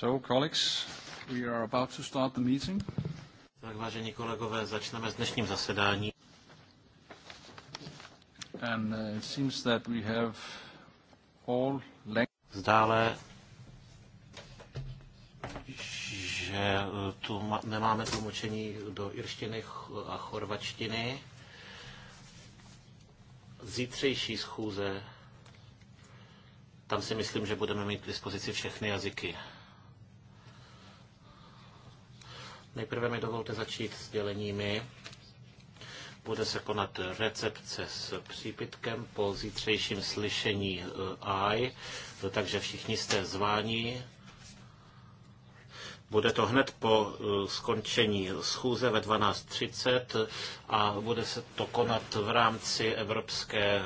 So, colleagues, we are about to start the meeting. Tak, vážení kolegové, začneme s dnešním zasedání. And uh, it seems that we have all Zdále, že uh, tu nemáme tlumočení do irštiny a chorvačtiny. Zítřejší schůze tam si myslím, že budeme mít k dispozici všechny jazyky. Nejprve mi dovolte začít s děleními. Bude se konat recepce s přípitkem po zítřejším slyšení eh, AI, takže všichni jste zváni bude to hned po eh, skončení schůze ve 12.30 a bude se to konat v rámci Evropské eh,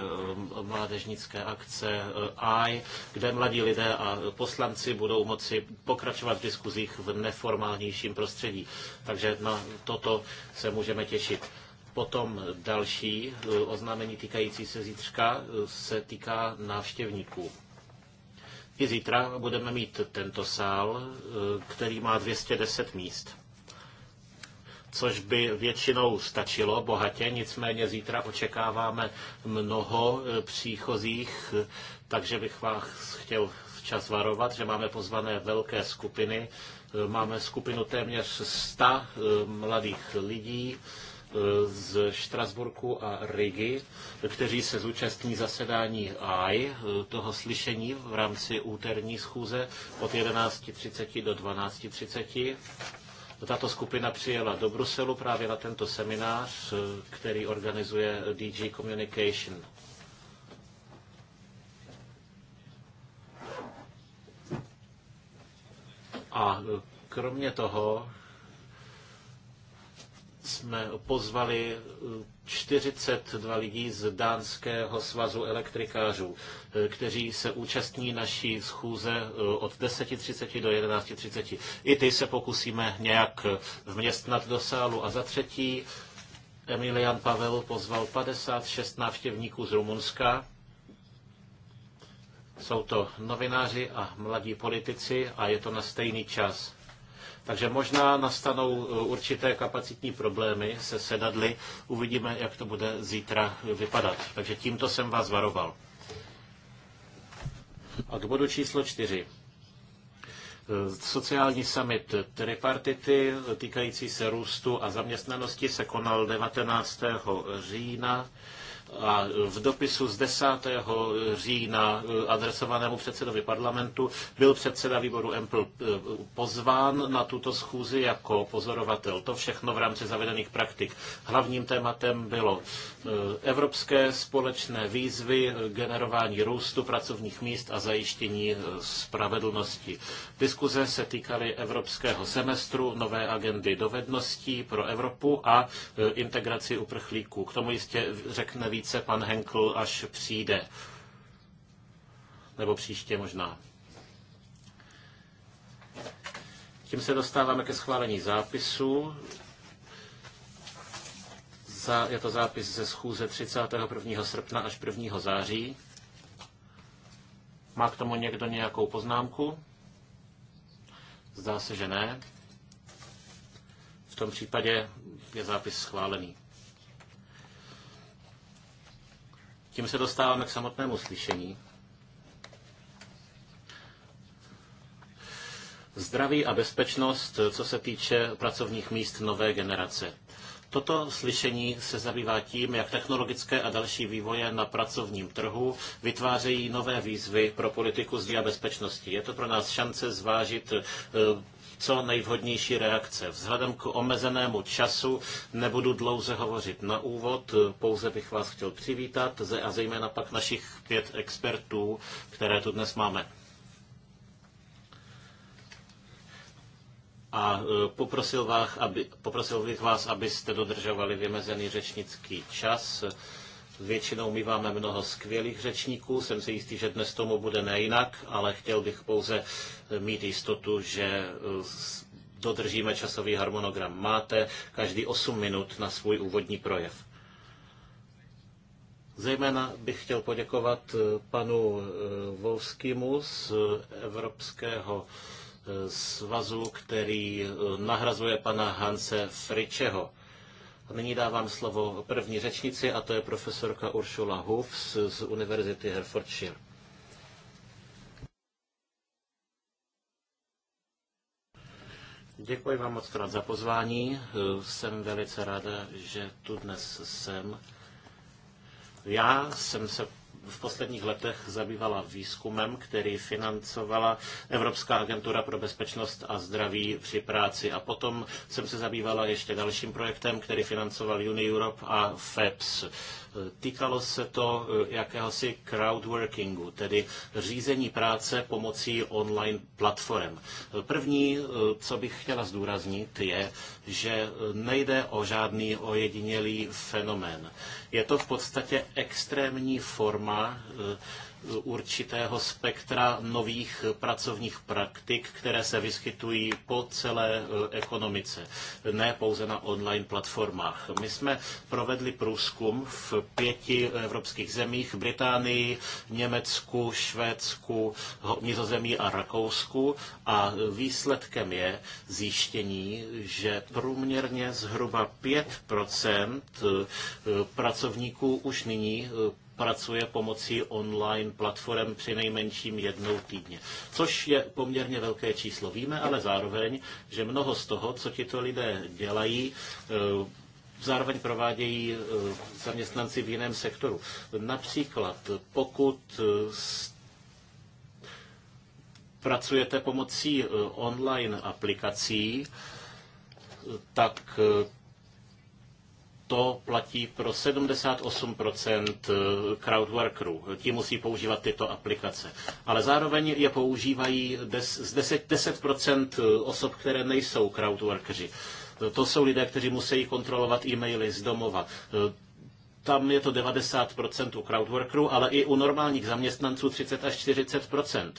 mládežnické akce eh, AI, kde mladí lidé a poslanci budou moci pokračovat v diskuzích v neformálnějším prostředí. Takže na toto se můžeme těšit. Potom další oznámení týkající se zítřka se týká návštěvníků. I zítra budeme mít tento sál, e, který má 210 míst což by většinou stačilo bohatě, nicméně zítra očekáváme mnoho e, příchozích, e, takže bych vás chtěl včas varovat, že máme pozvané velké skupiny. Máme skupinu téměř 100 mladých lidí, z Štrasburku a Rigi, kteří se zúčastní zasedání AI, eh, toho slyšení v rámci úterní schůze od 11.30 do 12.30. Tato skupina přijela do Bruselu právě na tento seminář, eh, který organizuje DG Communication. A eh, kromě toho jsme pozvali 42 eh, lidí z Dánského svazu elektrikářů, eh, kteří se účastní naší schůze eh, od 10.30 do 11.30. I ty se pokusíme nějak vměstnat do sálu. A za třetí, Emilian Pavel pozval 56 návštěvníků z Rumunska. Jsou to novináři a mladí politici a je to na stejný čas. Takže možná nastanou e, určité kapacitní problémy se sedadly. Uvidíme, jak to bude zítra vypadat. Takže tímto jsem vás varoval. A k bodu číslo čtyři. E, sociální summit tripartity e, týkající se růstu a zaměstnanosti se konal 19. října a v dopisu z 10. října eh, adresovanému předsedovi parlamentu byl předseda výboru EMPL eh, pozván na tuto schůzi jako pozorovatel. To všechno v rámci zavedených praktik. Hlavním tématem bylo eh, evropské společné výzvy, generování růstu pracovních míst a zajištění spravedlnosti. Diskuze se týkaly evropského semestru, nové agendy dovedností pro Evropu a integraci uprchlíků. K tomu jistě řekne více pan Henkl, až přijde. Nebo příště možná. Tím se dostáváme ke schválení zápisu. Za, je to zápis ze schůze 31. srpna až 1. září. Má k tomu někdo nějakou poznámku? Zdá se, že ne. V tom případě je zápis schválený. Tím se dostáváme k samotnému slyšení. Zdraví a bezpečnost, co se týče pracovních míst nové generace. Toto slyšení se zabývá tím, jak technologické a další vývoje na pracovním trhu vytvářejí nové výzvy pro politiku zdraví a bezpečnosti. Je to pro nás šance zvážit eh, co nejvhodnější reakce. Vzhledem k omezenému času nebudu dlouze hovořit na úvod, pouze bych vás chtěl přivítat a zejména pak našich pět expertů, které tu dnes máme. A e, poprosil, vás, aby, poprosil bych vás, abyste dodržovali vymezený řečnický čas. Většinou my máme mnoho skvělých řečníků, jsem si jistý, že dnes tomu bude nejinak, ale chtěl bych pouze eh, mít jistotu, že eh, dodržíme časový harmonogram. Máte každý 8 minut na svůj úvodní projev. Zejména bych chtěl poděkovat eh, panu Volskému z Evropského svazu, který nahrazuje pana Hanse Fričeho. Nyní dávám slovo první řečnici a to je profesorka Uršula Huf z Univerzity Herfordshire. Děkuji vám moc krát za pozvání. Jsem velice ráda, že tu dnes jsem. Já jsem se v posledních letech zabývala výzkumem, který financovala Evropská agentura pro bezpečnost a zdraví při práci. A potom jsem se zabývala ještě dalším projektem, který financoval Uni Europe a FEPS. Eh, týkalo se to eh, jakéhosi crowdworkingu, tedy řízení práce pomocí online platform. Eh, první, co bych chtěla zdůraznit, je, že nejde o žádný ojedinělý fenomén. Je to v podstatě extrémní forma určitého spektra nových pracovních praktik, které se vyskytují po celé e, ekonomice, ne pouze na online platformách. My jsme provedli průzkum v pěti evropských zemích, Británii, Německu, Švédsku, Nizozemí a Rakousku a výsledkem je zjištění, že průměrně zhruba 5% e, pracovníků už nyní e, pracuje pomocí online platform při nejmenším jednou týdně. Což je poměrně velké číslo. Víme ale zároveň, že mnoho z toho, co tito lidé dělají, eh, zároveň provádějí eh, zaměstnanci v jiném sektoru. Například pokud eh, pracujete pomocí online aplikací, tak to platí pro 78% eh, crowdworkerů. Ti musí používat tyto aplikace. Ale zároveň je používají z 10, 10% eh, osob, které nejsou crowdworkeri. Eh, to jsou lidé, kteří musí kontrolovat e-maily z domova. Tam je to 90% u crowdworkerů, ale i u normálních zaměstnanců 30 až 40%.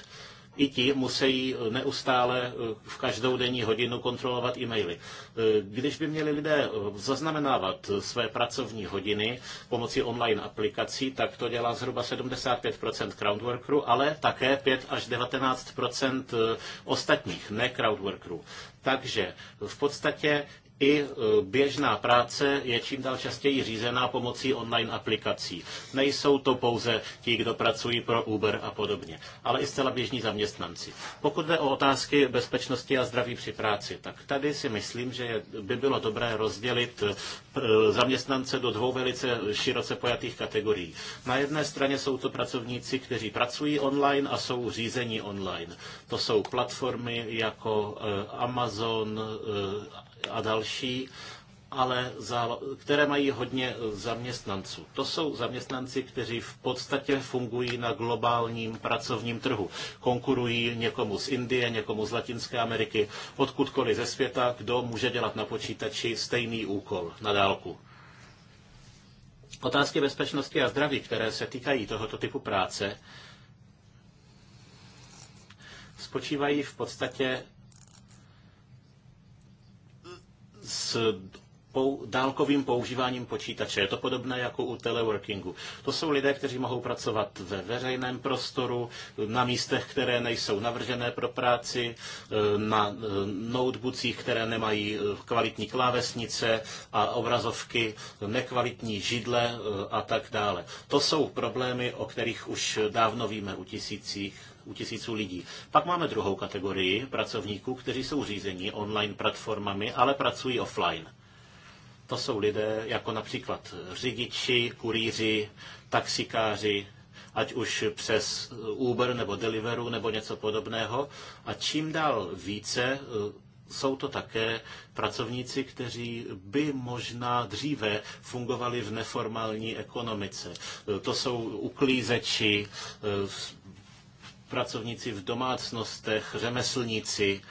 I ti musí neustále eh, v každou denní hodinu kontrolovat e-maily. Eh, když by měli lidé eh, zaznamenávat své pracovní hodiny pomocí online aplikací, tak to dělá zhruba 75% crowdworkerů, ale také 5 až 19% ostatních, ne crowdworkerů. Takže v podstatě i e, běžná práce je čím dál častěji řízená pomocí online aplikací. Nejsou to pouze ti, kdo pracují pro Uber a podobně, ale i zcela běžní zaměstnanci. Pokud jde o otázky bezpečnosti a zdraví při práci, tak tady si myslím, že by bylo dobré rozdělit e, zaměstnance do dvou velice široce pojatých kategorií. Na jedné straně jsou to pracovníci, kteří pracují online a jsou řízení online. To jsou platformy jako e, Amazon, a další, ale za, které mají hodně zaměstnanců. To jsou zaměstnanci, kteří v podstatě fungují na globálním pracovním trhu. Konkurují někomu z Indie, někomu z Latinské Ameriky, odkudkoliv ze světa, kdo může dělat na počítači stejný úkol na dálku. Otázky bezpečnosti a zdraví, které se týkají tohoto typu práce, spočívají v podstatě s pou, dálkovým používáním počítače. Je to podobné jako u teleworkingu. To jsou lidé, kteří mohou pracovat ve veřejném prostoru, na místech, které nejsou navržené pro práci, na eh, notebookích, které nemají eh, kvalitní klávesnice a obrazovky, nekvalitní židle eh, a tak dále. To jsou problémy, o kterých už dávno víme u tisících u tisíců lidí. Pak máme druhou kategorii pracovníků, kteří jsou řízení online platformami, ale pracují offline. To jsou lidé jako například řidiči, kurýři, taxikáři, ať už přes Uber nebo Deliveru nebo něco podobného. A čím dál více eh, jsou to také pracovníci, kteří by možná dříve fungovali v neformální ekonomice. Eh, to jsou uklízeči, eh, pracovníci v domácnostech, řemeslníci,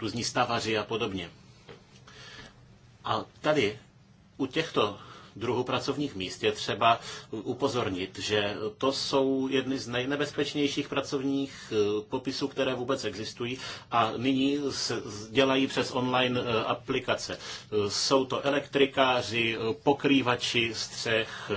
různí stavaři a podobně. A tady u těchto Druhu pracovních míst je třeba upozornit, že to jsou jedny z nejnebezpečnějších pracovních eh, popisů, které vůbec existují a nyní se dělají přes online eh, aplikace. Eh, jsou to elektrikáři, pokrývači střech,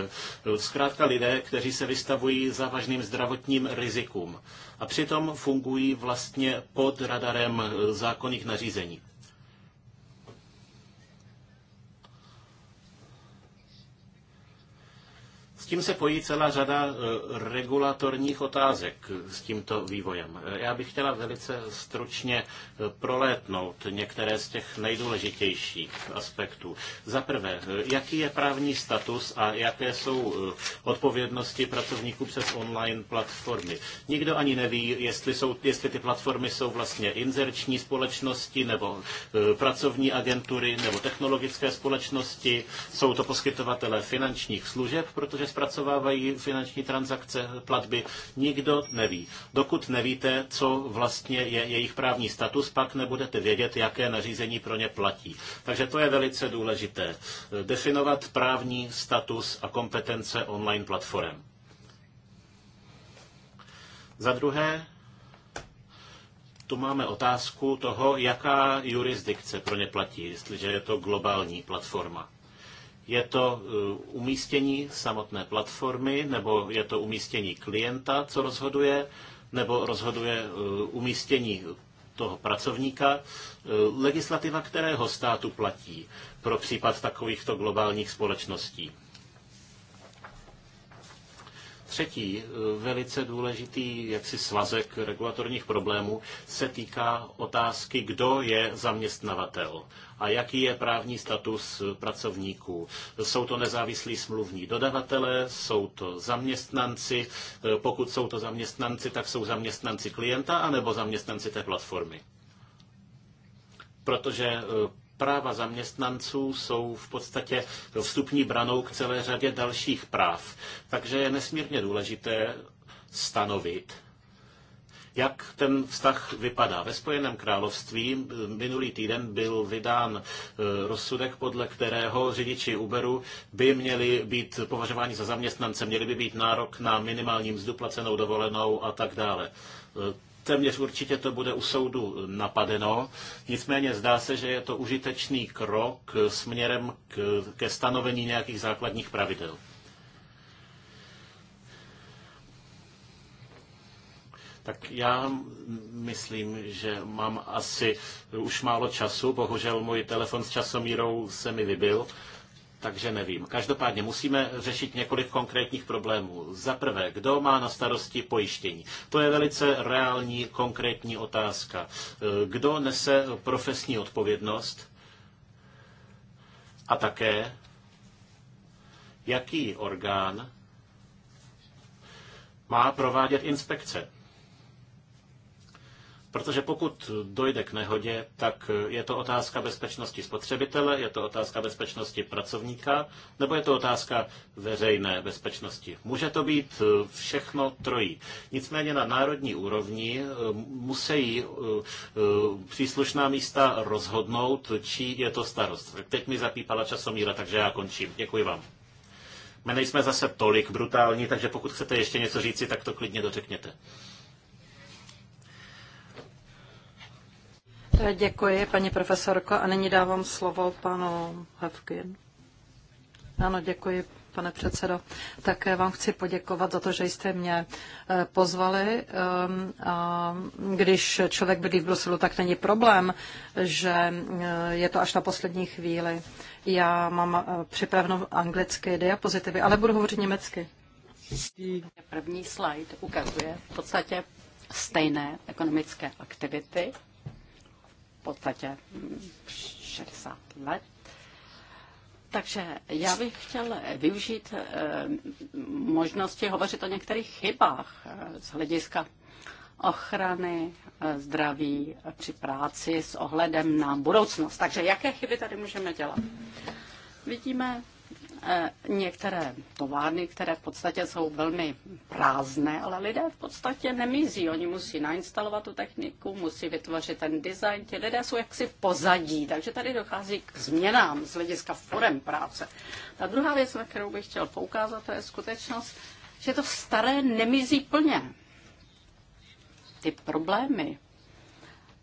zkrátka lidé, kteří se vystavují závažným zdravotním rizikům a přitom fungují vlastně pod radarem zákonných nařízení. tím se pojí celá řada e, regulatorních otázek s tímto vývojem. E, já bych chtěla velice stručně e, prolétnout některé z těch nejdůležitějších aspektů. Za prvé, jaký je právní status a jaké jsou odpovědnosti pracovníků přes online platformy. Nikdo ani neví, jestli, jsou, jestli ty platformy jsou vlastně inzerční společnosti nebo pracovní agentury nebo technologické společnosti. Jsou to poskytovatelé finančních služeb, protože zpracovávají finanční transakce, platby, nikdo neví. Dokud nevíte, co vlastně je jejich právní status, pak nebudete vědět, jaké nařízení pro ně platí. Takže to je velice důležité. Definovat právní status a kompetence online platform. Za druhé, tu máme otázku toho, jaká jurisdikce pro ně platí, jestliže je to globální platforma. Je to eh, umístění samotné platformy, nebo je to umístění klienta, co rozhoduje, nebo rozhoduje eh, umístění toho pracovníka, eh, legislativa kterého státu platí pro případ takovýchto globálních společností. Třetí velice důležitý jaksi svazek regulatorních problémů se týká otázky, kdo je zaměstnavatel a jaký je právní status pracovníků. Jsou to nezávislí smluvní dodavatelé, jsou to zaměstnanci, e, pokud jsou to zaměstnanci, tak jsou zaměstnanci klienta anebo zaměstnanci té platformy. Protože e, práva zaměstnanců jsou v podstatě vstupní branou k celé řadě dalších práv. Takže je nesmírně důležité stanovit, jak ten vztah vypadá? Ve Spojeném království eh, minulý týden byl vydán eh, rozsudek, podle kterého řidiči Uberu by měli být považováni za zaměstnance, měli by být nárok na minimální mzdu placenou dovolenou a tak dále eh, téměř určitě to bude u soudu napadeno. Nicméně zdá se, že je to užitečný krok směrem k, ke stanovení nějakých základních pravidel. Tak já myslím, že mám asi už málo času, bohužel můj telefon s časomírou se mi vybil, takže nevím. Každopádně musíme řešit několik konkrétních problémů. Za prvé, kdo má na starosti pojištění? To je velice reální, konkrétní otázka. Kdo nese profesní odpovědnost? A také, jaký orgán má provádět inspekce? Protože pokud dojde k nehodě, tak je to otázka bezpečnosti spotřebitele, je to otázka bezpečnosti pracovníka, nebo je to otázka veřejné bezpečnosti. Může to být eh, všechno trojí. Nicméně na národní úrovni eh, musí eh, příslušná místa rozhodnout, či je to starost. Teď mi zapípala časomíra, takže já končím. Děkuji vám. My nejsme zase tolik brutální, takže pokud chcete ještě něco říci, tak to klidně dořekněte. Děkuji, paní profesorko. A nyní dávám slovo panu Hevkin. Ano, děkuji, pane předsedo. Také vám chci poděkovat za to, že jste mě eh, pozvali. Ehm, a když člověk bydlí v Bruselu, tak není problém, že eh, je to až na poslední chvíli. Já mám eh, připraveno anglické diapozitivy, ale budu hovořit německy. První slide ukazuje v podstatě stejné ekonomické aktivity podstatě 60 let. Takže já bych chtěl využít eh, možnosti hovořit o některých chybách eh, z hlediska ochrany eh, zdraví při práci s ohledem na budoucnost. Takže jaké chyby tady můžeme dělat? Vidíme Eh, některé továrny, které v podstatě jsou velmi prázdné, ale lidé v podstatě nemizí. Oni musí nainstalovat tu techniku, musí vytvořit ten design. Ti lidé jsou jaksi v pozadí, takže tady dochází k změnám z hlediska forem práce. Ta druhá věc, na kterou bych chtěl poukázat, to je skutečnost, že to staré nemizí plně. Ty problémy,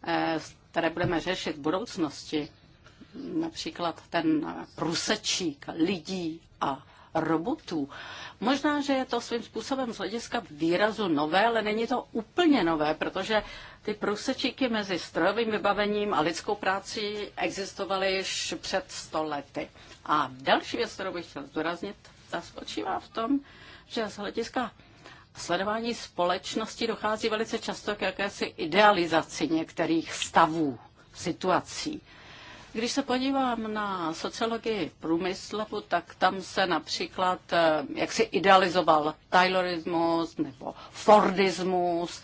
eh, které budeme řešit v budoucnosti, například ten prusečík lidí a robotů. Možná, že je to svým způsobem z hlediska výrazu nové, ale není to úplně nové, protože ty prusečíky mezi strojovým vybavením a lidskou práci existovaly již před stolety. A další věc, kterou bych chtěl zdůraznit, ta spočívá v tom, že z hlediska sledování společnosti dochází velice často k jakési idealizaci některých stavů, situací. Když se podívám na sociologii průmyslu, tak tam se například, eh, jak si idealizoval Taylorismus nebo Fordismus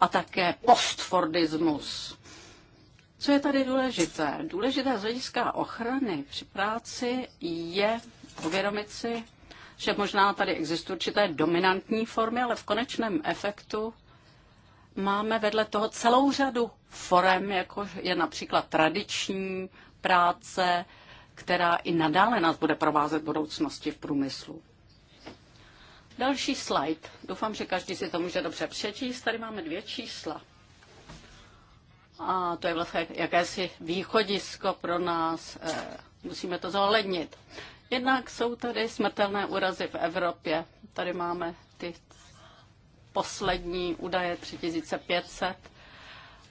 a také postfordismus. Co je tady důležité? Důležité z hlediska ochrany při práci je uvědomit si, že možná tady existují určité dominantní formy, ale v konečném efektu máme vedle toho celou řadu forem, jako je například tradiční práce, která i nadále nás bude provázet v budoucnosti v průmyslu. Další slide. Doufám, že každý si to může dobře přečíst. Tady máme dvě čísla. A to je vlastně jakési východisko pro nás. Eh, musíme to zohlednit. Jednak jsou tady smrtelné úrazy v Evropě. Tady máme ty poslední údaje 3500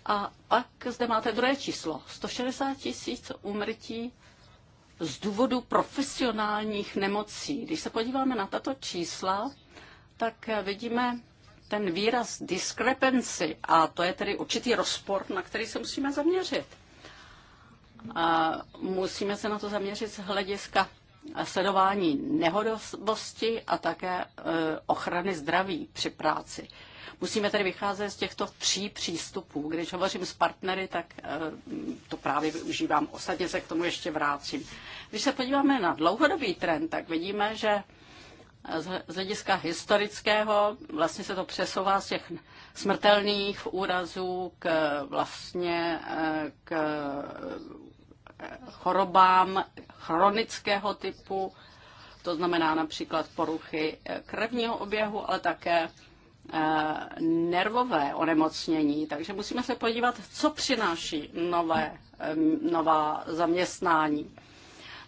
a pak zde máte druhé číslo. 160 tisíc úmrtí z důvodu profesionálních nemocí. Když se podíváme na tato čísla, tak vidíme ten výraz discrepancy a to je tedy určitý rozpor, na který se musíme zaměřit. A musíme se na to zaměřit z hlediska sledování nehodovosti a také eh, ochrany zdraví při práci. Musíme tedy vycházet z těchto tří přístupů. Když hovořím s partnery, tak eh, to právě využívám. Ostatně se k tomu ještě vrátím. Když se podíváme na dlouhodobý trend, tak vidíme, že eh, z hlediska historického vlastně se to přesouvá z těch smrtelných úrazů k eh, vlastně k chorobám chronického typu, to znamená například poruchy krevního oběhu, ale také Eh, nervové onemocnění, takže musíme se podívat, co přináší nové, nová zaměstnání.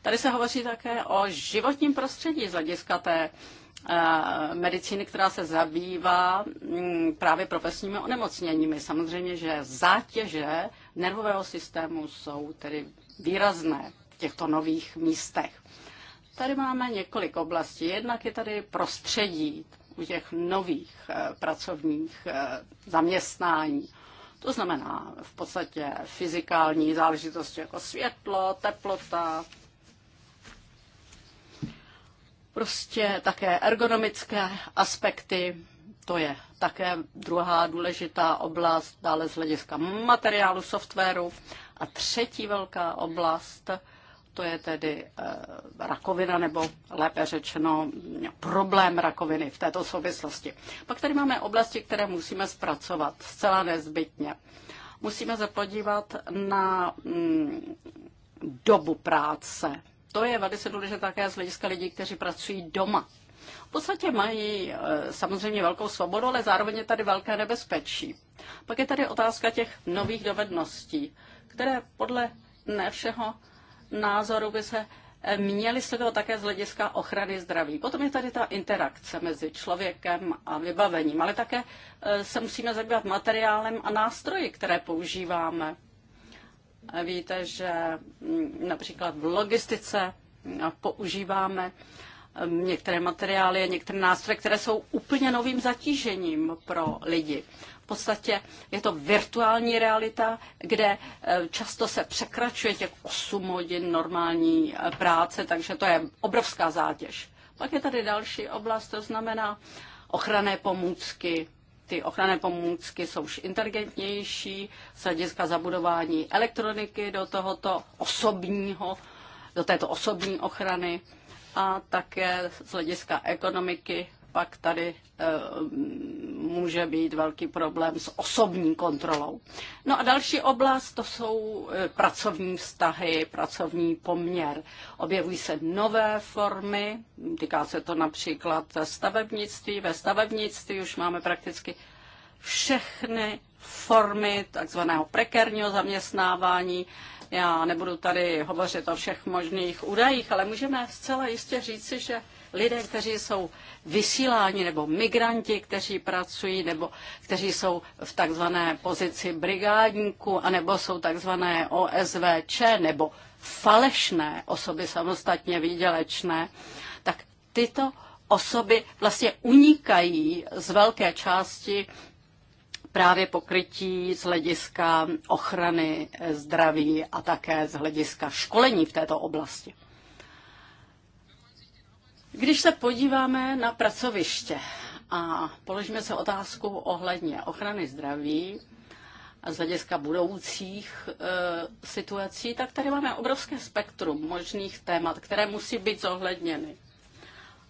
Tady se hovoří také o životním prostředí z hlediska té eh, medicíny, která se zabývá mm, právě profesními onemocněními. Samozřejmě, že zátěže nervového systému jsou tedy výrazné v těchto nových místech. Tady máme několik oblastí. Jednak je tady prostředí, počtu těch nových eh, pracovních eh, zaměstnání. To znamená v podstatě fyzikální záležitosti jako světlo, teplota, prostě také ergonomické aspekty, to je také druhá důležitá oblast, dále z hlediska materiálu, softwaru. A třetí velká oblast to je tedy eh, rakovina, nebo lépe řečeno problém rakoviny v této souvislosti. Pak tady máme oblasti, které musíme zpracovat zcela nezbytně. Musíme se podívat na mm, dobu práce. To je velice důležité také z hlediska lidí, kteří pracují doma. V podstatě mají eh, samozřejmě velkou svobodu, ale zároveň je tady velké nebezpečí. Pak je tady otázka těch nových dovedností, které podle ne všeho názoru by se měli sledovat také z hlediska ochrany zdraví. Potom je tady ta interakce mezi člověkem a vybavením, ale také eh, se musíme zabývat materiálem a nástroji, které používáme. Víte, že mm, například v logistice mm, používáme mm, některé materiály, některé nástroje, které jsou úplně novým zatížením pro lidi podstatě je to virtuální realita, kde eh, často se překračuje těch 8 hodin normální eh, práce, takže to je obrovská zátěž. Pak je tady další oblast, to znamená ochranné pomůcky. Ty ochranné pomůcky jsou už inteligentnější z hlediska zabudování elektroniky do tohoto osobního, do této osobní ochrany a také z hlediska ekonomiky pak tady eh, může být velký problém s osobní kontrolou. No a další oblast to jsou e, pracovní vztahy, pracovní poměr. Objevují se nové formy, týká se to například stavebnictví. Ve stavebnictví už máme prakticky všechny formy takzvaného prekérního zaměstnávání. Já nebudu tady hovořit o všech možných údajích, ale můžeme zcela jistě říci, že lidé, kteří jsou vysíláni nebo migranti, kteří pracují nebo kteří jsou v takzvané pozici brigádníků anebo jsou takzvané OSVČ nebo falešné osoby samostatně výdělečné, tak tyto osoby vlastně unikají z velké části právě pokrytí z hlediska ochrany eh, zdraví a také z hlediska školení v této oblasti. Když se podíváme na pracoviště a položíme se otázku ohledně ochrany zdraví a z hlediska budoucích e, situací, tak tady máme obrovské spektrum možných témat, které musí být zohledněny.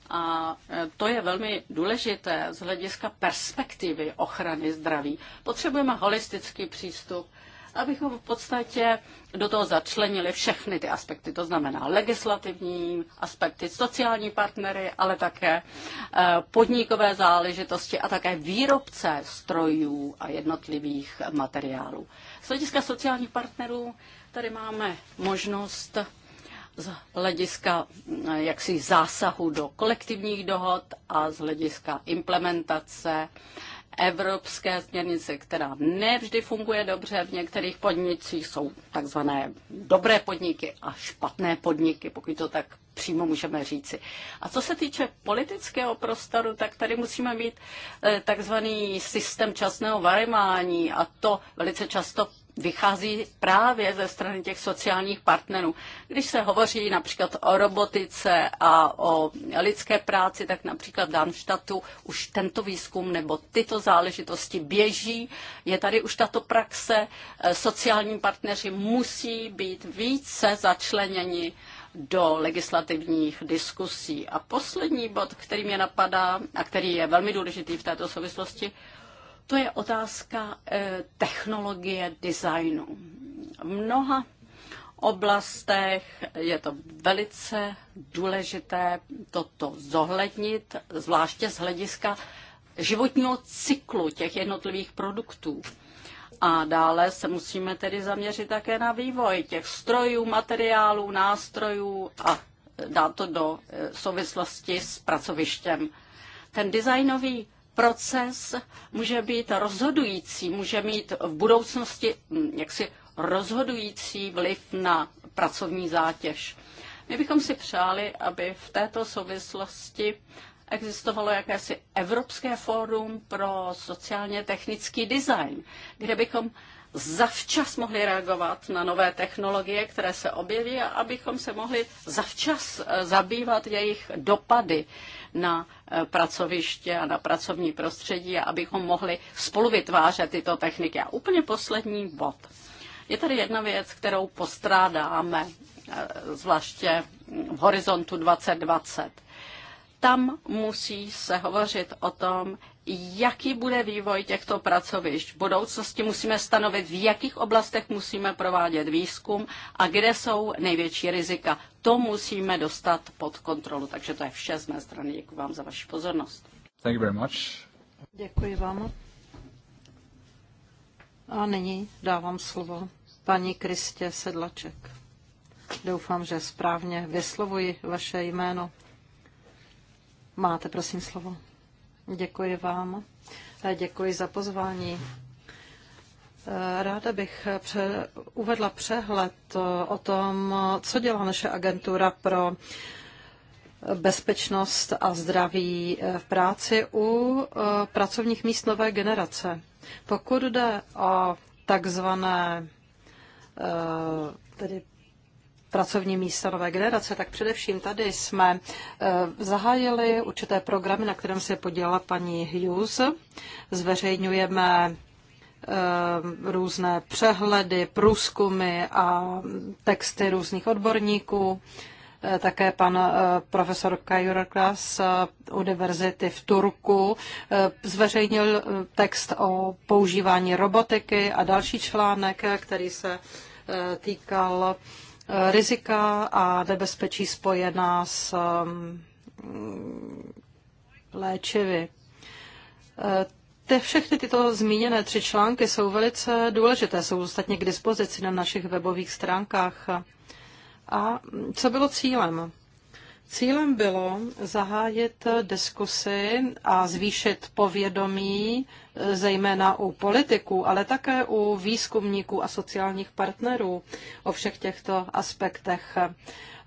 A e, to je velmi důležité z hlediska perspektivy ochrany zdraví. Potřebujeme holistický přístup abychom v podstatě do toho začlenili všechny ty aspekty, to znamená legislativní aspekty, sociální partnery, ale také eh, podnikové záležitosti a také výrobce strojů a jednotlivých materiálů. Z hlediska sociálních partnerů tady máme možnost z hlediska eh, jaksi zásahu do kolektivních dohod a z hlediska implementace evropské směrnice, která nevždy funguje dobře. V některých podnicích jsou takzvané dobré podniky a špatné podniky, pokud to tak přímo můžeme říci. A co se týče politického prostoru, tak tady musíme mít eh, takzvaný systém časného varování a to velice často vychází právě ze strany těch sociálních partnerů. Když se hovoří například o robotice a o lidské práci, tak například v Darmstadtu už tento výzkum nebo tyto záležitosti běží. Je tady už tato praxe. Eh, sociální partneři musí být více začleněni do legislativních diskusí. A poslední bod, který mě napadá a který je velmi důležitý v této souvislosti, to je otázka eh, technologie designu. V mnoha oblastech je to velice důležité toto zohlednit, zvláště z hlediska životního cyklu těch jednotlivých produktů. A dále se musíme tedy zaměřit také na vývoj těch strojů, materiálů, nástrojů a dát to do eh, souvislosti s pracovištěm. Ten designový proces může být rozhodující, může mít v budoucnosti hm, jaksi rozhodující vliv na pracovní zátěž. My bychom si přáli, aby v této souvislosti existovalo jakési Evropské fórum pro sociálně technický design, kde bychom zavčas mohli reagovat na nové technologie, které se objeví a abychom se mohli zavčas eh, zabývat jejich dopady na Eh, pracoviště a na pracovní prostředí, abychom mohli spolu vytvářet tyto techniky. A úplně poslední bod. Je tady jedna věc, kterou postrádáme, eh, zvláště v horizontu 2020. Tam musí se hovořit o tom, jaký bude vývoj těchto pracovišť. V budoucnosti musíme stanovit, v jakých oblastech musíme provádět výzkum a kde jsou největší rizika. To musíme dostat pod kontrolu. Takže to je vše z mé strany. Děkuji vám za vaši pozornost. Thank you very much. Děkuji vám. A nyní dávám slovo paní Kristě Sedlaček. Doufám, že správně vyslovuji vaše jméno. Máte, prosím, slovo. Děkuji vám. Eh, děkuji za pozvání. Eh, ráda bych pře- uvedla přehled eh, o tom, co dělá naše agentura pro bezpečnost a zdraví v práci u pracovních míst nové generace. Pokud jde o takzvané tedy pracovní místa nové generace, tak především tady jsme eh, zahájili určité programy, na kterém se podělala paní Hughes. Zveřejňujeme eh, různé přehledy, průzkumy a texty různých odborníků. Eh, také pan profesor Kajurakas Univerzity v Turku zveřejnil text o používání robotiky a další článek, který se týkal uh, Eh, rizika a nebezpečí spojená s léčivy. Eh, te, všechny tyto zmíněné tři články jsou velice důležité, jsou ostatně k dispozici na našich webových stránkách. A co bylo cílem? Cílem bylo zahájit diskusy a zvýšit povědomí, eh, zejména u politiků, ale také u výzkumníků a sociálních partnerů o všech těchto aspektech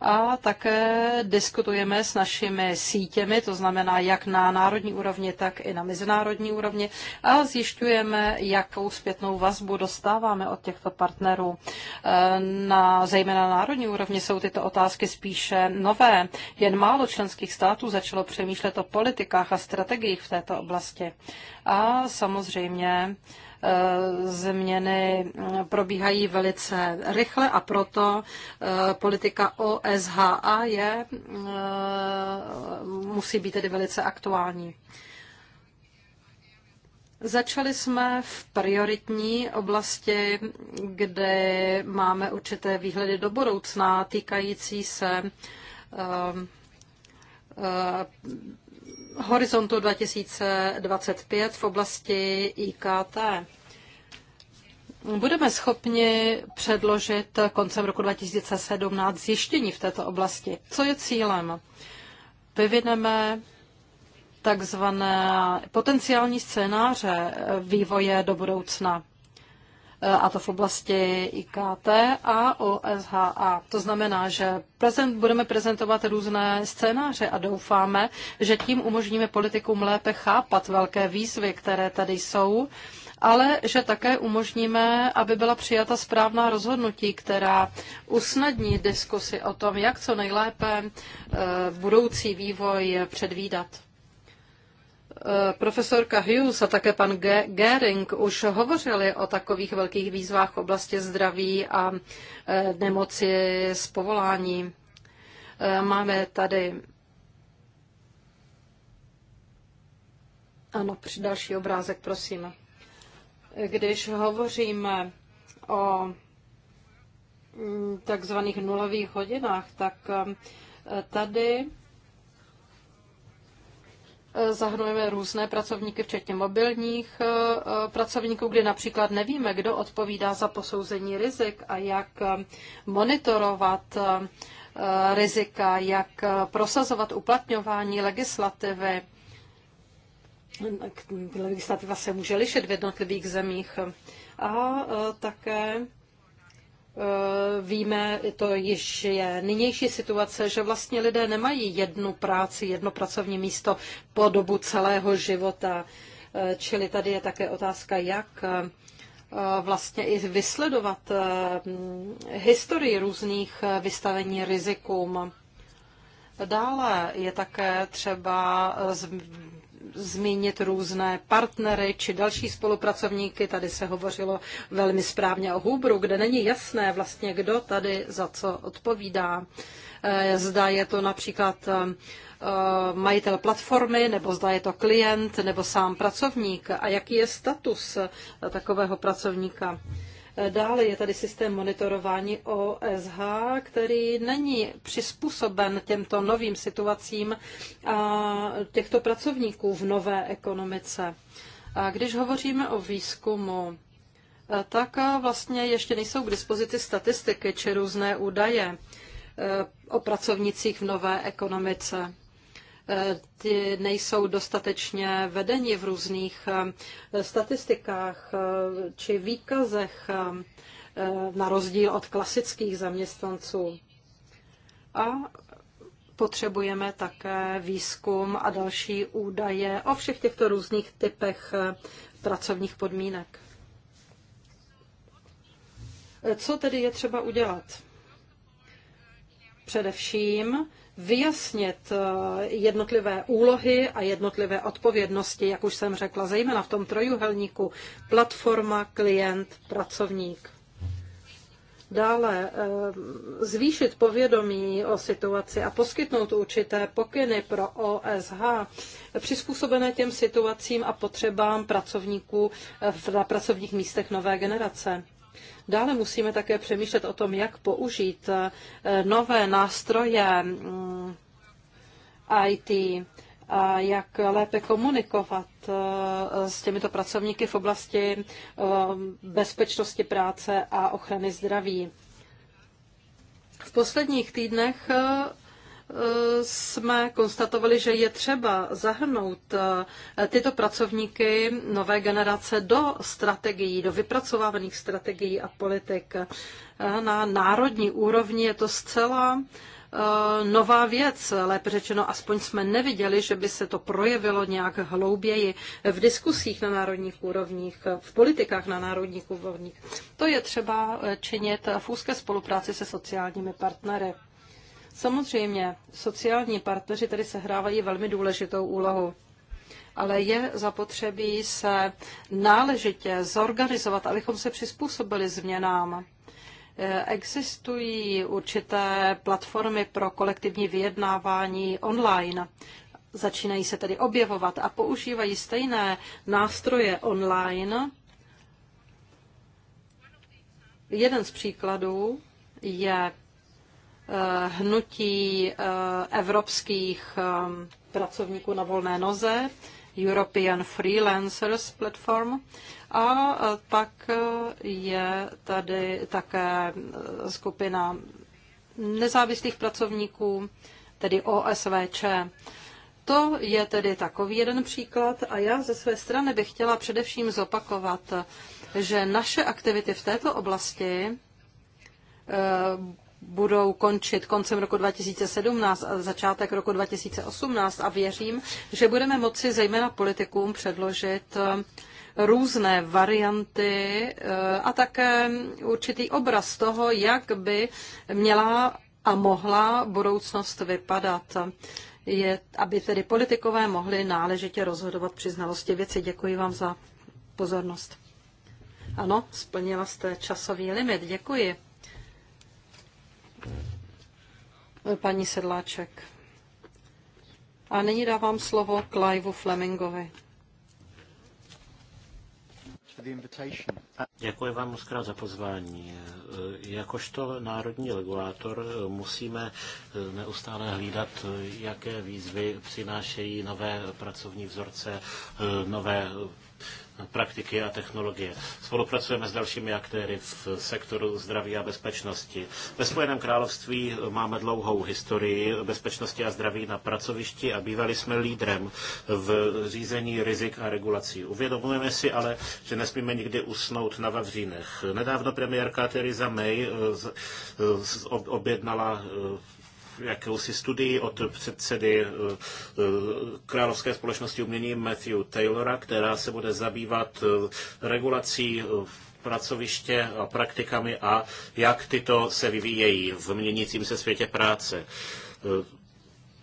a také diskutujeme s našimi sítěmi, to znamená jak na národní úrovni, tak i na mezinárodní úrovni a zjišťujeme, jakou zpětnou vazbu dostáváme od těchto partnerů. E, na, zejména na národní úrovni jsou tyto otázky spíše nové. Jen málo členských států začalo přemýšlet o politikách a strategiích v této oblasti. A samozřejmě Eh, změny eh, probíhají velice rychle a proto eh, politika OSHA je, musí být tedy velice aktuální. Začali jsme v prioritní oblasti, kde máme určité výhledy do budoucna týkající se horizontu 2025 v oblasti IKT. Budeme schopni předložit koncem roku 2017 zjištění v této oblasti. Co je cílem? Vyvineme takzvané potenciální scénáře vývoje do budoucna a to v oblasti IKT a OSHA. To znamená, že prezent, budeme prezentovat různé scénáře a doufáme, že tím umožníme politikům lépe chápat velké výzvy, které tady jsou, ale že také umožníme, aby byla přijata správná rozhodnutí, která usnadní diskusy o tom, jak co nejlépe eh, budoucí vývoj předvídat. Eh, profesorka Hughes a také pan Gering už hovořili o takových velkých výzvách v oblasti zdraví a eh, nemoci z povolání. Eh, máme tady Ano, další obrázek, prosím. Když hovoříme o mm, takzvaných nulových hodinách, tak tady Eh, zahrnujeme různé pracovníky, včetně mobilních eh, eh, pracovníků, kdy například nevíme, kdo odpovídá za posouzení rizik a jak monitorovat rizika, jak prosazovat uplatňování legislativy. Legislativa se může lišit v jednotlivých zemích. A také Eh, víme, to již je nynější situace, že vlastně lidé nemají jednu práci, jedno pracovní místo po dobu celého života. Eh, čili tady je také otázka, jak eh, vlastně i vysledovat historii různých vystavení rizikům. Dále je také třeba zmínit různé partnery či další spolupracovníky. Tady se hovořilo velmi správně o Hubru, kde není jasné vlastně, kdo tady za co odpovídá. Eh, zda je to například eh, majitel platformy, nebo zda je to klient, nebo sám pracovník a jaký je status takového pracovníka. Eh, dále je tady systém monitorování OSH, který není přizpůsoben těmto novým situacím a těchto pracovníků v nové ekonomice. A když hovoříme o výzkumu, eh, tak eh, vlastně ještě nejsou k dispozici statistiky či různé údaje o pracovnicích v nové ekonomice. Eh, ty nejsou dostatečně vedeni v různých eh, statistikách eh, či výkazech na rozdíl od klasických zaměstnanců. A potřebujeme také výzkum a další údaje o všech těchto různých typech pracovních podmínek. Co tedy je třeba udělat? Především vyjasnit eh, jednotlivé úlohy a jednotlivé odpovědnosti, jak už jsem řekla, zejména v tom trojuhelníku platforma, klient, pracovník. Dále eh, zvýšit povědomí o situaci a poskytnout určité pokyny pro OSH přizpůsobené těm situacím a potřebám pracovníků eh, na pracovních místech nové generace. Dále musíme také přemýšlet o tom, jak použít eh, nové nástroje mm, IT, a jak lépe komunikovat eh, s těmito pracovníky v oblasti eh, bezpečnosti práce a ochrany zdraví. V posledních týdnech Eh, jsme konstatovali, že je třeba zahrnout eh, tyto pracovníky nové generace do strategií, do vypracovávaných strategií a politik. Eh, na národní úrovni je to zcela nová věc, lépe řečeno, aspoň jsme neviděli, že by se to projevilo nějak hlouběji v diskusích na národních úrovních, v politikách na národních úrovních. To je třeba činit v úzké spolupráci se sociálními partnery. Samozřejmě, sociální partneři tady sehrávají velmi důležitou úlohu ale je zapotřebí se náležitě zorganizovat, abychom se přizpůsobili změnám. Eh, existují určité platformy pro kolektivní vyjednávání online. Začínají se tedy objevovat a používají stejné nástroje online. Jeden z příkladů je Eh, hnutí eh, evropských eh, pracovníků na volné noze, European Freelancers Platform. A pak je tady také skupina nezávislých pracovníků, tedy OSVČ. To je tedy takový jeden příklad a já ze své strany bych chtěla především zopakovat, že naše aktivity v této oblasti budou končit koncem roku 2017 a začátek roku 2018 a věřím, že budeme moci zejména politikům předložit eh, různé varianty eh, a také určitý obraz toho, jak by měla a mohla budoucnost vypadat. Je, aby tedy politikové mohli náležitě rozhodovat při znalosti věci. Děkuji vám za pozornost. Ano, splnila jste časový limit. Děkuji. paní Sedláček. A nyní dávám slovo Cliveu Flemingovi. Děkuji vám moc krát za pozvání. Jakožto národní regulátor musíme neustále hlídat, jaké výzvy přinášejí nové pracovní vzorce, nové praktiky a technologie. Spolupracujeme s dalšími aktéry v sektoru zdraví a bezpečnosti. Ve Spojeném království máme dlouhou historii bezpečnosti a zdraví na pracovišti a bývali jsme lídrem v řízení rizik a regulací. Uvědomujeme si ale, že nesmíme nikdy usnout na vavřínech. Nedávno premiérka Theresa May eh, eh, objednala eh, jakousi studii od předsedy eh, eh, Královské společnosti umění Matthew Taylora, která se bude zabývat eh, regulací pracoviště a praktikami a jak tyto se vyvíjejí v měnícím se světě práce.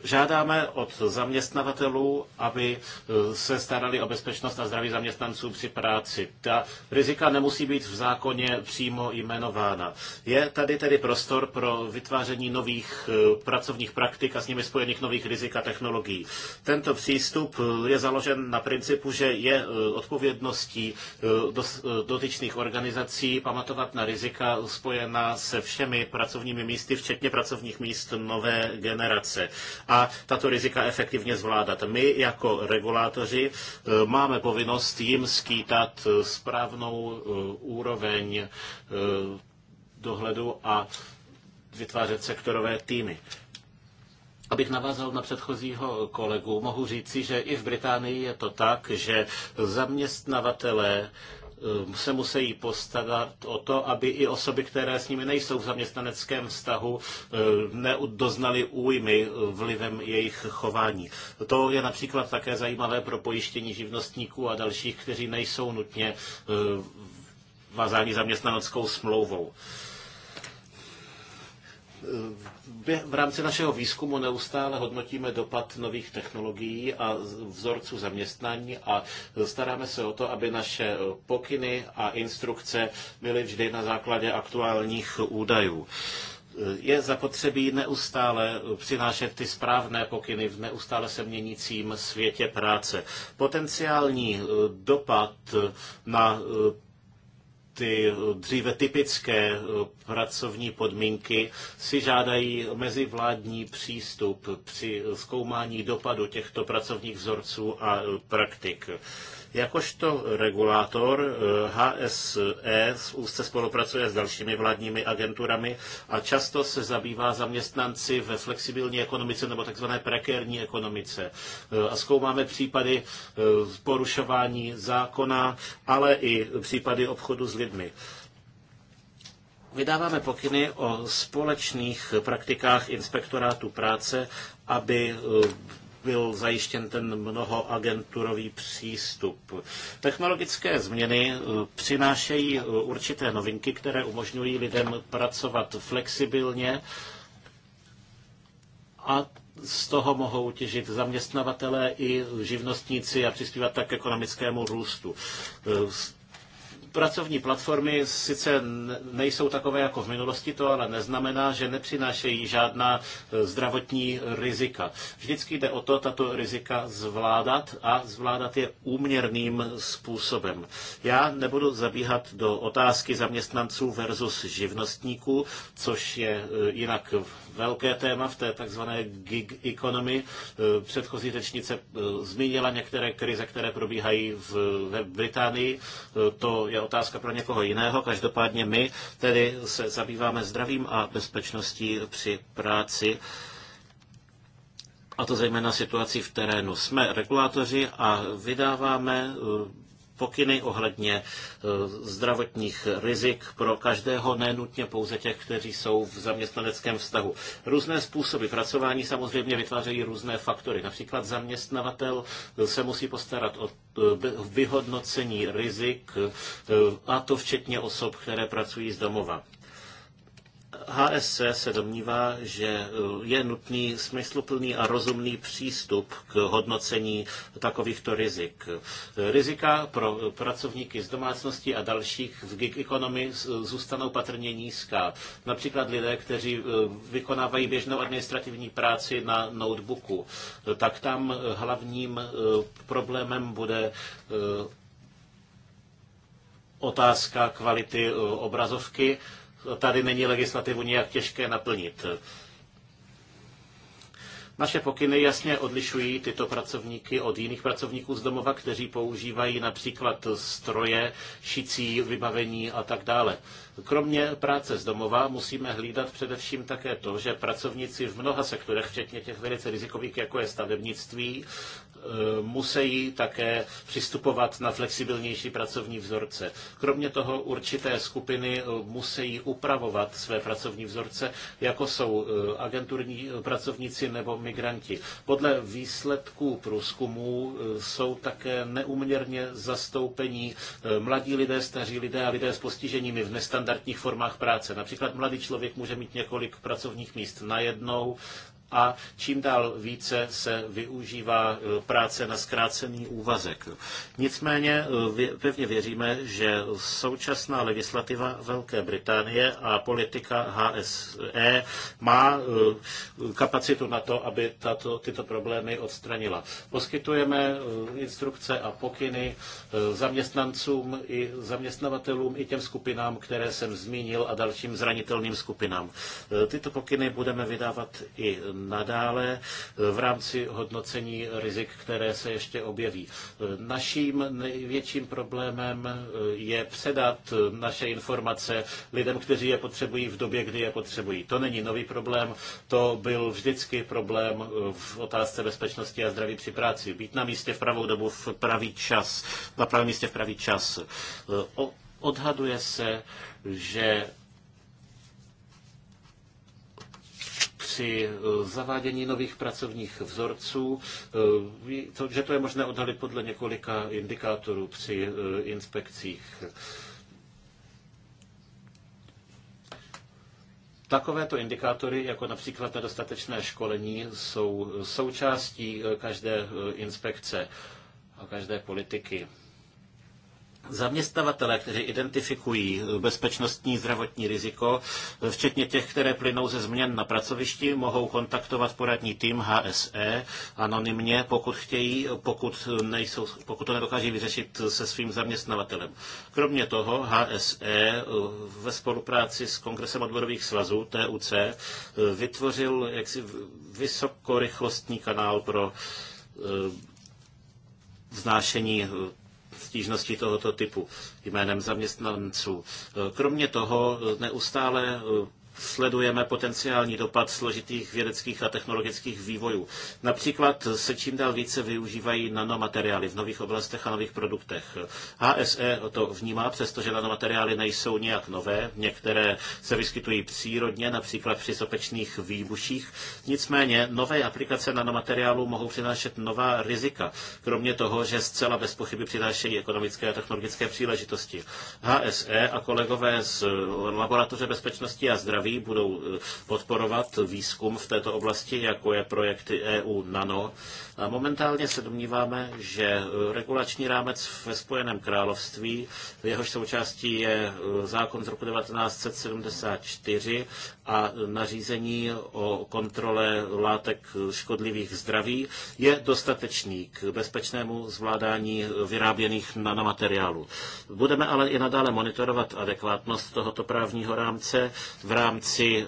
Žádáme od zaměstnavatelů, aby e, se starali o bezpečnost a zdraví zaměstnanců při práci. Ta rizika nemusí být v zákoně přímo jmenována. Je tady tedy prostor pro vytváření nových e, pracovních praktik a s nimi spojených nových rizik a technologií. Tento přístup e, je založen na principu, že je odpovědností dotyčných organizací pamatovat na rizika spojená se všemi pracovními místy, včetně pracovních míst nové generace a tato rizika efektivně zvládat. My jako regulátoři e, máme povinnost jim skýtat e, správnou e, úroveň dohledu a vytvářet sektorové týmy. Abych navázal na předchozího kolegu, mohu říci, že i v Británii je to tak, že zaměstnavatelé Eh, se musí postarat o to, aby i osoby, které s nimi nejsou v zaměstnaneckém vztahu, eh, nedoznaly újmy vlivem jejich chování. To je například také zajímavé pro pojištění živnostníků a dalších, kteří nejsou nutně eh, vázáni zaměstnaneckou smlouvou v rámci našeho výzkumu neustále hodnotíme dopad nových technologií a vzorců zaměstnání a staráme se o to, aby naše pokyny a instrukce byly vždy na základě aktuálních údajů je zapotřebí neustále přinášet ty správné pokyny v neustále se měnícím světě práce. Potenciální dopad na ty dříve typické eh, pracovní podmínky si žádají mezivládní přístup při zkoumání dopadu těchto pracovních vzorců a eh, praktik. Jakožto regulátor HSE eh, e úzce spolupracuje s dalšími vládními agenturami a často se zabývá zaměstnanci ve flexibilní ekonomice nebo takzvané prekérní ekonomice. Eh, a zkoumáme případy eh, porušování zákona, ale i případy obchodu s lidmi. Vydáváme pokyny o společných praktikách inspektorátu práce, aby byl zajištěn ten mnohoagenturový přístup. Technologické změny eh, přinášejí eh, určité novinky, které umožňují lidem pracovat flexibilně a z toho mohou těžit zaměstnavatelé i živnostníci a přispívat tak k ekonomickému růstu. Eh, Pracovní platformy sice nejsou takové jako v minulosti, to ale neznamená, že nepřinášejí žádná e, zdravotní rizika. Vždycky jde o to, tato rizika zvládat a zvládat je úměrným způsobem. Já nebudu zabíhat do otázky zaměstnanců versus živnostníků, což je e, jinak velké téma v té takzvané gig economy. E, předchozí řečnice zmínila některé krize, které probíhají v Británii. To otázka pro někoho jiného. Každopádně my tedy se zabýváme zdravím a bezpečností při práci a to zejména situací v terénu. Jsme regulátoři a vydáváme pokyny ohledně eh, zdravotních rizik pro každého, nenutně pouze těch, kteří jsou v zaměstnaneckém vztahu. Různé způsoby pracování samozřejmě vytvářejí různé faktory. Například zaměstnavatel eh, se musí postarat o eh, vyhodnocení rizik, a to včetně osob, které pracují z domova. HSC se domnívá, že eh, je nutný smysluplný a rozumný přístup k hodnocení takovýchto rizik. Eh, rizika pro pracovníky z domácnosti a dalších v gig economy zůstanou patrně nízká. Například lidé, kteří eh, vykonávají běžnou administrativní práci na notebooku, tak tam hlavním problémem bude otázka kvality obrazovky tady není legislativu nijak těžké naplnit. Naše pokyny jasně odlišují tyto pracovníky od jiných pracovníků z domova, kteří používají například stroje, šicí, vybavení a tak dále. Kromě práce z domova musíme hlídat především také to, že pracovníci v mnoha sektorech, včetně těch velice rizikových, jako je stavebnictví, Eh, musí také přistupovat na flexibilnější pracovní vzorce. Kromě toho určité skupiny eh, musí upravovat své pracovní vzorce, jako jsou eh, agenturní pracovníci nebo migranti. Podle výsledků průzkumů jsou také neuměrně zastoupení mladí lidé, staří lidé a lidé s postiženími v nestandardních formách práce. Například mladý člověk může mít několik pracovních míst najednou, a čím dál více se využívá eh, práce na zkrácený úvazek. Nicméně eh, pevně věříme, že současná legislativa Velké Británie a politika HSE má eh, kapacitu na to, aby tato, tyto problémy odstranila. Poskytujeme instrukce a pokyny zaměstnancům i zaměstnavatelům i těm skupinám, které jsem zmínil a dalším zranitelným skupinám. Tyto pokyny budeme vydávat i nadále eh, v rámci hodnocení rizik, které se ještě objeví. Eh, naším největším problémem eh, je předat naše informace lidem, kteří je potřebují v době, kdy je potřebují. To není nový problém, to byl vždycky problém v otázce bezpečnosti a zdraví při práci. Být na místě v pravou dobu, v pravý čas, na pravém místě v pravý čas. Odhaduje se, že při eh, zavádění nových pracovních vzorců, eh, to, že to je možné odhalit podle několika indikátorů při eh, inspekcích. Takovéto indikátory, jako například nedostatečné školení, jsou součástí každé inspekce a každé politiky. Zaměstnavatele, kteří identifikují bezpečnostní zdravotní riziko, včetně těch, které plynou ze změn na pracovišti, mohou kontaktovat poradní tým HSE anonymně, pokud chtějí, pokud, nejsou, pokud to nedokáží vyřešit se svým zaměstnavatelem. Kromě toho HSE ve spolupráci s Kongresem odborových svazů TUC vytvořil jaksi vysokorychlostní kanál pro eh, vznášení stížnosti tohoto typu jménem zaměstnanců. E, kromě toho e, neustále e, sledujeme potenciální dopad složitých vědeckých a technologických vývojů. Například se čím dál více využívají nanomateriály v nových oblastech a nových produktech. HSE to vnímá, přestože nanomateriály nejsou nijak nové. Některé se vyskytují přírodně, například při sopečných výbuších. Nicméně nové aplikace nanomateriálů mohou přinášet nová rizika, kromě toho, že zcela bez pochyby přinášejí ekonomické a technologické příležitosti. HSE a kolegové z Laboratoře bezpečnosti a zdraví zdraví budou eh, podporovat výzkum v této oblasti, jako je projekty EU Nano. A momentálně se domníváme, že eh, regulační rámec ve Spojeném království, jehož součástí je eh, zákon z roku 1974 a nařízení o kontrole látek škodlivých zdraví, je dostatečný k bezpečnému zvládání vyráběných nanomateriálů. Budeme ale i nadále monitorovat adekvátnost tohoto právního rámce v rámci rámci, eh,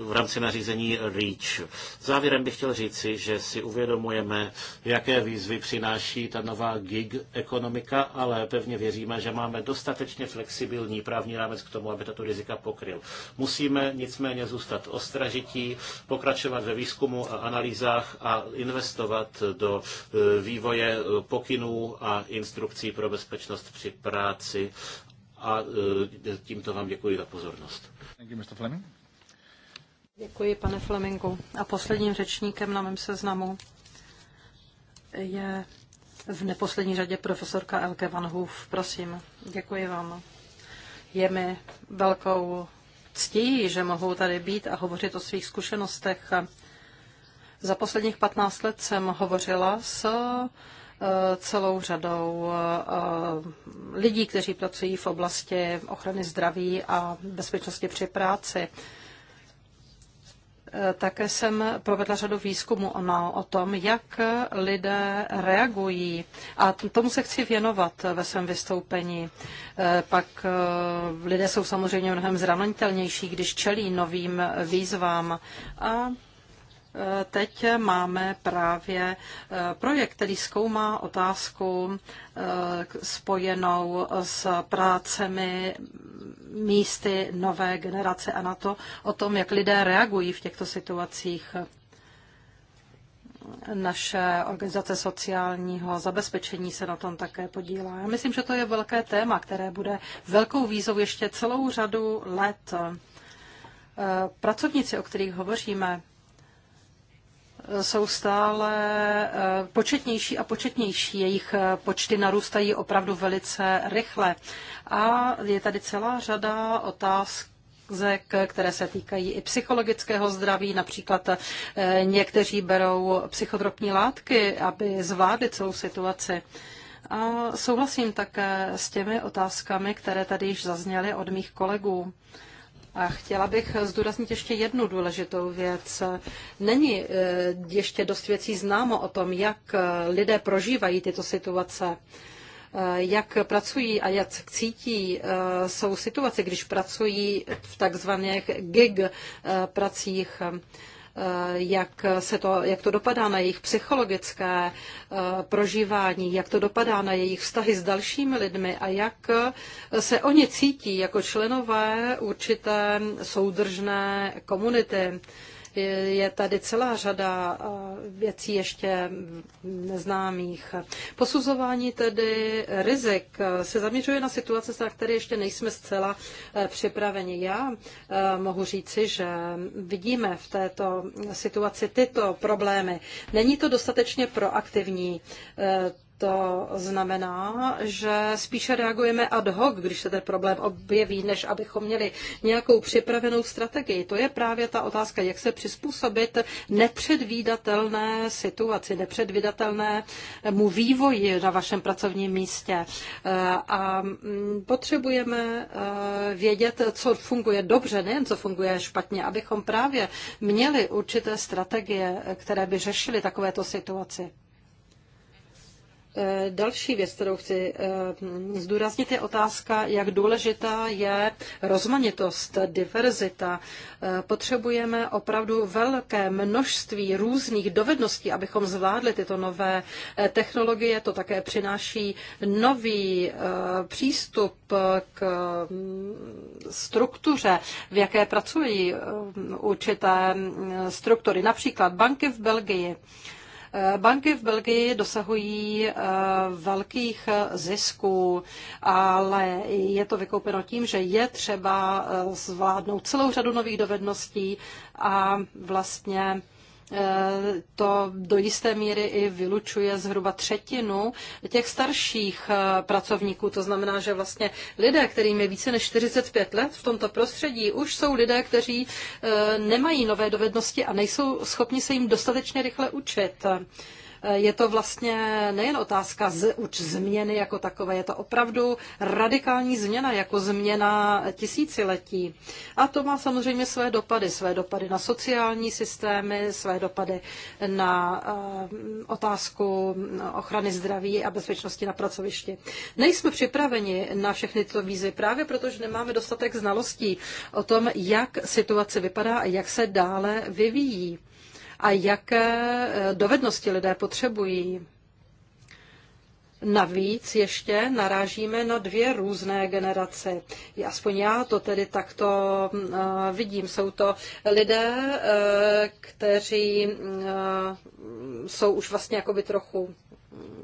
v rámci nařízení REACH. Závěrem bych chtěl říci, že si uvědomujeme, jaké výzvy přináší ta nová gig ekonomika, ale pevně věříme, že máme dostatečně flexibilní právní rámec k tomu, aby tato rizika pokryl. Musíme nicméně zůstat ostražití, pokračovat ve výzkumu a analýzách a investovat do eh, vývoje eh, pokynů a instrukcí pro bezpečnost při práci a e, tímto vám děkuji za pozornost. děkuji, pane Flemingu. A posledním řečníkem na mém seznamu je v neposlední řadě profesorka Elke Van Hoof. Prosím, děkuji vám. Je mi velkou ctí, že mohu tady být a hovořit o svých zkušenostech. Za posledních 15 let jsem hovořila s celou řadou eh, lidí, kteří pracují v oblasti ochrany zdraví a bezpečnosti při práci. Eh, také jsem provedla řadu výzkumu o tom, jak lidé reagují. A tomu se chci věnovat ve svém vystoupení. Eh, pak lidé jsou samozřejmě mnohem zranitelnější, když čelí novým výzvám. A teď máme právě eh, projekt, který zkoumá otázku eh, spojenou s prácemi místy nové generace a na to o tom, jak lidé reagují v těchto situacích. Naše organizace sociálního zabezpečení se na tom také podílá. Já myslím, že to je velké téma, které bude velkou výzvou ještě celou řadu let. Eh, Pracovníci, o kterých hovoříme, jsou stále eh, početnější a početnější. Jejich eh, počty narůstají opravdu velice rychle. A je tady celá řada otázek, které se týkají i psychologického zdraví. Například eh, někteří berou psychotropní látky, aby zvládli celou situaci. A souhlasím také s těmi otázkami, které tady již zazněly od mých kolegů. A chtěla bych zdůraznit ještě jednu důležitou věc. Není eh, ještě dost věcí známo o tom, jak eh, lidé prožívají tyto situace eh, jak pracují a jak cítí, jsou situace, když pracují v takzvaných gig pracích. Eh, jak, se to, jak to dopadá na jejich psychologické eh, prožívání, jak to dopadá na jejich vztahy s dalšími lidmi a jak eh, se oni cítí jako členové určité soudržné komunity. Je tady celá řada eh, věcí ještě neznámých. Posuzování tedy rizik eh, se zaměřuje na situace, na které ještě nejsme zcela eh, připraveni. Já mohu říci, že vidíme v této situaci tyto problémy. Není to dostatečně proaktivní to znamená, že spíše reagujeme ad hoc, když se ten problém objeví, než abychom měli nějakou připravenou strategii. To je právě ta otázka, jak se přizpůsobit nepředvídatelné situaci, nepředvídatelnému vývoji na vašem pracovním místě. A mm, potřebujeme eh, vědět, co funguje dobře, nejen co funguje špatně, abychom právě měli určité strategie, které by řešily takovéto situaci. Eh, další věc, kterou chci eh, zdůraznit, je otázka, jak důležitá je rozmanitost, diverzita. Eh, potřebujeme opravdu velké množství různých dovedností, abychom zvládli tyto nové technologie. To také přináší nový přístup k mm, struktuře, v jaké pracují určité mm, struktury, například banky v Belgii Banky v Belgii dosahují eh, velkých zisků, ale je to vykoupeno tím, že je třeba eh, zvládnout celou řadu nových dovedností a vlastně Eh, to do jisté míry i vylučuje zhruba třetinu těch starších eh, pracovníků. To znamená, že vlastně lidé, kterým je více než 45 let v tomto prostředí, už jsou lidé, kteří eh, nemají nové dovednosti a nejsou schopni se jim dostatečně rychle učit. Je to vlastně nejen otázka z, uč změny jako takové, je to opravdu radikální změna, jako změna tisíciletí. A to má samozřejmě své dopady, své dopady na sociální systémy, své dopady na eh, otázku ochrany zdraví a bezpečnosti na pracovišti. Nejsme připraveni na všechny tyto výzvy právě proto, že nemáme dostatek znalostí o tom, jak situace vypadá a jak se dále vyvíjí a jaké eh, dovednosti lidé potřebují. Navíc ještě narážíme na dvě různé generace. Aspoň já to tedy takto mm, eh, vidím. Jsou to lidé, eh, kteří mm, jsou už vlastně jakoby trochu mm,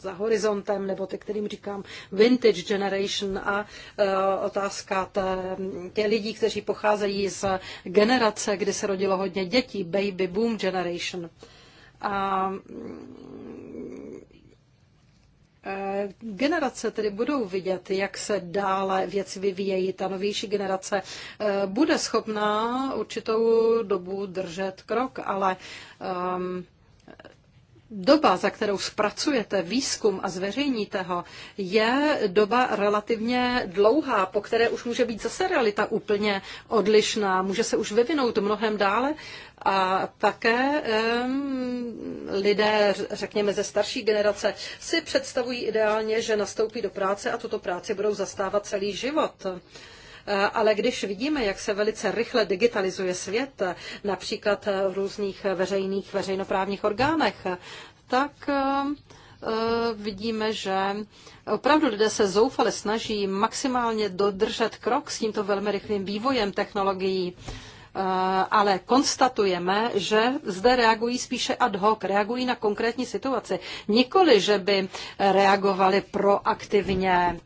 za horizontem, nebo ty, kterým říkám vintage generation a e, otázka té, tě lidí, kteří pocházejí z generace, kdy se rodilo hodně dětí, baby boom generation. A e, Generace tedy budou vidět, jak se dále věci vyvíjejí. Ta novější generace e, bude schopná určitou dobu držet krok, ale um, doba, za kterou zpracujete výzkum a zveřejníte ho, je doba relativně dlouhá, po které už může být zase realita úplně odlišná, může se už vyvinout mnohem dále a také um, lidé, řekněme ze starší generace, si představují ideálně, že nastoupí do práce a tuto práci budou zastávat celý život. Eh, ale když vidíme, jak se velice rychle digitalizuje svět, eh, například eh, v různých veřejných, veřejnoprávních orgánech, tak vidíme, že opravdu lidé se zoufale snaží maximálně dodržet krok s tímto velmi rychlým vývojem technologií ale konstatujeme, že zde reagují spíše ad hoc, reagují na konkrétní situaci. Nikoli, že by reagovali proaktivně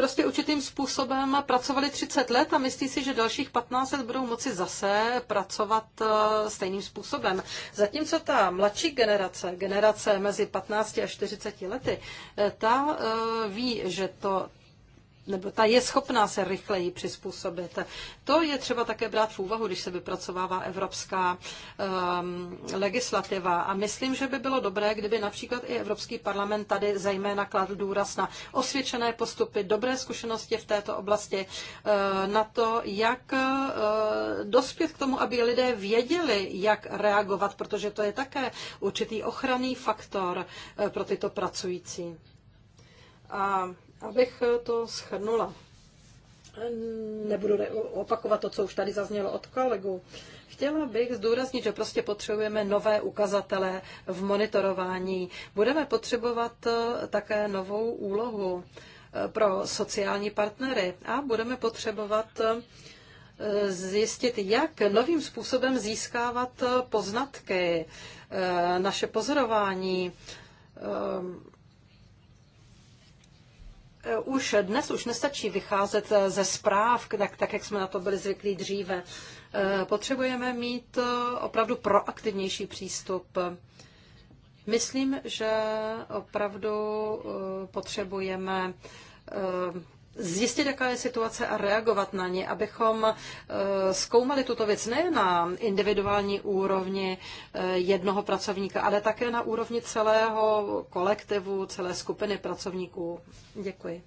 prostě určitým způsobem pracovali 30 let a myslí si, že dalších 15 let budou moci zase pracovat eh, stejným způsobem. Zatímco ta mladší generace, generace mezi 15 a 40 lety, eh, ta eh, ví, že to nebo ta je schopná se rychleji přizpůsobit. To je třeba také brát v úvahu, když se vypracovává evropská um, legislativa. A myslím, že by bylo dobré, kdyby například i Evropský parlament tady zejména kladl důraz na osvědčené postupy, dobré zkušenosti v této oblasti, uh, na to, jak uh, dospět k tomu, aby lidé věděli, jak reagovat, protože to je také určitý ochranný faktor uh, pro tyto pracující. A Abych eh, to schrnula, nebudu opakovat to, co už tady zaznělo od kolegu. Chtěla bych zdůraznit, že prostě potřebujeme nové ukazatele v monitorování. Budeme potřebovat eh, také novou úlohu eh, pro sociální partnery a budeme potřebovat zjistit, jak novým způsobem získávat poznatky, naše pozorování, Eh, už dnes už nestačí vycházet eh, ze zpráv, tak, tak jak jsme na to byli zvyklí dříve. Eh, potřebujeme mít opravdu proaktivnější přístup. Myslím, že opravdu potřebujeme zjistit, jaká je situace a reagovat na ně, abychom eh, zkoumali tuto věc ne na individuální úrovni eh, jednoho pracovníka, ale také na úrovni celého kolektivu, celé skupiny pracovníků. Děkuji.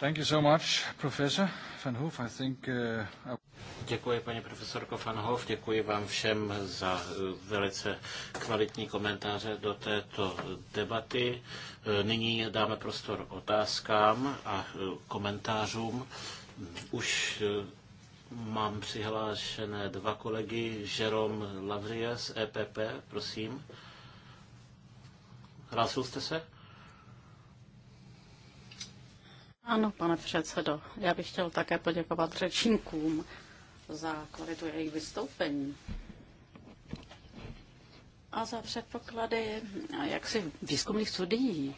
Thank you so much, Professor Van Hoof. I think, uh, Děkuji, paní profesorko Fanhoff, děkuji vám všem za eh, velice kvalitní komentáře do této debaty. Eh, nyní dáme prostor otázkám a eh, komentářům. Už mám přihlášené dva kolegy, Žerom Lavrie z EPP, prosím. Hlásil jste se? Ano, pane předsedo, já bych chtěl také poděkovat řečníkům za kvalitu jejich vystoupení a za předpoklady jaksi výzkumných studií,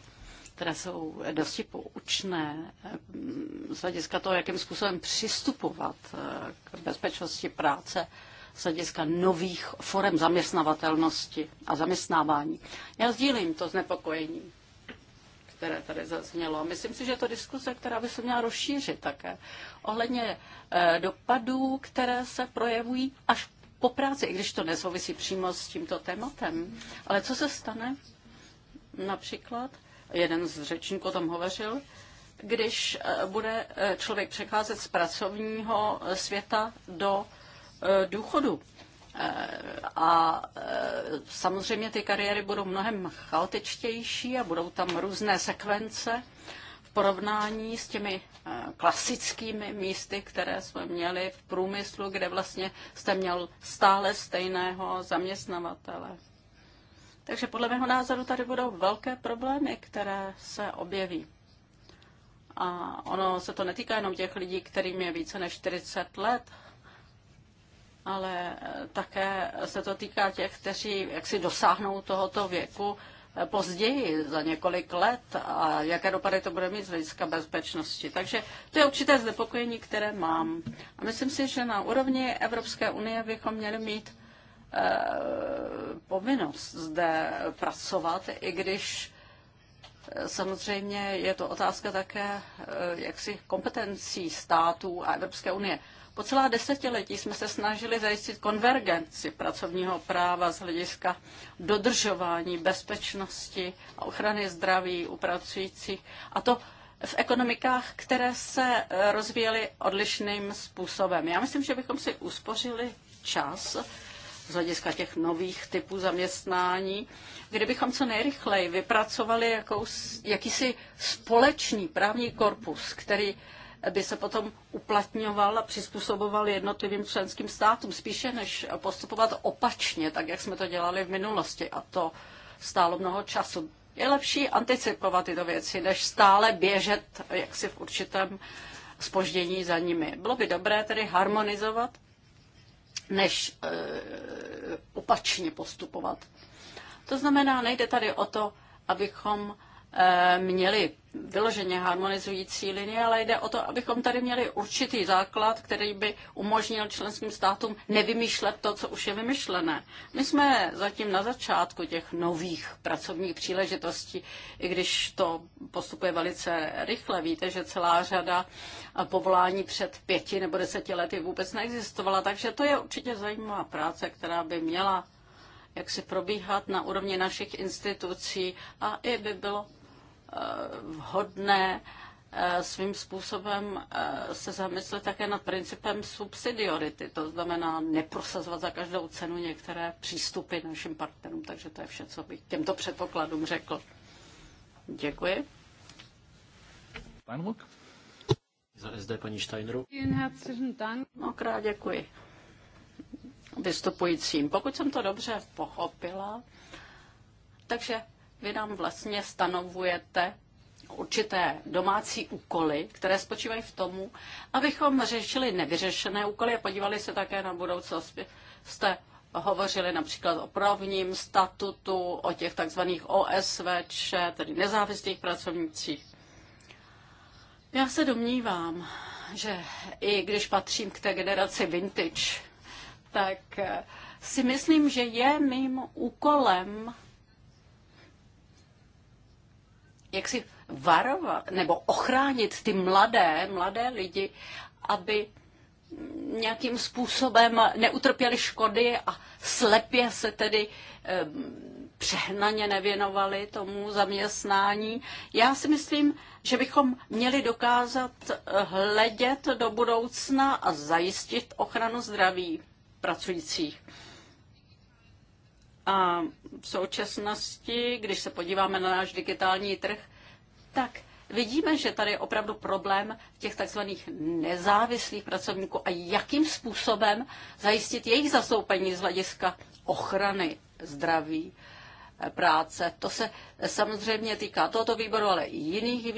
které jsou dosti poučné mm, z hlediska toho, jakým způsobem přistupovat e, k bezpečnosti práce z hlediska nových forem zaměstnavatelnosti a zaměstnávání. Já sdílím to znepokojení které tady zaznělo. Myslím si, že je to diskuse, která by se měla rozšířit také ohledně eh, dopadů, které se projevují až po práci, i když to nesouvisí přímo s tímto tématem. Ale co se stane? Například, jeden z řečníků o tom hovořil, když eh, bude eh, člověk přecházet z pracovního světa do důchodu. A e, samozřejmě ty kariéry budou mnohem chaotičtější a budou tam různé sekvence v porovnání s těmi e, klasickými místy, které jsme měli v průmyslu, kde vlastně jste měl stále stejného zaměstnavatele. Takže podle mého názoru tady budou velké problémy, které se objeví. A ono se to netýká jenom těch lidí, kterým je více než 40 let, ale eh, také se to týká těch, kteří jaksi dosáhnou tohoto věku eh, později, za několik let a jaké dopady to bude mít z hlediska bezpečnosti. Takže to je určité znepokojení, které mám. A myslím si, že na úrovni Evropské unie bychom měli mít eh, povinnost zde pracovat, i když eh, samozřejmě je to otázka také eh, jaksi kompetencí států a Evropské unie. Po celá desetiletí jsme se snažili zajistit konvergenci pracovního práva z hlediska dodržování bezpečnosti a ochrany zdraví u pracujících. A to v ekonomikách, které se eh, rozvíjely odlišným způsobem. Já myslím, že bychom si uspořili čas z hlediska těch nových typů zaměstnání, kdybychom co nejrychleji vypracovali jakous, jakýsi společný právní korpus, který by se potom uplatňoval a přizpůsoboval jednotlivým členským státům, spíše než postupovat opačně, tak jak jsme to dělali v minulosti. A to stálo mnoho času. Je lepší anticipovat tyto věci, než stále běžet jaksi v určitém spoždění za nimi. Bylo by dobré tedy harmonizovat, než e, opačně postupovat. To znamená, nejde tady o to, abychom Eh, měli vyloženě harmonizující linie, ale jde o to, abychom tady měli určitý základ, který by umožnil členským státům nevymýšlet to, co už je vymyšlené. My jsme zatím na začátku těch nových pracovních příležitostí, i když to postupuje velice rychle. Víte, že celá řada povolání před pěti nebo deseti lety vůbec neexistovala, takže to je určitě zajímavá práce, která by měla jak se probíhat na úrovni našich institucí a i by bylo vhodné eh, svým způsobem eh, se zamyslet také nad principem subsidiority, to znamená neprosazovat za každou cenu některé přístupy našim partnerům. Takže to je vše, co bych těmto předpokladům řekl. Děkuji. Steinruck? Za SD paní No, krát děkuji vystupujícím. Pokud jsem to dobře pochopila, takže vy nám vlastně stanovujete určité domácí úkoly, které spočívají v tomu, abychom řešili nevyřešené úkoly a podívali se také na budoucnost. Jste hovořili například o právním statutu, o těch takzvaných OSVČ, tedy nezávislých pracovnících. Já se domnívám, že i když patřím k té generaci vintage, tak si myslím, že je mým úkolem jak si varovat nebo ochránit ty mladé, mladé lidi, aby nějakým způsobem neutrpěli škody a slepě se tedy přehnaně nevěnovali tomu zaměstnání. Já si myslím, že bychom měli dokázat eh, hledět do budoucna a zajistit ochranu zdraví pracujících. A v současnosti, když se podíváme na náš digitální trh, tak vidíme, že tady je opravdu problém těch takzvaných nezávislých pracovníků a jakým způsobem zajistit jejich zastoupení z hlediska ochrany zdraví eh, práce. To se samozřejmě týká tohoto výboru, ale i jiných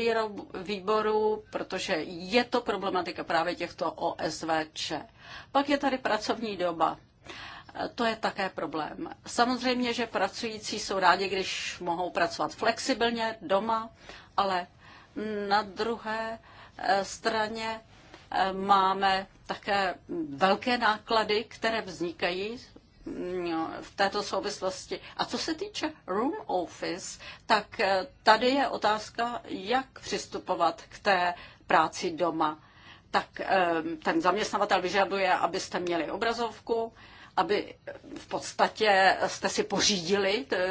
výborů, protože je to problematika právě těchto OSVČ. Pak je tady pracovní doba to je také problém. Samozřejmě, že pracující jsou rádi, když mohou pracovat flexibilně doma, ale na druhé eh, straně eh, máme také velké náklady, které vznikají mm, v této souvislosti. A co se týče room office, tak eh, tady je otázka, jak přistupovat k té práci doma. Tak ten zaměstnavatel vyžaduje, abyste měli obrazovku, aby v podstatě jste si pořídili eh,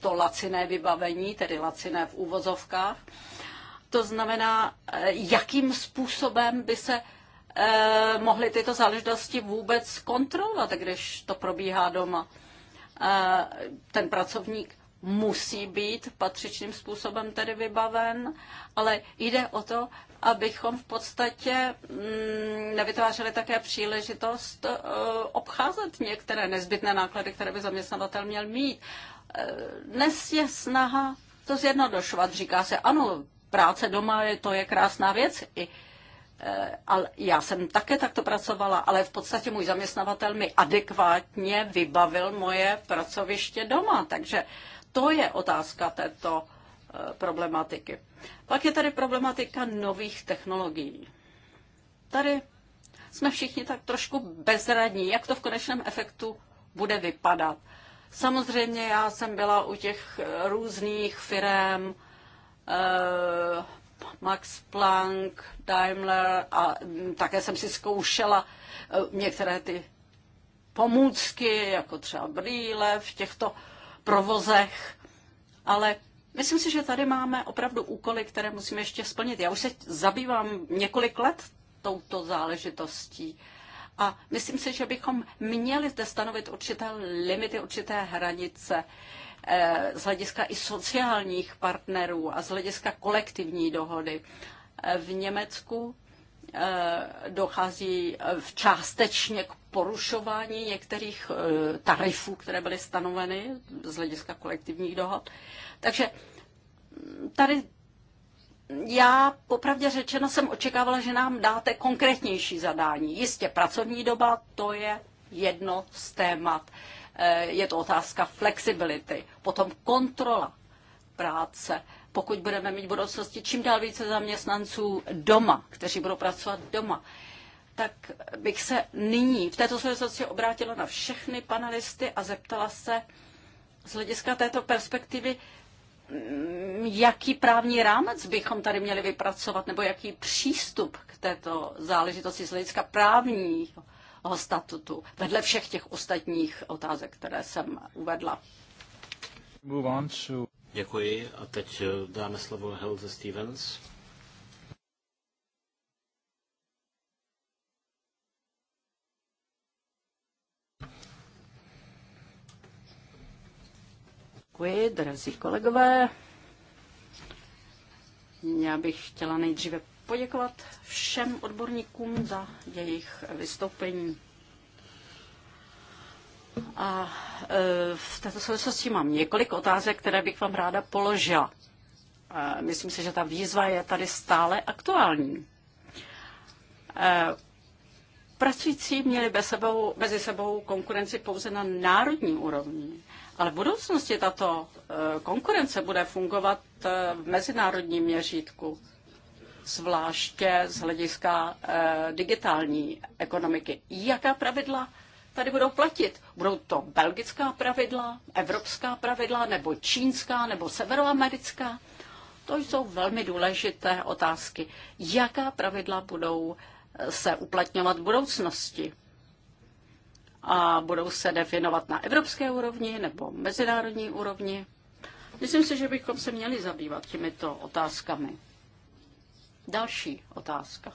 to laciné vybavení, tedy laciné v úvozovkách. To znamená, eh, jakým způsobem by se eh, mohly tyto záležitosti vůbec kontrolovat, když to probíhá doma. Ten pracovník musí být patřičným způsobem tedy vybaven, ale jde o to, abychom v podstatě mm, nevytvářeli také příležitost eh, obcházet některé nezbytné náklady, které by zaměstnavatel měl mít. Eh, dnes je snaha to zjednodušovat. Říká se, ano, práce doma, je, to je krásná věc. I, eh, ale já jsem také takto pracovala, ale v podstatě můj zaměstnavatel mi adekvátně vybavil moje pracoviště doma. Takže to je otázka této Eh, problematiky. Pak je tady problematika nových technologií. Tady jsme všichni tak trošku bezradní, jak to v konečném efektu bude vypadat. Samozřejmě já jsem byla u těch různých firm, eh, Max Planck, Daimler a mm, také jsem si zkoušela eh, některé ty pomůcky, jako třeba brýle v těchto provozech, ale Myslím si, že tady máme opravdu úkoly, které musíme ještě splnit. Já už se zabývám několik let touto záležitostí. A myslím si, že bychom měli zde stanovit určité limity, určité hranice eh, z hlediska i sociálních partnerů a z hlediska kolektivní dohody. Eh, v Německu eh, dochází v částečně k porušování některých tarifů, které byly stanoveny z hlediska kolektivních dohod. Takže tady já popravdě řečeno jsem očekávala, že nám dáte konkrétnější zadání. Jistě pracovní doba, to je jedno z témat. Eh, je to otázka flexibility. Potom kontrola práce. Pokud budeme mít v budoucnosti čím dál více zaměstnanců doma, kteří budou pracovat doma, tak bych se nyní v této souvislosti obrátila na všechny panelisty a zeptala se z hlediska této perspektivy, jaký právní rámec bychom tady měli vypracovat, nebo jaký přístup k této záležitosti z hlediska právního statutu, vedle všech těch ostatních otázek, které jsem uvedla. Děkuji a teď eh, dáme slovo Helze Stevens. Děkuji, drazí kolegové. Já bych chtěla nejdříve poděkovat všem odborníkům za jejich vystoupení. A e, v této souvislosti mám několik otázek, které bych vám ráda položila. E, myslím si, že ta výzva je tady stále aktuální. E, pracující měli bez sebou, mezi sebou konkurenci pouze na národní úrovni. Ale v budoucnosti tato eh, konkurence bude fungovat eh, v mezinárodním měřítku, zvláště z hlediska eh, digitální ekonomiky. Jaká pravidla tady budou platit? Budou to belgická pravidla, evropská pravidla, nebo čínská, nebo severoamerická? To jsou velmi důležité otázky. Jaká pravidla budou se uplatňovat v budoucnosti? a budou se definovat na evropské úrovni nebo mezinárodní úrovni. Myslím si, že bychom se měli zabývat těmito otázkami. Další otázka.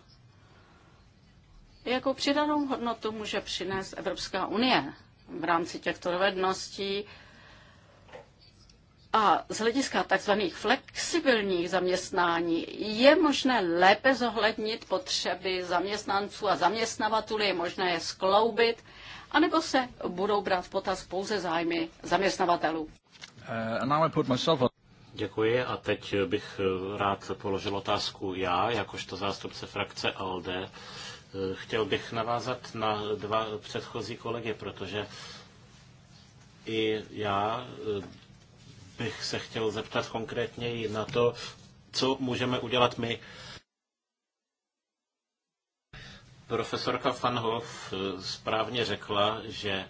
Jakou přidanou hodnotu může přinést Evropská unie v rámci těchto dovedností a z hlediska tzv. flexibilních zaměstnání je možné lépe zohlednit potřeby zaměstnanců a zaměstnavatelů, je možné je skloubit anebo se budou brát v potaz pouze zájmy zaměstnavatelů? Uh, Děkuji a teď bych eh, rád položil otázku já, jakožto zástupce frakce ALDE. Eh, chtěl bych navázat na dva předchozí kolegy, protože i já eh, bych se chtěl zeptat konkrétněji na to, co můžeme udělat my Profesorka Fanhoff eh, správně řekla, že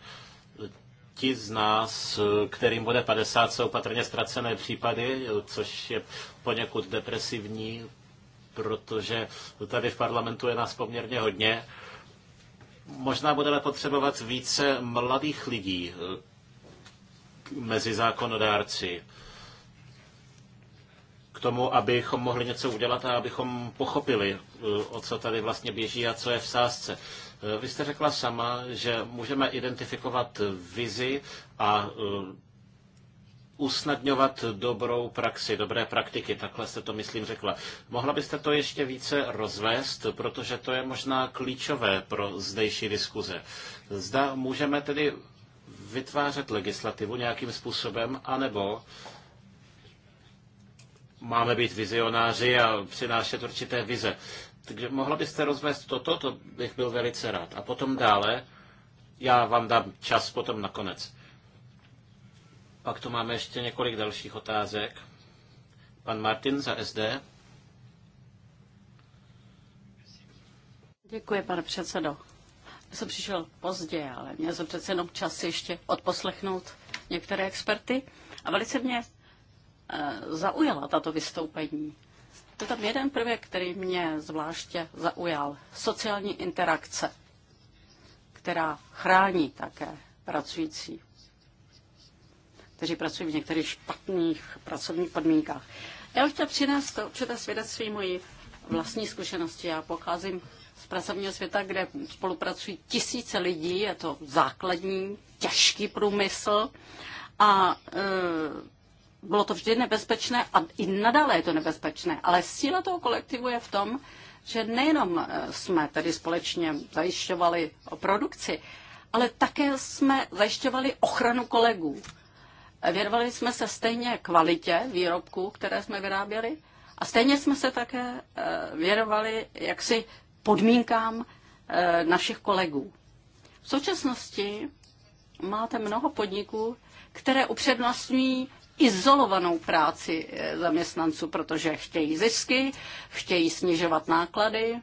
ti z nás, eh, kterým bude 50, jsou patrně ztracené případy, což je poněkud depresivní, protože tady v parlamentu je nás poměrně hodně. Možná budeme potřebovat více mladých lidí eh, mezi zákonodárci k tomu, abychom mohli něco udělat a abychom pochopili, eh, o co tady vlastně běží a co je v sázce. Eh, vy jste řekla sama, že můžeme identifikovat vizi a eh, usnadňovat dobrou praxi, dobré praktiky, takhle jste to, myslím, řekla. Mohla byste to ještě více rozvést, protože to je možná klíčové pro zdejší diskuze. Zda můžeme tedy vytvářet legislativu nějakým způsobem, anebo uh, máme být vizionáři a přinášet určité vize. Takže mohla byste rozvést toto, to bych byl velice rád. A potom dále, já vám dám čas potom nakonec. Pak tu máme ještě několik dalších otázek. Pan Martin za SD. Děkuji, pane předsedo. Já jsem přišel pozdě, ale měl jsem přece jenom čas ještě odposlechnout některé experty. A velice mě Eh, zaujala tato vystoupení. To je tam jeden prvek, který mě zvláště zaujal. Sociální interakce, která chrání také pracující, kteří pracují v některých špatných pracovních podmínkách. Já bych chtěl přinést to určité svědectví mojí vlastní zkušenosti. Já pocházím z pracovního světa, kde spolupracují tisíce lidí, je to základní, těžký průmysl a e, bylo to vždy nebezpečné a i nadále je to nebezpečné, ale síla toho kolektivu je v tom, že nejenom eh, jsme tedy společně zajišťovali produkci, ale také jsme zajišťovali ochranu kolegů. Věnovali jsme se stejně kvalitě výrobků, které jsme vyráběli, a stejně jsme se také eh, věnovali jaksi podmínkám eh, našich kolegů. V současnosti máte mnoho podniků, které upřednostňují izolovanou práci eh, zaměstnanců, protože chtějí zisky, chtějí snižovat náklady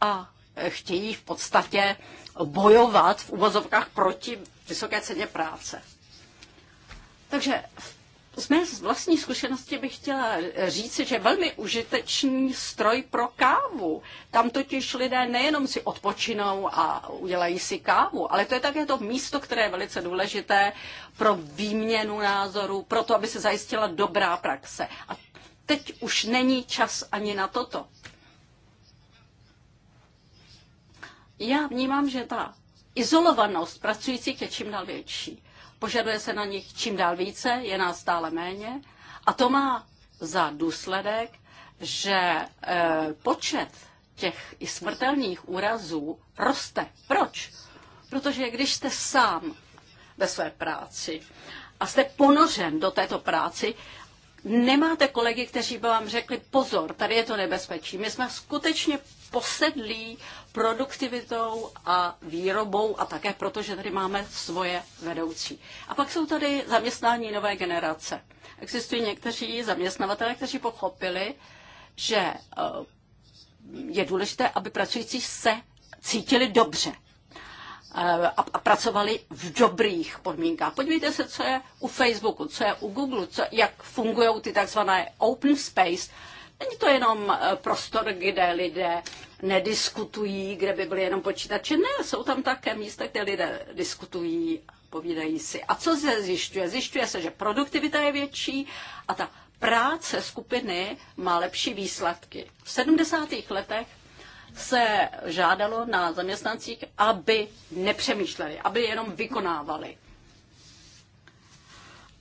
a eh, chtějí v podstatě bojovat v uvozovkách proti vysoké ceně práce. Takže v z mé vlastní zkušenosti bych chtěla říci, že velmi užitečný stroj pro kávu. Tam totiž lidé nejenom si odpočinou a udělají si kávu, ale to je také to místo, které je velice důležité pro výměnu názorů, pro to, aby se zajistila dobrá praxe. A teď už není čas ani na toto. Já vnímám, že ta izolovanost pracujících je čím dál větší požaduje se na nich čím dál více, je nás stále méně a to má za důsledek, že e, počet těch i smrtelných úrazů roste. Proč? Protože když jste sám ve své práci a jste ponořen do této práci, nemáte kolegy, kteří by vám řekli, pozor, tady je to nebezpečí. My jsme skutečně posedlí produktivitou a výrobou a také proto, že tady máme svoje vedoucí. A pak jsou tady zaměstnání nové generace. Existují někteří zaměstnavatele, kteří pochopili, že eh, je důležité, aby pracující se cítili dobře eh, a, pracovali v dobrých podmínkách. Podívejte se, co je u Facebooku, co je u Google, co, jak fungují ty takzvané open space. Není to jenom eh, prostor, kde lidé nediskutují, kde by byly jenom počítače. Ne, jsou tam také místa, kde lidé diskutují, povídají si. A co se zjišťuje? Zjišťuje se, že produktivita je větší a ta práce skupiny má lepší výsledky. V 70. letech se žádalo na zaměstnancích, aby nepřemýšleli, aby jenom vykonávali.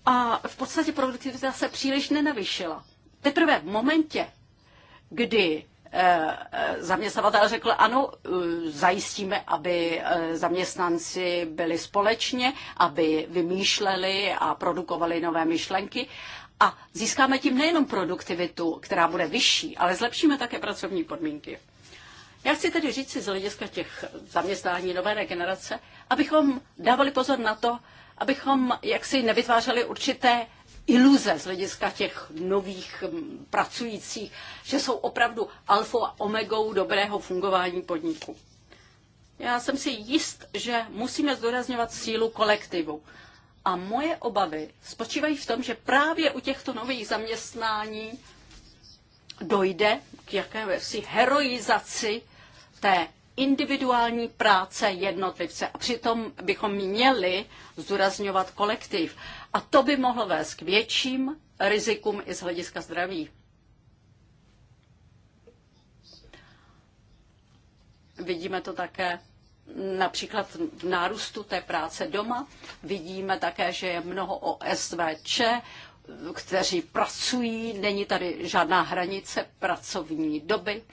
A v podstatě produktivita se příliš nenavyšila. Teprve v momentě, kdy Eh, eh, zaměstnavatel řekl, ano, eh, zajistíme, aby zaměstnanci byli společně, aby vymýšleli a produkovali nové myšlenky. A získáme tím nejenom produktivitu, která bude vyšší, ale zlepšíme také pracovní podmínky. Já chci tedy říct si z hlediska těch zaměstnání nové generace, abychom dávali pozor na to, abychom jaksi nevytvářeli určité iluze z hlediska těch nových pracujících, že jsou opravdu alfa a omegou dobrého fungování podniku. Já jsem si jist, že musíme zdůrazňovat sílu kolektivu. A moje obavy spočívají v tom, že právě u těchto nových zaměstnání dojde k jakési heroizaci té individuální práce jednotlivce. A přitom bychom měli zdůrazňovat kolektiv. A to by mohlo vést k větším rizikům i z hlediska zdraví. Vidíme to také například v nárůstu té práce doma. Vidíme také, že je mnoho OSVČ, kteří pracují, není tady žádná hranice pracovní doby.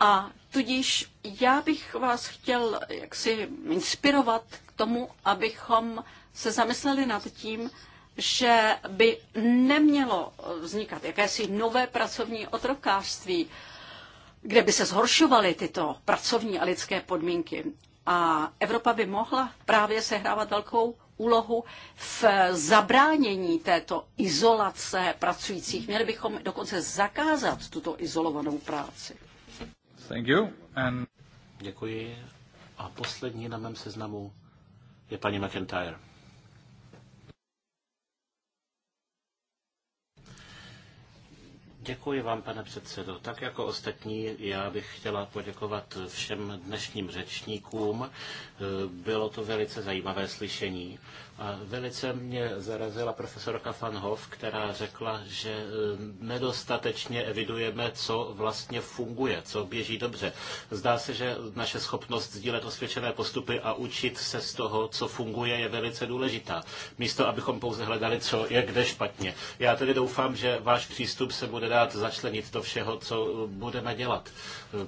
A tudíž já bych vás chtěl jaksi inspirovat k tomu, abychom se zamysleli nad tím, že by nemělo vznikat jakési nové pracovní otrokářství, kde by se zhoršovaly tyto pracovní a lidské podmínky. A Evropa by mohla právě sehrávat velkou úlohu v zabránění této izolace pracujících. Měli bychom dokonce zakázat tuto izolovanou práci. Thank you. And... Děkuji. A poslední na mém seznamu je paní McIntyre. Děkuji vám, pane předsedo. Tak jako ostatní, já bych chtěla poděkovat všem dnešním řečníkům. Bylo to velice zajímavé slyšení velice mě zarazila profesorka Van Hoff, která řekla, že eh, nedostatečně evidujeme, co vlastně funguje, co běží dobře. Zdá se, že naše schopnost sdílet osvědčené postupy a učit se z toho, co funguje, je velice důležitá. Místo, abychom pouze hledali, co je kde špatně. Já tedy doufám, že váš přístup se bude dát začlenit do všeho, co eh, budeme dělat.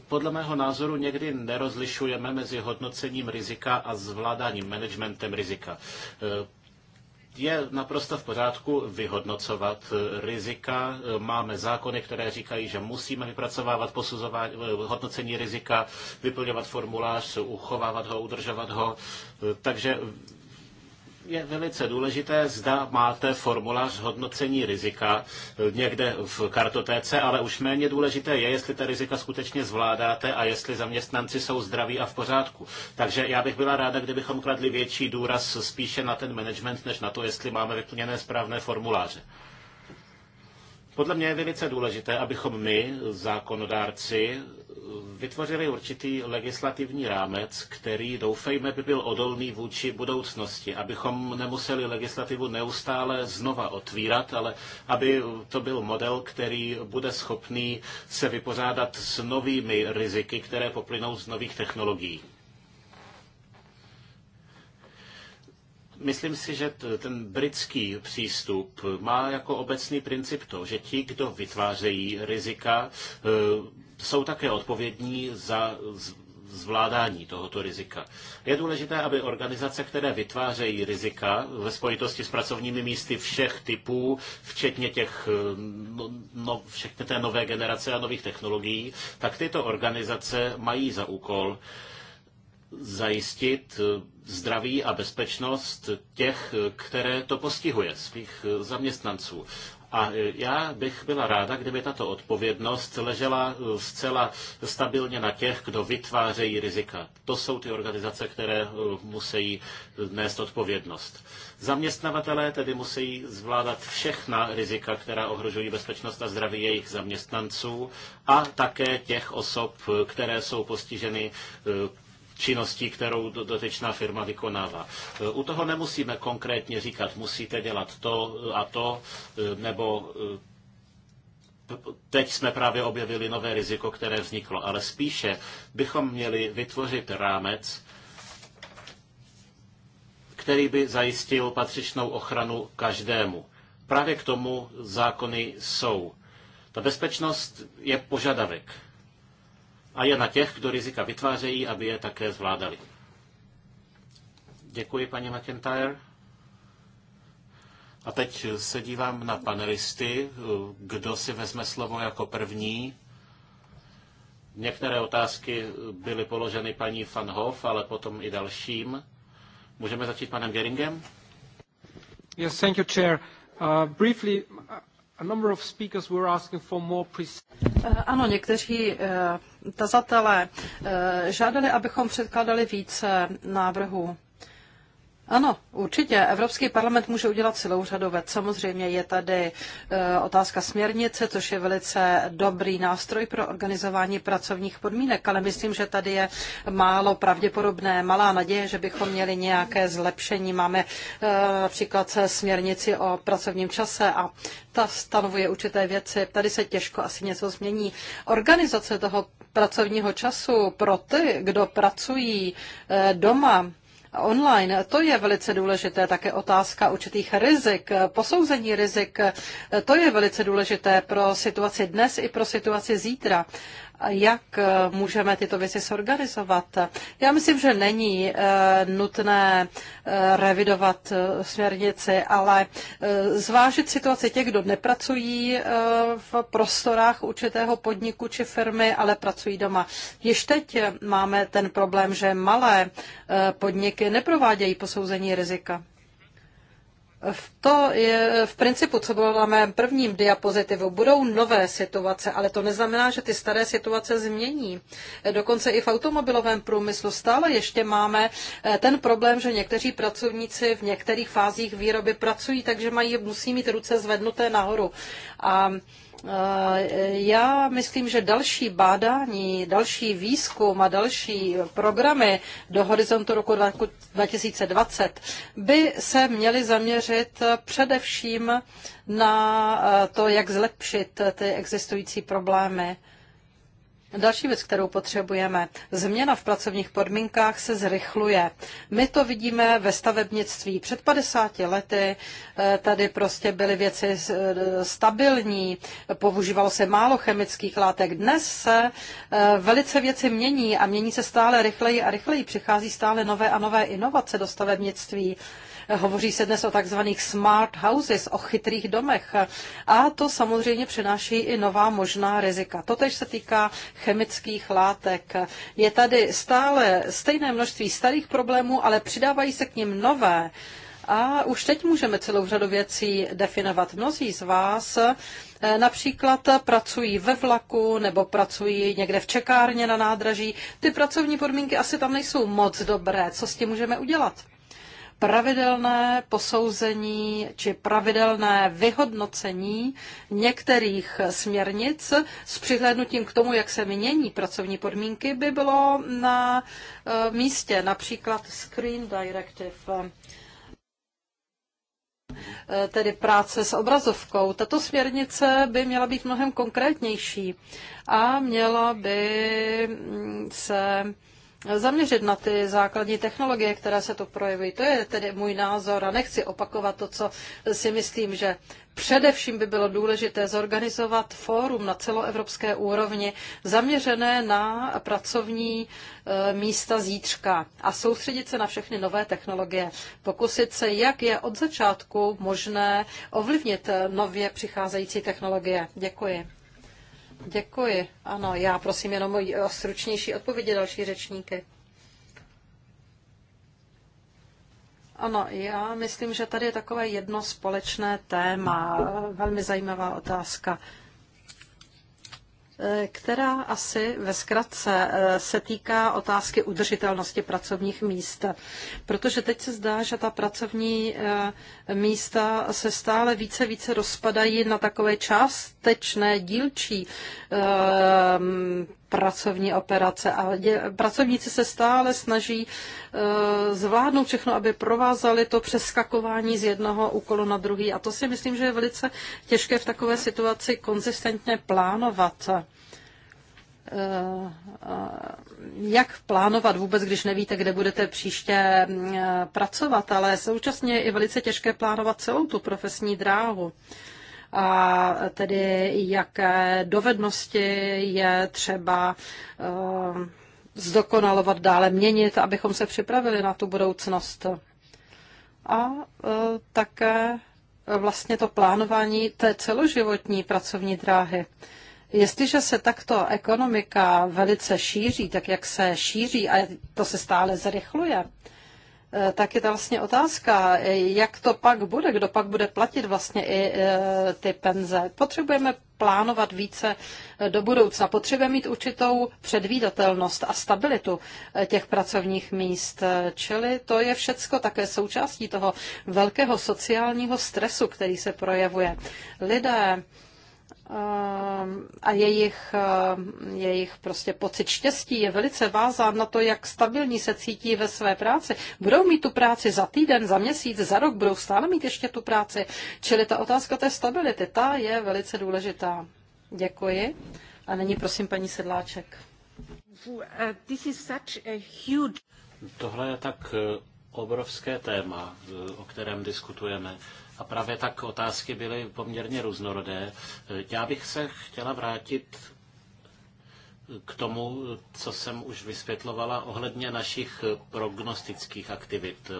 Podle mého názoru někdy nerozlišujeme mezi hodnocením rizika a zvládáním managementem rizika eh, je naprosto v pořádku vyhodnocovat eh, rizika. Eh, máme zákony, které říkají, že musíme vypracovávat posuzování, hodnocení rizika, vyplňovat formulář, uchovávat ho, udržovat ho. Takže je velice důležité, zda máte formulář hodnocení rizika eh, někde v kartotéce, ale už méně důležité je, jestli ta rizika skutečně zvládáte a jestli zaměstnanci jsou zdraví a v pořádku. Takže já bych byla ráda, kdybychom kladli větší důraz spíše na ten management, než na to, jestli máme vyplněné správné formuláře. Podle mě je velice důležité, abychom my, zákonodárci, vytvořili určitý legislativní rámec, který doufejme by byl odolný vůči budoucnosti, abychom nemuseli legislativu neustále znova otvírat, ale aby to byl model, který bude schopný se vypořádat s novými riziky, které poplynou z nových technologií. myslím si, že ten britský přístup má jako obecný princip to, že ti, kdo vytvářejí rizika, eh, jsou také odpovědní za zvládání tohoto rizika. Je důležité, aby organizace, které vytvářejí rizika ve spojitosti s pracovními místy všech typů, včetně, těch, eh, no, no včetně té nové generace a nových technologií, tak tyto organizace mají za úkol zajistit eh, zdraví a bezpečnost těch, eh, které to postihuje, svých zaměstnanců. A e, já bych byla ráda, kdyby tato odpovědnost ležela e, zcela stabilně na těch, kdo vytvářejí rizika. To jsou ty organizace, které e, musí nést odpovědnost. Zaměstnavatelé tedy musí zvládat všechna rizika, která ohrožují bezpečnost a zdraví jejich zaměstnanců a také těch osob, které jsou postiženy činností, kterou dotečná firma vykonává. E, u toho nemusíme konkrétně říkat, musíte dělat to a to, e, nebo e, teď jsme právě objevili nové riziko, které vzniklo, ale spíše bychom měli vytvořit rámec, který by zajistil patřičnou ochranu každému. Právě k tomu zákony jsou. Ta bezpečnost je požadavek a je na těch, kdo rizika vytvářejí, aby je také zvládali. Děkuji, paní McIntyre. A teď se dívám na panelisty, kdo si vezme slovo jako první. Některé otázky byly položeny paní Van Hoff, ale potom i dalším. Můžeme začít panem Geringem? Yes, thank you, Chair. Uh, briefly, ano, někteří eh, tazatelé eh, žádali, abychom předkládali více návrhů. Ano, určitě. Evropský parlament může udělat celou řadu věcí. Samozřejmě je tady eh, otázka směrnice, což je velice dobrý nástroj pro organizování pracovních podmínek, ale myslím, že tady je málo pravděpodobné, malá naděje, že bychom měli nějaké zlepšení. Máme eh, například směrnici o pracovním čase a ta stanovuje určité věci. Tady se těžko asi něco změní. Organizace toho pracovního času pro ty, kdo pracují eh, doma, online. To je velice důležité, také otázka určitých rizik, posouzení rizik. To je velice důležité pro situaci dnes i pro situaci zítra jak eh, můžeme tyto věci sorganizovat. Já myslím, že není eh, nutné eh, revidovat směrnici, ale zvážit situaci těch, kdo nepracují v prostorách určitého podniku či firmy, ale pracují doma. Již teď máme ten problém, že malé podniky neprovádějí posouzení rizika. V, to je, v principu, co bylo na mém prvním diapozitivu, budou nové situace, ale to neznamená, že ty staré situace změní. Dokonce i v automobilovém průmyslu stále ještě máme eh, ten problém, že někteří pracovníci v některých fázích výroby pracují, takže mají, musí mít ruce zvednuté nahoru. A Eh, já myslím, že další bádání, další výzkum a další programy do horizontu roku 2020 by se měly zaměřit především na eh, to, jak zlepšit ty existující problémy. Další věc, kterou potřebujeme, změna v pracovních podmínkách se zrychluje. My to vidíme ve stavebnictví. Před 50 lety eh, tady prostě byly věci eh, stabilní, používalo se málo chemických látek. Dnes se eh, velice věci mění a mění se stále rychleji a rychleji. Přichází stále nové a nové inovace do stavebnictví. Hovoří se dnes o takzvaných smart houses, o chytrých domech. A to samozřejmě přináší i nová možná rizika. Totež se týká chemických látek. Je tady stále stejné množství starých problémů, ale přidávají se k ním nové. A už teď můžeme celou řadu věcí definovat. Mnozí z vás eh, například pracují ve vlaku nebo pracují někde v čekárně na nádraží. Ty pracovní podmínky asi tam nejsou moc dobré. Co s tím můžeme udělat? pravidelné posouzení či pravidelné vyhodnocení některých směrnic s přihlédnutím k tomu, jak se mění pracovní podmínky, by bylo na e, místě, například Screen Directive e, tedy práce s obrazovkou. Tato směrnice by měla být mnohem konkrétnější a měla by mm, se zaměřit na ty základní technologie, které se to projeví. To je tedy můj názor a nechci opakovat to, co si myslím, že především by bylo důležité zorganizovat fórum na celoevropské úrovni zaměřené na pracovní e, místa zítřka a soustředit se na všechny nové technologie. Pokusit se, jak je od začátku možné ovlivnit nově přicházející technologie. Děkuji. Děkuji. Ano, já prosím jenom o stručnější odpovědi další řečníky. Ano, já myslím, že tady je takové jedno společné téma, velmi zajímavá otázka která asi ve zkratce eh, se týká otázky udržitelnosti pracovních míst. Protože teď se zdá, že ta pracovní eh, místa se stále více více rozpadají na takové částečné dílčí eh, pracovní operace a dě, pracovníci se stále snaží e, zvládnout všechno, aby provázali to přeskakování z jednoho úkolu na druhý. A to si myslím, že je velice těžké v takové situaci konzistentně plánovat. E, jak plánovat vůbec, když nevíte, kde budete příště e, pracovat, ale současně je velice těžké plánovat celou tu profesní dráhu. E, a tedy jaké dovednosti je třeba eh, zdokonalovat dále, měnit, abychom se připravili na tu budoucnost. A eh, také vlastně to plánování té celoživotní pracovní dráhy. Jestliže se takto ekonomika velice šíří, tak jak se šíří, a to se stále zrychluje, Eh, tak je to vlastně otázka, eh, jak to pak bude, kdo pak bude platit vlastně i eh, ty penze. Potřebujeme plánovat více do budoucna. Potřebujeme mít určitou předvídatelnost a stabilitu těch pracovních míst. Čili to je všecko také součástí toho velkého sociálního stresu, který se projevuje. Lidé Ehm, a jejich, ehm, jejich prostě pocit štěstí je velice vázán na to, jak stabilní se cítí ve své práci. Budou mít tu práci za týden, za měsíc, za rok, budou stále mít ještě tu práci. Čili ta otázka té stability, ta je velice důležitá. Děkuji. A nyní prosím paní Sedláček. Tohle je tak eh, obrovské téma, eh, o kterém diskutujeme. A právě tak otázky byly poměrně různorodé. Já bych se chtěla vrátit k tomu, co jsem už vysvětlovala ohledně našich prognostických aktivit.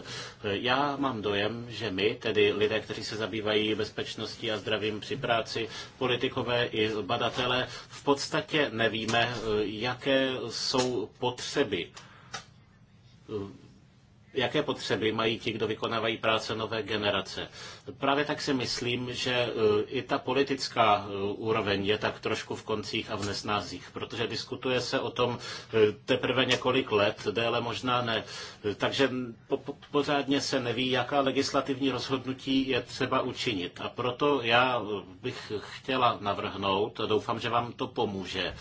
Já mám dojem, že my, tedy lidé, kteří se zabývají bezpečností a zdravím při práci, politikové i badatele, v podstatě nevíme, jaké jsou potřeby jaké potřeby mají ti, kdo vykonávají práce nové generace. Právě tak si myslím, že eh, i ta politická eh, úroveň je tak trošku v koncích a v nesnázích, protože diskutuje se o tom eh, teprve několik let, déle možná ne. Takže po, po, pořádně se neví, jaká legislativní rozhodnutí je třeba učinit. A proto já bych chtěla navrhnout, doufám, že vám to pomůže,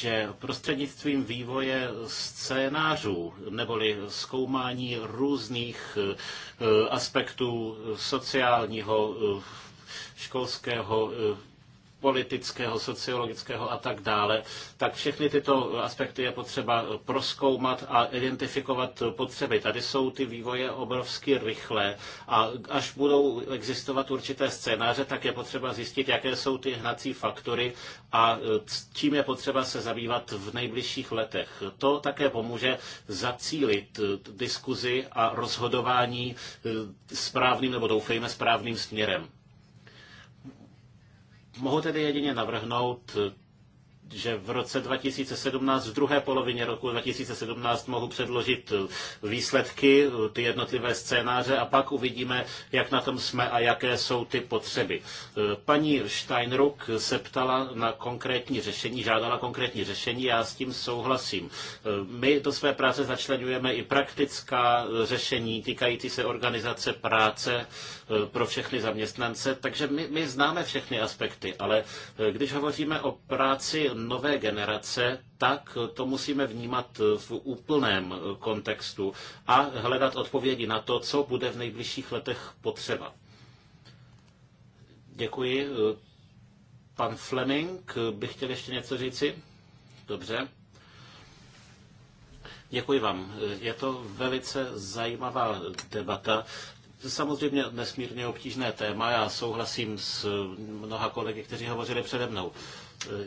že prostřednictvím vývoje scénářů neboli zkoumání různých eh, aspektů sociálního, eh, školského, eh, politického, sociologického a tak dále, tak všechny tyto aspekty je potřeba proskoumat a identifikovat potřeby. Tady jsou ty vývoje obrovsky rychlé a až budou existovat určité scénáře, tak je potřeba zjistit, jaké jsou ty hnací faktory a čím je potřeba se zabývat v nejbližších letech. To také pomůže zacílit diskuzi a rozhodování správným nebo doufejme správným směrem. Mohu tedy jedině navrhnout že v roce 2017, v druhé polovině roku 2017 mohu předložit výsledky, ty jednotlivé scénáře a pak uvidíme, jak na tom jsme a jaké jsou ty potřeby. Paní Steinruck se ptala na konkrétní řešení, žádala konkrétní řešení, já s tím souhlasím. My do své práce začlenujeme i praktická řešení týkající se organizace práce E, pro všechny zaměstnance, takže my, my známe všechny aspekty, ale e, když hovoříme o práci nové generace, tak to musíme vnímat v úplném e, kontextu a hledat odpovědi na to, co bude v nejbližších letech potřeba. Děkuji. Pan Fleming by chtěl ještě něco říci? Dobře. Děkuji vám. Je to velice zajímavá debata samozřejmě nesmírně obtížné téma. Já souhlasím s eh, mnoha kolegy, kteří hovořili přede mnou. Eh,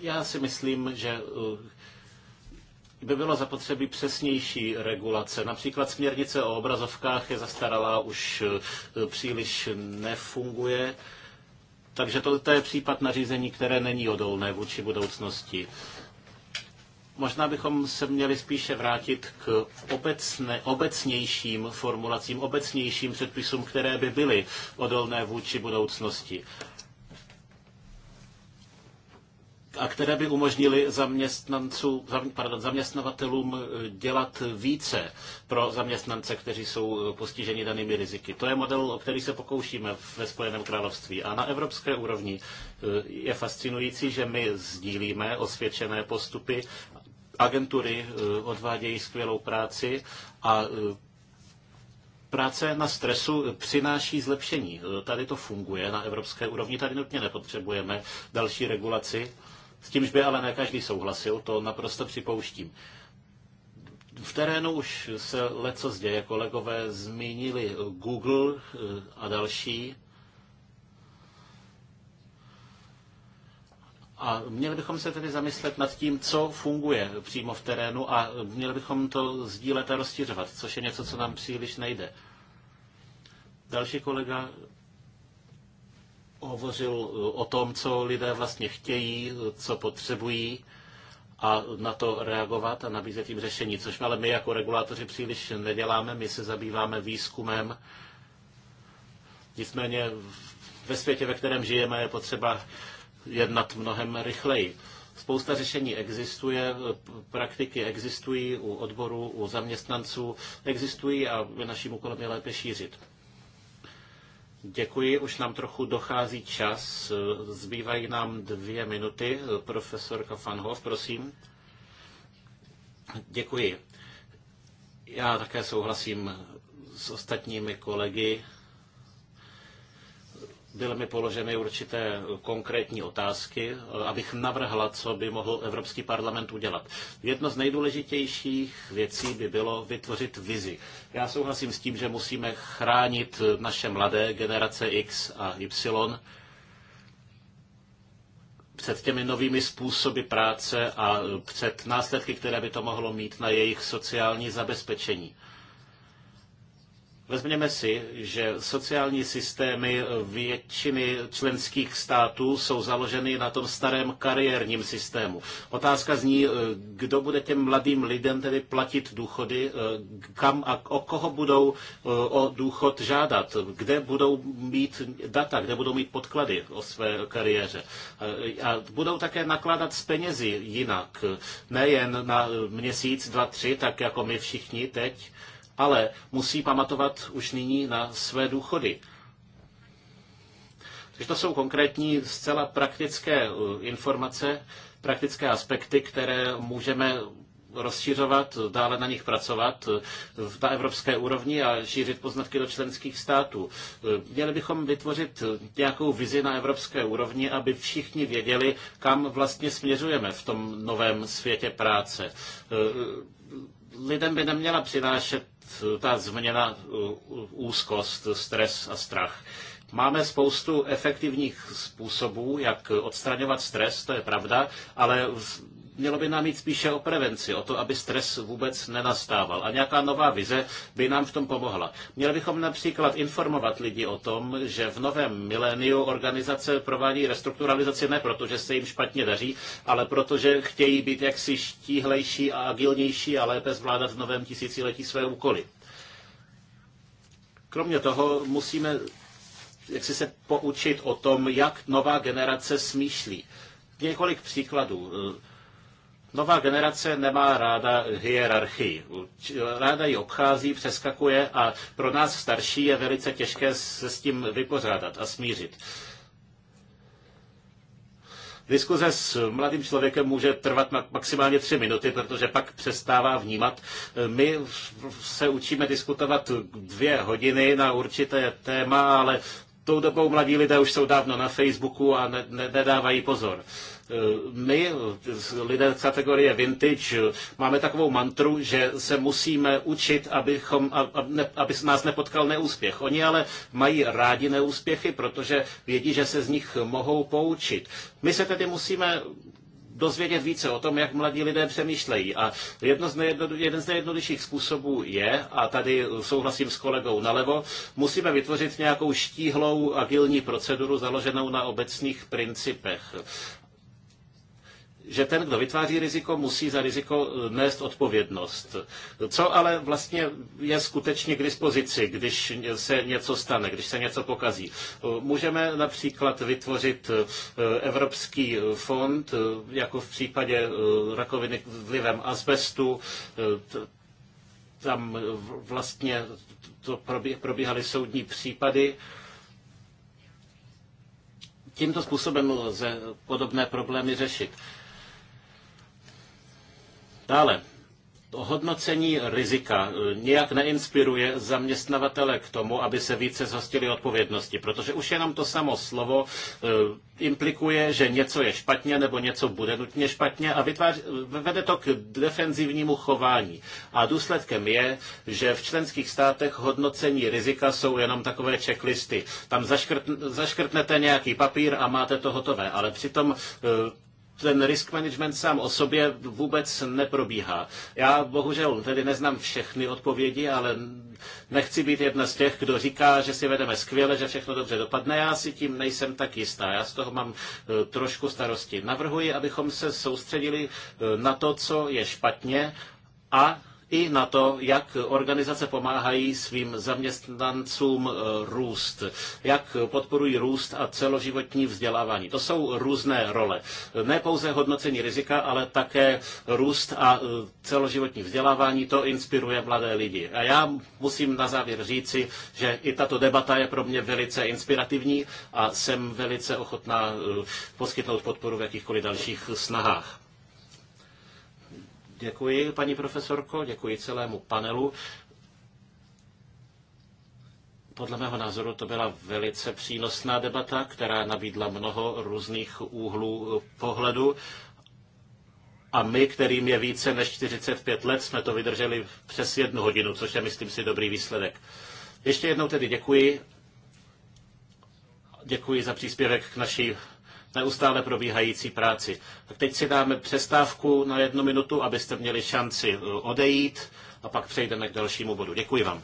já si myslím, že eh, by bylo zapotřebí přesnější regulace. Například směrnice o obrazovkách je zastaralá, už příliš nefunguje. Takže to, to je případ nařízení, které není odolné vůči budoucnosti. Možná bychom se měli spíše vrátit k obecne, obecnějším formulacím, obecnějším předpisům, které by byly odolné vůči budoucnosti a které by umožnily zaměstnancům, pardon, zaměstnavatelům eh, dělat více pro zaměstnance, kteří jsou eh, postiženi danými riziky. To je model, o který se pokoušíme ve Spojeném království. A na evropské úrovni eh, je fascinující, že my sdílíme osvědčené postupy agentury eh, odvádějí skvělou práci a eh, práce na stresu přináší zlepšení. Eh, tady to funguje na evropské úrovni, tady nutně nepotřebujeme další regulaci. S tímž by ale ne každý souhlasil, to naprosto připouštím. V terénu už se leco zděje, kolegové zmínili Google a další. A měli bychom se tedy zamyslet nad tím, co funguje přímo v terénu a měli bychom to sdílet a rozšiřovat, což je něco, co nám příliš nejde. Další kolega hovořil o tom, co lidé vlastně chtějí, co potřebují a na to reagovat a nabízet jim řešení, což ale my jako regulátoři příliš neděláme, my se zabýváme výzkumem. Nicméně ve světě, ve kterém žijeme, je potřeba jednat mnohem rychleji. Spousta řešení existuje, praktiky existují u odborů, u zaměstnanců, existují a naším úkolem je lépe šířit. Děkuji, už nám trochu dochází čas. Zbývají nám dvě minuty. Profesorka Fanhoff, prosím. Děkuji. Já také souhlasím s ostatními kolegy Byly mi položeny určité konkrétní otázky, abych navrhla, co by mohl Evropský parlament udělat. Jedno z nejdůležitějších věcí by bylo vytvořit vizi. Já souhlasím s tím, že musíme chránit naše mladé generace X a Y před těmi novými způsoby práce a před následky, které by to mohlo mít na jejich sociální zabezpečení. Vezměme si, že sociální systémy většiny členských států jsou založeny na tom starém kariérním systému. Otázka zní, eh, kdo bude těm mladým lidem tedy platit důchody, eh, kam a o koho budou eh, o důchod žádat, kde budou mít data, kde budou mít podklady o své kariéře. A budou také nakládat s penězi jinak, nejen na měsíc, dva, tři, tak jako my všichni teď, ale musí pamatovat už nyní na své důchody. Takže to jsou konkrétní, zcela praktické uh, informace, praktické aspekty, které můžeme rozšiřovat, dále na nich pracovat uh, na evropské úrovni a šířit poznatky do členských států. Uh, měli bychom vytvořit nějakou vizi na evropské úrovni, aby všichni věděli, kam vlastně směřujeme v tom novém světě práce lidem by neměla přinášet Eh, ta změna eh, úzkost, stres a strach. Máme spoustu efektivních způsobů, jak odstraňovat stres, to je pravda, ale mělo by nám jít spíše o prevenci, o to, aby stres vůbec nenastával. A nějaká nová vize by nám v tom pomohla. Měli bychom například informovat lidi o tom, že v novém miléniu organizace provádí restrukturalizaci ne proto, že se jim špatně daří, ale protože chtějí být jaksi štíhlejší a agilnější a lépe zvládat v novém tisíciletí své úkoly. Kromě toho musíme jak si se poučit o tom, jak nová generace smýšlí. Několik příkladů. Nová generace nemá ráda hierarchii. Ráda ji obchází, přeskakuje a pro nás starší je velice těžké se s tím vypořádat a smířit. Diskuze s mladým člověkem může trvat maximálně tři minuty, protože pak přestává vnímat. My se učíme diskutovat dvě hodiny na určité téma, ale tou dobou mladí lidé už jsou dávno na Facebooku a ne, ne, nedávají pozor. Uh, Eh, my, eh, lidé z kategorie vintage, máme takovou mantru, že se musíme učit, abychom, aby nás nepotkal neúspěch. Oni ale mají rádi neúspěchy, protože vědí, že se z nich mohou poučit. My se tedy musíme dozvědět více o tom, jak mladí lidé přemýšlejí. A jedno z jeden z nejjednodušších způsobů je, a tady souhlasím s kolegou nalevo, musíme vytvořit nějakou štíhlou agilní proceduru založenou na obecných principech že ten, kdo vytváří riziko, musí za riziko eh, nést odpovědnost. Co ale vlastně je skutečně k dispozici, když se něco stane, když se něco pokazí? Eh, můžeme například vytvořit eh, Evropský fond, jako v případě rakoviny vlivem asbestu, tam vlastně to probíhaly soudní případy. Tímto způsobem lze podobné problémy řešit. Dále, hodnocení rizika e, nijak neinspiruje zaměstnavatele k tomu, aby se více zhostili odpovědnosti, protože už jenom to samo slovo e, implikuje, že něco je špatně nebo něco bude nutně špatně a vytváří, e, vede to k defenzivnímu chování. A důsledkem je, že v členských státech hodnocení rizika jsou jenom takové checklisty. Tam zaškrt, zaškrtnete nějaký papír a máte to hotové, ale přitom ten risk management sám o sobě vůbec neprobíhá. Já bohužel tedy neznám všechny odpovědi, ale nechci být jedna z těch, kdo říká, že si vedeme skvěle, že všechno dobře dopadne. Já si tím nejsem tak jistá. Já z toho mám eh, trošku starosti. Navrhuji, abychom se soustředili eh, na to, co je špatně a i na to, jak organizace pomáhají svým zaměstnancům eh, růst, jak podporují růst a celoživotní vzdělávání. To jsou různé role. Ne pouze hodnocení rizika, ale také růst a eh, celoživotní vzdělávání, to inspiruje mladé lidi. A já musím na závěr říci, že i tato debata je pro mě velice inspirativní a jsem velice ochotná eh, poskytnout podporu v jakýchkoliv dalších snahách. Děkuji, paní profesorko, děkuji celému panelu. Podle mého názoru to byla velice přínosná debata, která nabídla mnoho různých úhlů pohledu. A my, kterým je více než 45 let, jsme to vydrželi přes jednu hodinu, což je, myslím si, dobrý výsledek. Ještě jednou tedy děkuji. Děkuji za příspěvek k naší neustále probíhající práci. Tak teď si dáme přestávku na jednu minutu, abyste měli šanci eh, odejít a pak přejdeme k dalšímu bodu. Děkuji vám.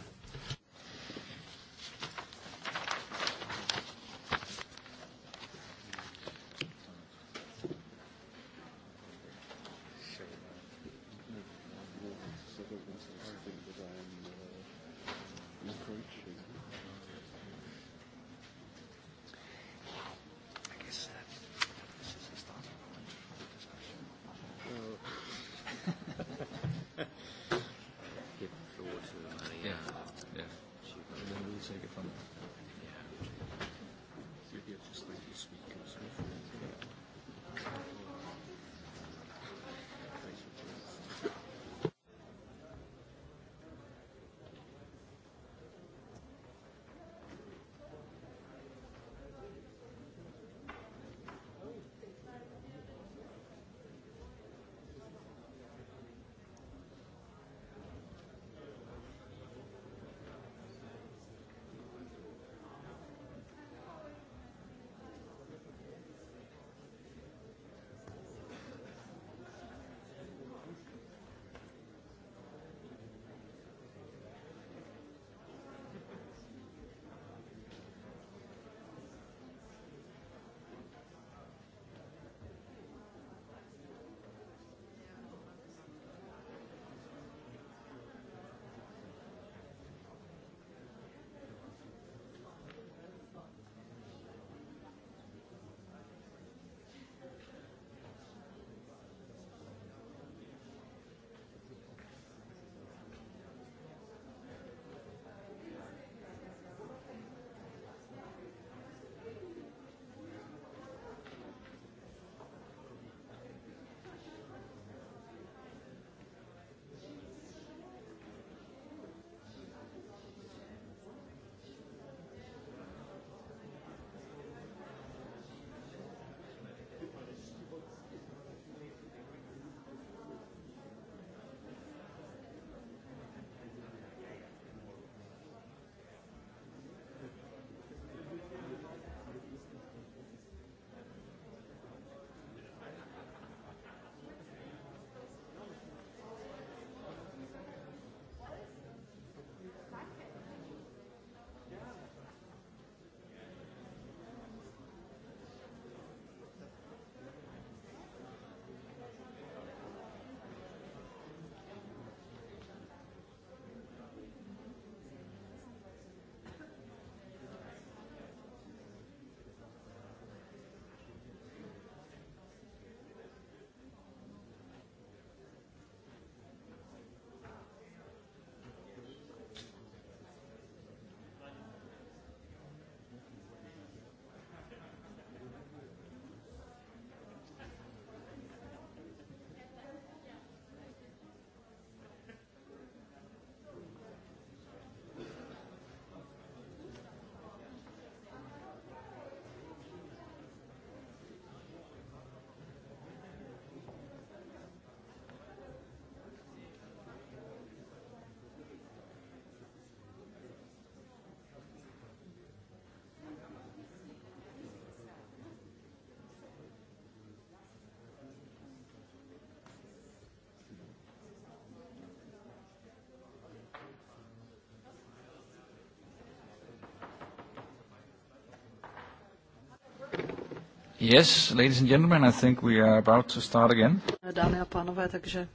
Yes, ladies and gentlemen, I think we are about to start again. Dámy a pánové, takže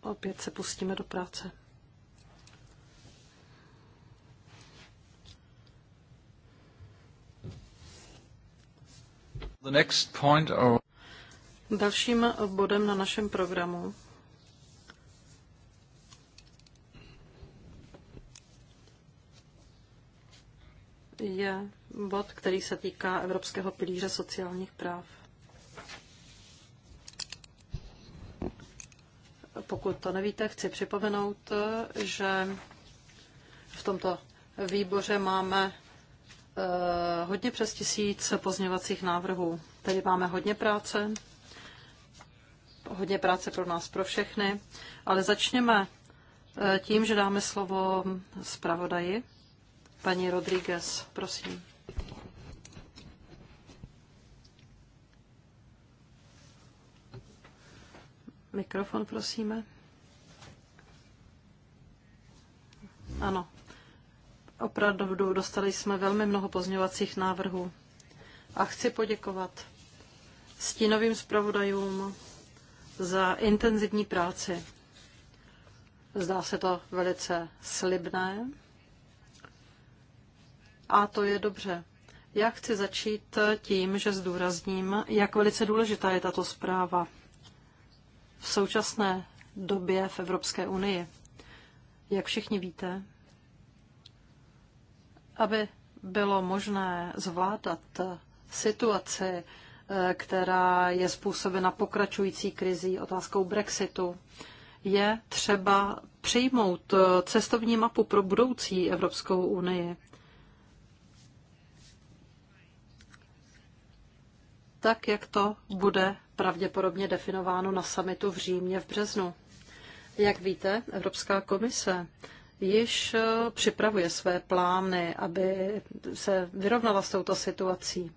opět se pustíme do práce. The next point of... Dalším bodem na našem programu který se týká Evropského pilíře sociálních práv. Pokud to nevíte, chci připomenout, že v tomto výboře máme eh, hodně přes tisíc pozněvacích návrhů. Tedy máme hodně práce, hodně práce pro nás, pro všechny, ale začněme eh, tím, že dáme slovo zpravodaji. Paní Rodríguez, prosím. Mikrofon, prosíme. Ano. Opravdu dostali jsme velmi mnoho pozměňovacích návrhů. A chci poděkovat stínovým zpravodajům za intenzivní práci. Zdá se to velice slibné. A to je dobře. Já chci začít tím, že zdůrazním, jak velice důležitá je tato zpráva v současné době v Evropské unii. Jak všichni víte, aby bylo možné zvládat situaci, eh, která je způsobena pokračující krizí, otázkou Brexitu, je třeba přijmout eh, cestovní mapu pro budoucí Evropskou unii. tak jak to bude pravděpodobně definováno na samitu v Římě v březnu. Jak víte, Evropská komise již eh, připravuje své plány, aby se vyrovnala s touto situací.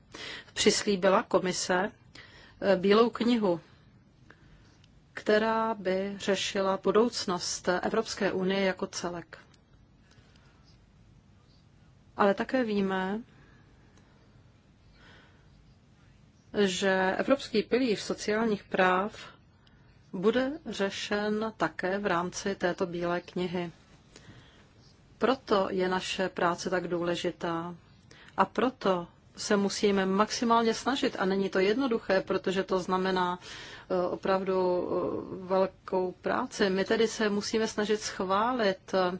Přislíbila komise eh, Bílou knihu, která by řešila budoucnost Evropské unie jako celek. Ale také víme, že Evropský pilíř sociálních práv bude řešen také v rámci této bílé knihy. Proto je naše práce tak důležitá a proto se musíme maximálně snažit. A není to jednoduché, protože to znamená eh, opravdu eh, velkou práci. My tedy se musíme snažit schválit eh,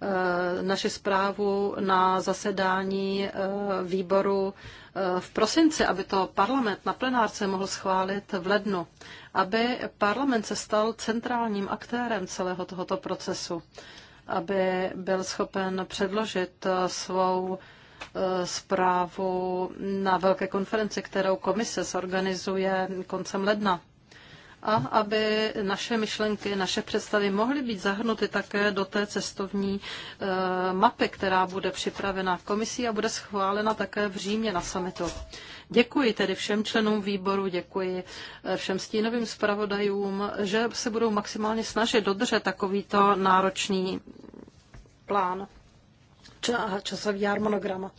Eh, naše zprávu na zasedání eh, výboru eh, v prosinci, aby to parlament na plenárce mohl schválit v lednu, aby parlament se stal centrálním aktérem celého tohoto procesu, aby byl schopen předložit svou zprávu na velké konferenci, kterou komise zorganizuje koncem ledna a aby naše myšlenky, naše představy mohly být zahrnuty také do té cestovní eh, mapy, která bude připravena komisí a bude schválena také v Římě na summitu. Děkuji tedy všem členům výboru, děkuji eh, všem stínovým zpravodajům, že se budou maximálně snažit dodržet takovýto náročný plán časový harmonogram.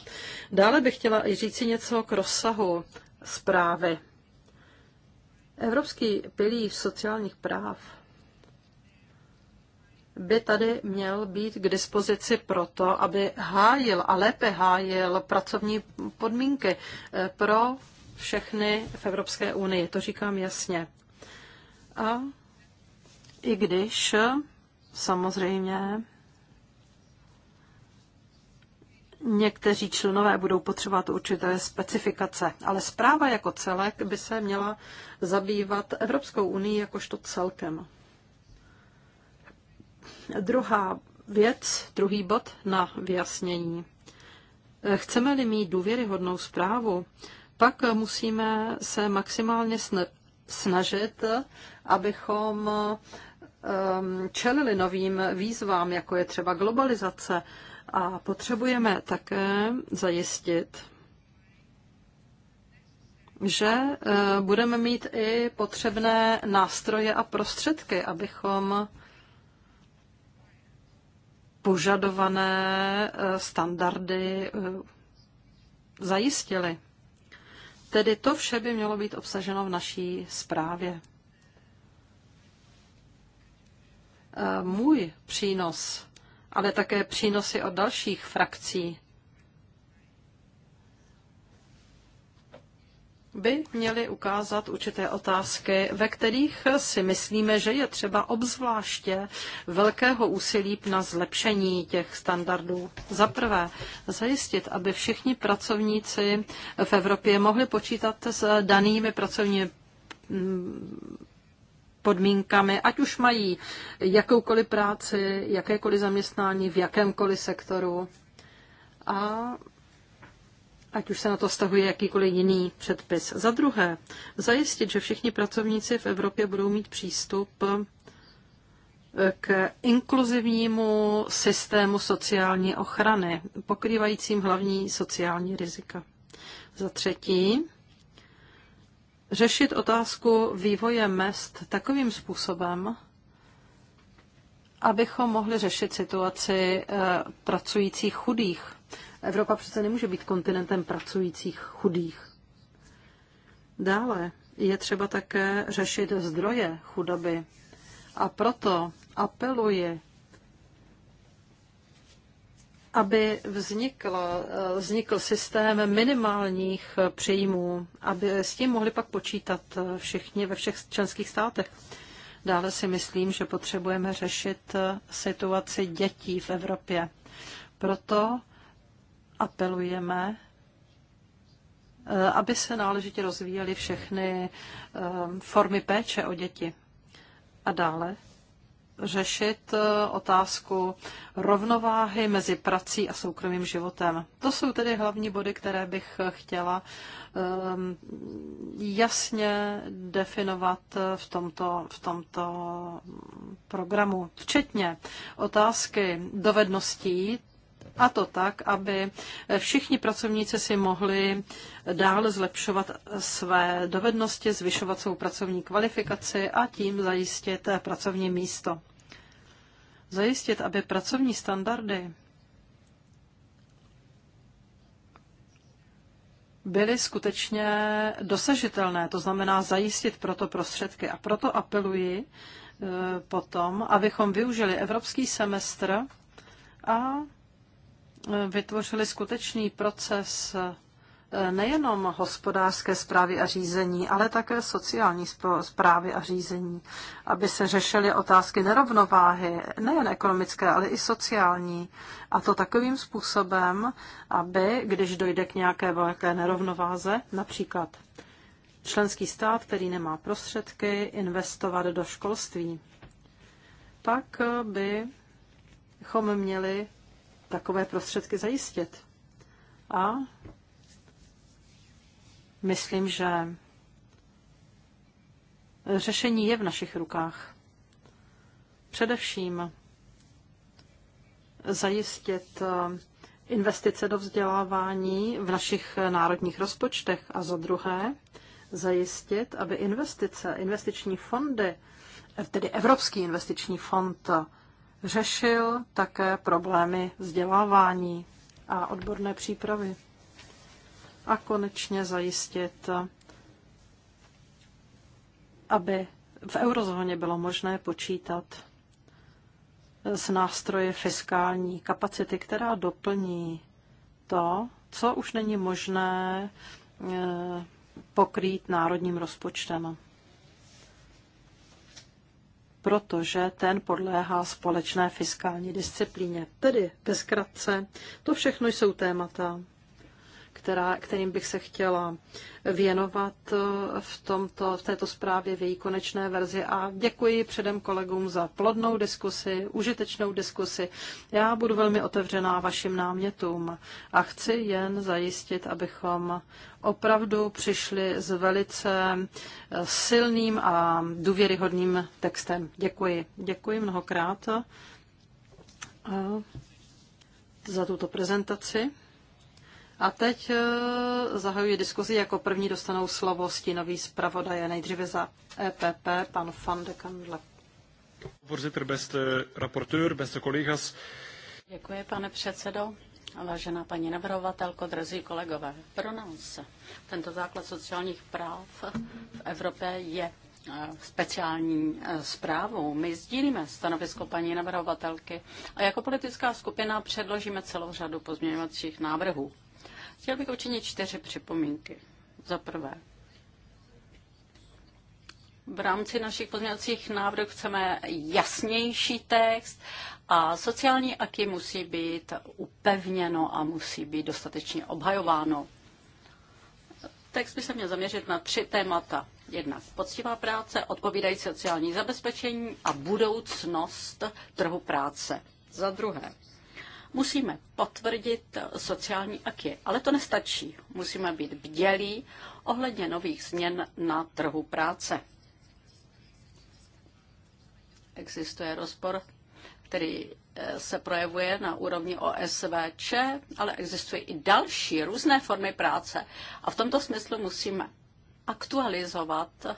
Dále bych chtěla i říci něco k rozsahu zprávy. Evropský pilíř sociálních práv by tady měl být k dispozici proto, aby hájil a lépe hájil pracovní podmínky eh, pro všechny v Evropské unii. To říkám jasně. A i když samozřejmě Někteří členové budou potřebovat určité specifikace, ale zpráva jako celek by se měla zabývat Evropskou unii jakožto celkem. Druhá věc, druhý bod na vyjasnění. Chceme-li mít důvěryhodnou zprávu, pak musíme se maximálně snažit, abychom ehm, čelili novým výzvám, jako je třeba globalizace, a potřebujeme také zajistit, že eh, budeme mít i potřebné nástroje a prostředky, abychom požadované eh, standardy eh, zajistili. Tedy to vše by mělo být obsaženo v naší zprávě. Můj přínos ale také přínosy od dalších frakcí by měli ukázat určité otázky, ve kterých si myslíme, že je třeba obzvláště velkého úsilí na zlepšení těch standardů. Za prvé, zajistit, aby všichni pracovníci v Evropě mohli počítat s danými pracovními podmínkami, ať už mají jakoukoliv práci, jakékoliv zaměstnání, v jakémkoliv sektoru. A ať už se na to stahuje jakýkoliv jiný předpis. Za druhé, zajistit, že všichni pracovníci v Evropě budou mít přístup eh, k inkluzivnímu systému sociální ochrany, pokrývajícím hlavní sociální rizika. Za třetí, řešit otázku vývoje mest takovým způsobem, abychom mohli řešit situaci eh, pracujících chudých. Evropa přece nemůže být kontinentem pracujících chudých. Dále je třeba také řešit zdroje chudoby. A proto apeluji aby vznikla, eh, vznikl systém minimálních eh, příjmů, aby s tím mohli pak počítat eh, všichni ve všech členských státech. Dále si myslím, že potřebujeme řešit situaci dětí v Evropě. Proto apelujeme, aby se náležitě rozvíjely všechny formy péče o děti. A dále řešit e, otázku rovnováhy mezi prací a soukromým životem. To jsou tedy hlavní body, které bych chtěla ehm, jasně definovat v tomto, v tomto programu, včetně otázky dovedností, a to tak, aby všichni pracovníci si mohli dále zlepšovat své dovednosti, zvyšovat svou pracovní kvalifikaci a tím zajistit pracovní místo. Zajistit, aby pracovní standardy byly skutečně dosažitelné, to znamená zajistit proto prostředky. A proto apeluji eh, potom, abychom využili evropský semestr a vytvořili skutečný proces eh, nejenom hospodářské zprávy a řízení, ale také sociální zprávy a řízení, aby se řešily otázky nerovnováhy, nejen ekonomické, ale i sociální. A to takovým způsobem, aby, když dojde k nějaké velké nerovnováze, například členský stát, který nemá prostředky investovat do školství, tak eh, bychom měli takové prostředky zajistit. A myslím, že řešení je v našich rukách. Především zajistit eh, investice do vzdělávání v našich národních rozpočtech a za druhé zajistit, aby investice, investiční fondy, eh, tedy Evropský investiční fond řešil také problémy vzdělávání a odborné přípravy. A konečně zajistit, aby v eurozóně bylo možné počítat z nástroje fiskální kapacity, která doplní to, co už není možné eh, pokrýt národním rozpočtem protože ten podléhá společné fiskální disciplíně. Tedy bezkratce, to všechno jsou témata, která, kterým bych se chtěla věnovat eh, v, tomto, v této zprávě v její konečné verzi. A děkuji předem kolegům za plodnou diskusi, užitečnou diskusi. Já budu velmi otevřená vašim námětům a chci jen zajistit, abychom opravdu přišli s velice eh, silným a důvěryhodným textem. Děkuji. Děkuji mnohokrát eh, za tuto prezentaci. A teď eh, zahajuji diskuzi. Jako první dostanou slovo stínový zpravodaje nejdříve za EPP, pan Van de Kandle. Děkuji, pane předsedo. Vážená paní navrhovatelko, drazí kolegové, pro nás tento základ sociálních práv v Evropě je eh, speciální eh, zprávou. My sdílíme stanovisko paní navrhovatelky a jako politická skupina předložíme celou řadu pozměňovacích návrhů. Chtěl bych učinit čtyři připomínky. Za prvé, v rámci našich pozměňovacích návrhů chceme jasnější text a sociální aky musí být upevněno a musí být dostatečně obhajováno. Text by se měl zaměřit na tři témata. Jednak poctivá práce, odpovídající sociální zabezpečení a budoucnost trhu práce. Za druhé, Musíme potvrdit sociální aky, ale to nestačí. Musíme být bdělí ohledně nových změn na trhu práce. Existuje rozpor, který eh, se projevuje na úrovni OSVČ, ale existují i další různé formy práce. A v tomto smyslu musíme aktualizovat eh,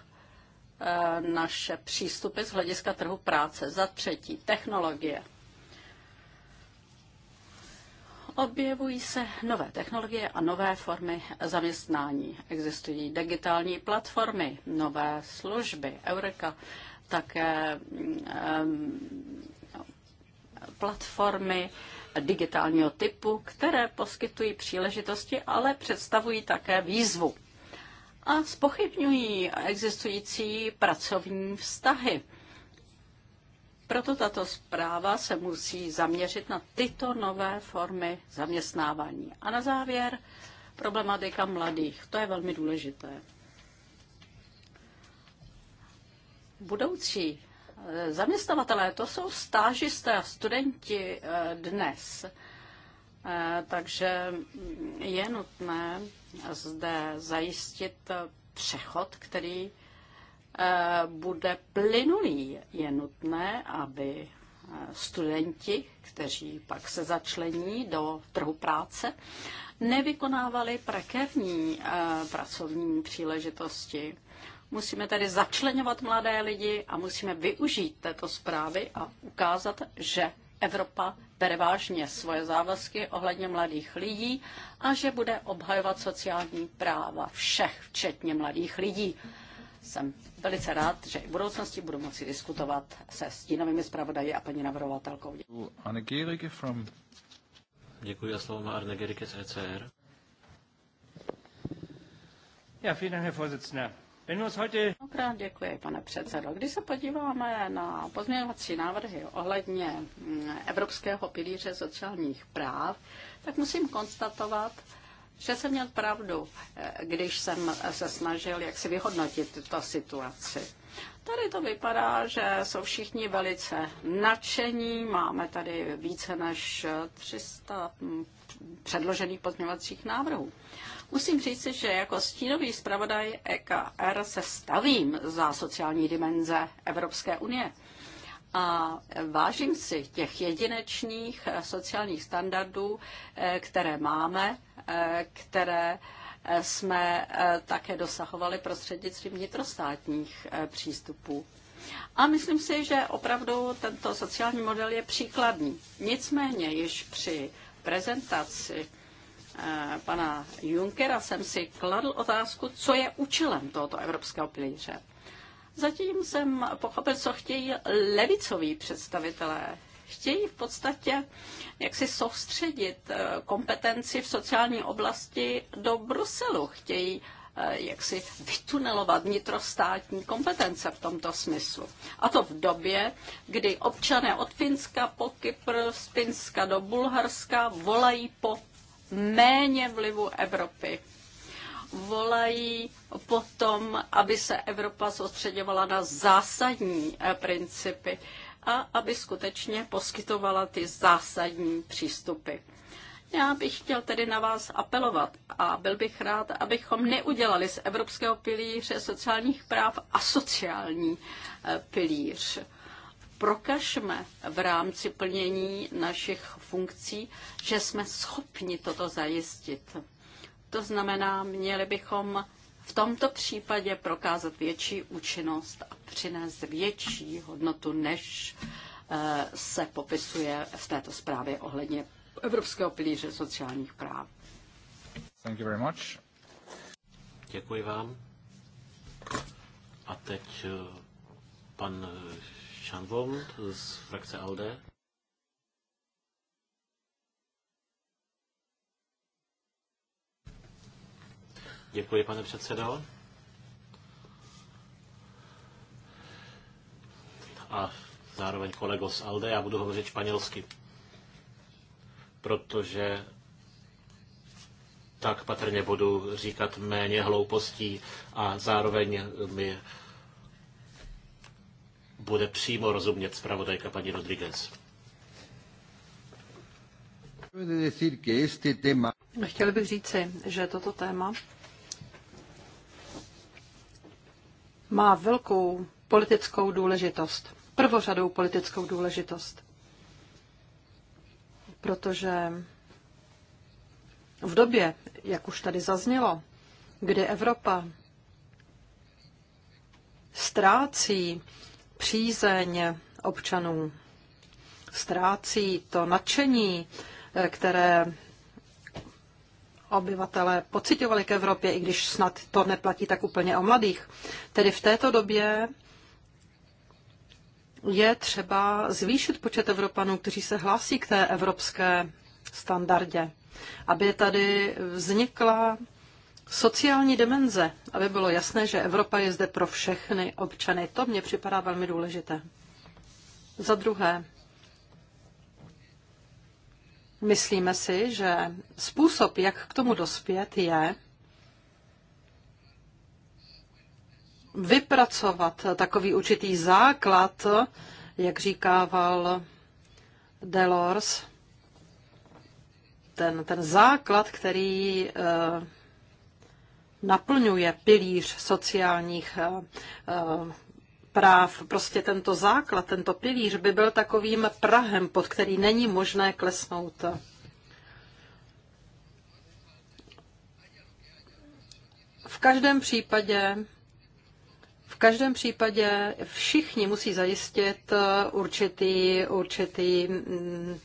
naše přístupy z hlediska trhu práce. Za třetí, technologie. Objevují se nové technologie a nové formy zaměstnání. Existují digitální platformy, nové služby, Eureka, také um, platformy digitálního typu, které poskytují příležitosti, ale představují také výzvu a spochybňují existující pracovní vztahy. Proto tato zpráva se musí zaměřit na tyto nové formy zaměstnávání. A na závěr problematika mladých. To je velmi důležité. Budoucí eh, zaměstnavatelé, to jsou stážisté a studenti eh, dnes. Eh, takže je nutné zde zajistit přechod, který Eh, bude plynulý. Je nutné, aby eh, studenti, kteří pak se začlení do trhu práce, nevykonávali prekérní eh, pracovní příležitosti. Musíme tedy začlenovat mladé lidi a musíme využít této zprávy a ukázat, že Evropa bere vážně svoje závazky ohledně mladých lidí a že bude obhajovat sociální práva všech, včetně mladých lidí jsem velice rád, že i v budoucnosti budu moci diskutovat se stínovými zpravodaji a paní navrhovatelkou. Děkuji a slovo má Arne Gerike z ECR. Ja, vielen Dank, Herr Vorsitzender. Mnohokrát děkuji, pane předsedo. Když se podíváme na pozměňovací návrhy ohledně mm, Evropského pilíře sociálních práv, tak musím konstatovat, že jsem měl pravdu, eh, když jsem se snažil jak si vyhodnotit tuto situaci. Tady to vypadá, že jsou všichni velice nadšení. Máme tady více než 300 předložených pozměňovacích návrhů. Musím říct, že jako stínový zpravodaj EKR se stavím za sociální dimenze Evropské unie. A vážím si těch jedinečných sociálních standardů, eh, které máme Eh, které eh, jsme eh, také dosahovali prostřednictvím vnitrostátních přístupů. A myslím si, že opravdu tento sociální model je příkladný. Nicméně již při prezentaci pana Junkera jsem si kladl otázku, co je účelem tohoto evropského pilíře. Zatím jsem pochopil, co chtějí levicoví představitelé chtějí v podstatě jak si soustředit eh, kompetenci v sociální oblasti do Bruselu. Chtějí eh, jak si vytunelovat vnitrostátní kompetence v tomto smyslu. A to v době, kdy občané od Finska po Kypr, z Finska do Bulharska volají po méně vlivu Evropy. Volají potom, aby se Evropa soustředěvala na zásadní eh, principy a aby skutečně poskytovala ty zásadní přístupy. Já bych chtěl tedy na vás apelovat a byl bych rád, abychom neudělali z Evropského pilíře sociálních práv asociální eh, pilíř. Prokažme v rámci plnění našich funkcí, že jsme schopni toto zajistit. To znamená, měli bychom v tomto případě prokázat větší účinnost a přinést větší hodnotu, než eh, se popisuje v této zprávě ohledně Evropského pilíře sociálních práv. Thank you very much. Děkuji vám. A teď eh, pan Šanvon eh, z frakce ALDE. Děkuji, pane předsedo. a zároveň kolego z Alde, já budu hovořit španělsky, protože tak patrně budu říkat méně hloupostí a zároveň mi bude přímo rozumět zpravodajka paní Rodriguez. Chtěl bych říci, že toto téma má velkou politickou důležitost prvořadou politickou důležitost. Protože v době, jak už tady zaznělo, kdy Evropa ztrácí přízeň občanů, ztrácí to nadšení, které obyvatelé pocitovali k Evropě, i když snad to neplatí tak úplně o mladých. Tedy v této době je třeba zvýšit počet Evropanů, kteří se hlásí k té evropské standardě, aby tady vznikla sociální dimenze, aby bylo jasné, že Evropa je zde pro všechny občany. To mně připadá velmi důležité. Za druhé, myslíme si, že způsob, jak k tomu dospět, je vypracovat takový určitý základ, jak říkával Delors, ten, ten základ, který eh, naplňuje pilíř sociálních eh, eh, práv. Prostě tento základ, tento pilíř by byl takovým prahem, pod který není možné klesnout. V každém případě každém případě všichni musí zajistit eh, určitý, určitý, mm,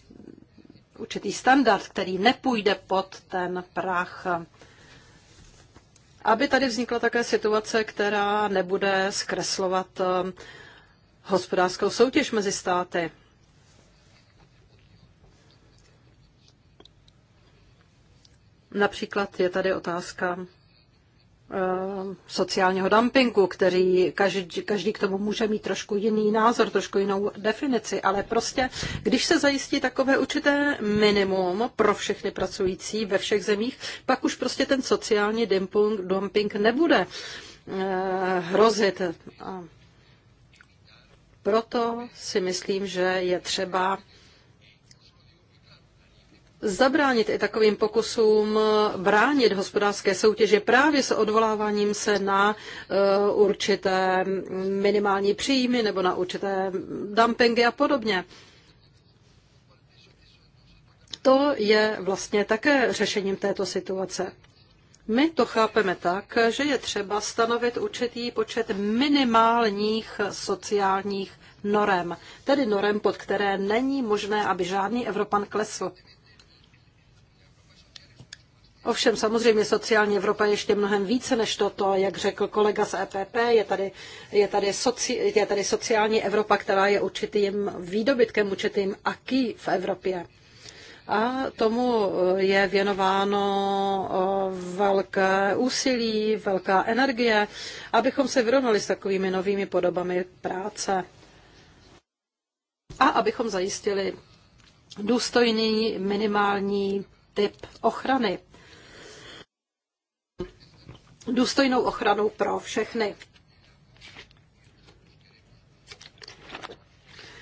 určitý standard, který nepůjde pod ten prach. Aby tady vznikla také situace, která nebude zkreslovat eh, hospodářskou soutěž mezi státy. Například je tady otázka Eh, sociálního dumpingu, který každý, každý k tomu může mít trošku jiný názor, trošku jinou definici, ale prostě, když se zajistí takové určité minimum pro všechny pracující ve všech zemích, pak už prostě ten sociální dumping, dumping nebude eh, hrozit. Proto si myslím, že je třeba zabránit i takovým pokusům bránit hospodářské soutěže právě s odvoláváním se na e, určité minimální příjmy nebo na určité dumpingy a podobně. To je vlastně také řešením této situace. My to chápeme tak, že je třeba stanovit určitý počet minimálních sociálních norem, tedy norem, pod které není možné, aby žádný Evropan klesl. Ovšem samozřejmě sociální Evropa je ještě mnohem více než toto, jak řekl kolega z EPP, je tady, je tady, soci, je tady sociální Evropa, která je určitým výdobytkem, určitým aký v Evropě. A tomu je věnováno velké úsilí, velká energie, abychom se vyrovnali s takovými novými podobami práce a abychom zajistili důstojný minimální typ ochrany důstojnou ochranu pro všechny.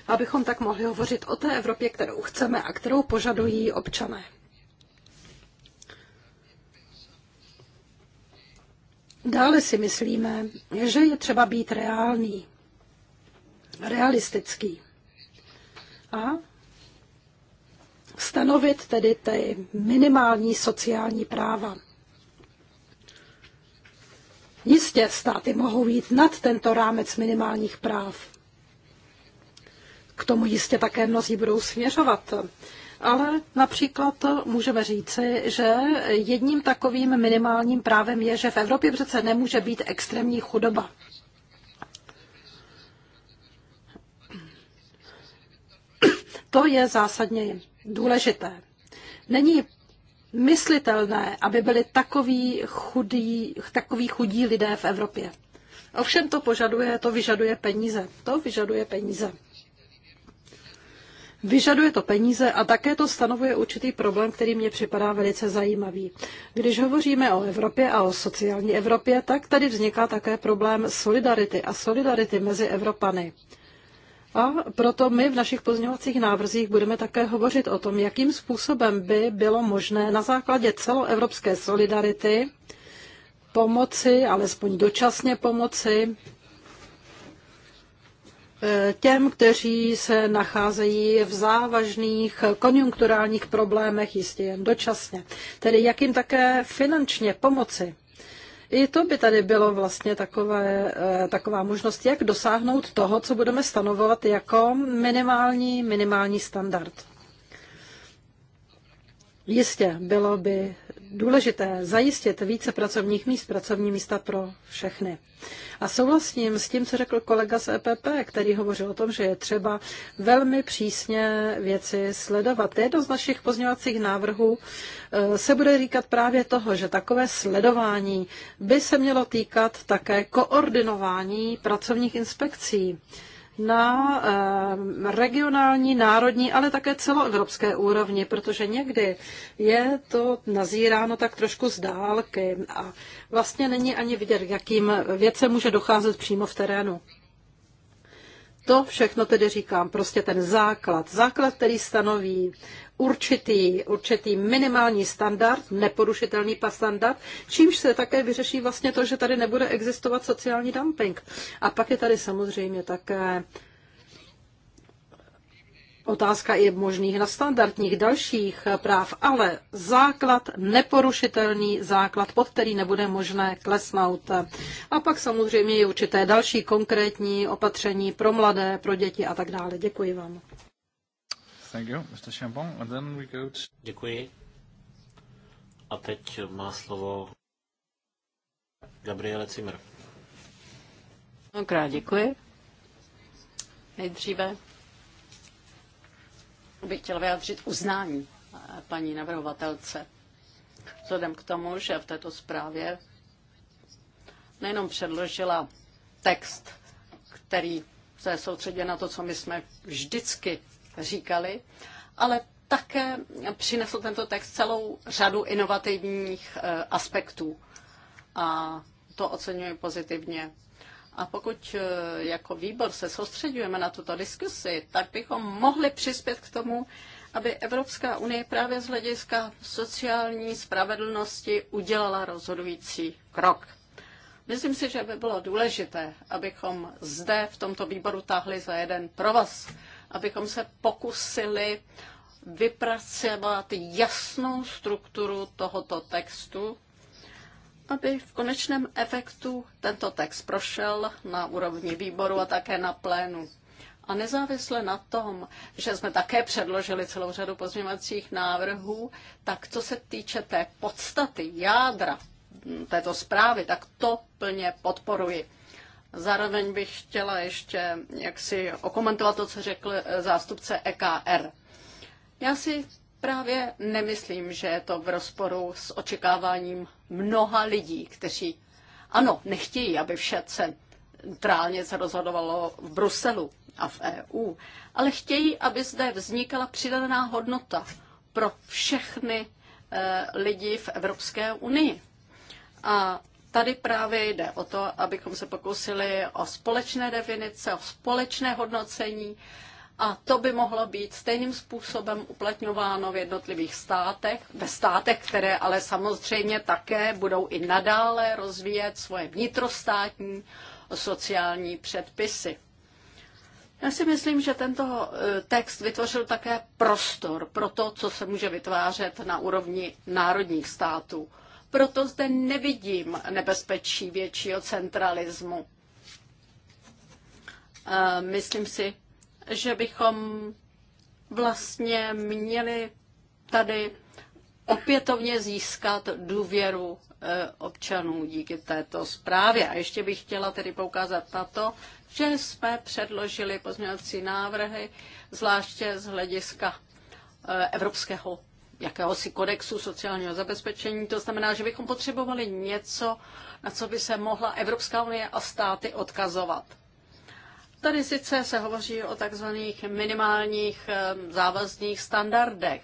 Abychom tak mohli hovořit o té Evropě, kterou chceme a kterou požadují občané. Dále si myslíme, že je třeba být reálný, realistický a stanovit tedy ty minimální sociální práva. Jistě státy mohou jít nad tento rámec minimálních práv. K tomu jistě také mnozí budou směřovat. Ale například můžeme říci, že jedním takovým minimálním právem je, že v Evropě přece nemůže být extrémní chudoba. To je zásadně důležité. Není myslitelné, aby byli takový chudí, takový chudí lidé v Evropě. Ovšem to požaduje, to vyžaduje peníze. To vyžaduje peníze. Vyžaduje to peníze a také to stanovuje určitý problém, který mě připadá velice zajímavý. Když hovoříme o Evropě a o sociální Evropě, tak tady vzniká také problém solidarity a solidarity mezi Evropany. A proto my v našich pozměňovacích návrzích budeme také hovořit o tom, jakým způsobem by bylo možné na základě celoevropské solidarity pomoci, alespoň dočasně pomoci eh, těm, kteří se nacházejí v závažných konjunkturálních problémech, jistě jen dočasně. Tedy jak jim také finančně pomoci. I to by tady bylo vlastně takové, eh, taková možnost, jak dosáhnout toho, co budeme stanovovat jako minimální, minimální standard. Jistě, bylo by důležité zajistit více pracovních míst, pracovní místa pro všechny. A souhlasím s tím, co řekl kolega z EPP, který hovořil o tom, že je třeba velmi přísně věci sledovat. Jedno z našich pozměňovacích návrhů eh, se bude říkat právě toho, že takové sledování by se mělo týkat také koordinování pracovních inspekcí na eh, regionální, národní, ale také celoevropské úrovni, protože někdy je to nazíráno tak trošku z dálky a vlastně není ani vidět, jakým věcem může docházet přímo v terénu. To všechno tedy říkám, prostě ten základ, základ, který stanoví určitý, určitý minimální standard, neporušitelný pas standard, čímž se také vyřeší vlastně to, že tady nebude existovat sociální dumping. A pak je tady samozřejmě také Otázka je možných na standardních dalších práv, ale základ, neporušitelný základ, pod který nebude možné klesnout. A pak samozřejmě je určité další konkrétní opatření pro mladé, pro děti a tak dále. Děkuji vám. Thank you, Mr. Champon. And then we go to... Děkuji. A teď má slovo Gabriele Zimmer. Mnohokrát děkuji. Nejdříve bych chtěla vyjádřit uznání eh, paní navrhovatelce. Vzhledem k tomu, že v této zprávě nejenom předložila text, který se soustředí na to, co my jsme vždycky říkali, ale také přinesl tento text celou řadu inovativních eh, aspektů. A to oceňuji pozitivně. A pokud eh, jako výbor se soustředujeme na tuto diskusi, tak bychom mohli přispět k tomu, aby Evropská unie právě z hlediska sociální spravedlnosti udělala rozhodující krok. Myslím si, že by bylo důležité, abychom zde v tomto výboru táhli za jeden provaz, abychom se pokusili vypracovat jasnou strukturu tohoto textu, aby v konečném efektu tento text prošel na úrovni výboru a také na plénu. A nezávisle na tom, že jsme také předložili celou řadu pozměňovacích návrhů, tak co se týče té podstaty, jádra této zprávy, tak to plně podporuji. Zároveň bych chtěla ještě jaksi okomentovat to, co řekl eh, zástupce EKR. Já si právě nemyslím, že je to v rozporu s očekáváním mnoha lidí, kteří ano, nechtějí, aby vše centrálně se rozhodovalo v Bruselu a v EU, ale chtějí, aby zde vznikala přidaná hodnota pro všechny e, lidi v Evropské unii. A tady právě jde o to, abychom se pokusili o společné definice, o společné hodnocení a to by mohlo být stejným způsobem uplatňováno v jednotlivých státech, ve státech, které ale samozřejmě také budou i nadále rozvíjet svoje vnitrostátní sociální předpisy. Já si myslím, že tento eh, text vytvořil také prostor pro to, co se může vytvářet na úrovni národních států. Proto zde nevidím nebezpečí většího centralismu. Eh, myslím si, že bychom vlastně měli tady opětovně získat důvěru eh, občanů díky této zprávě. A ještě bych chtěla tedy poukázat na to, že jsme předložili pozměňovací návrhy, zvláště z hlediska eh, evropského jakéhosi kodexu sociálního zabezpečení. To znamená, že bychom potřebovali něco, na co by se mohla Evropská unie a státy odkazovat. Tady sice se hovoří o takzvaných minimálních eh, závazných standardech,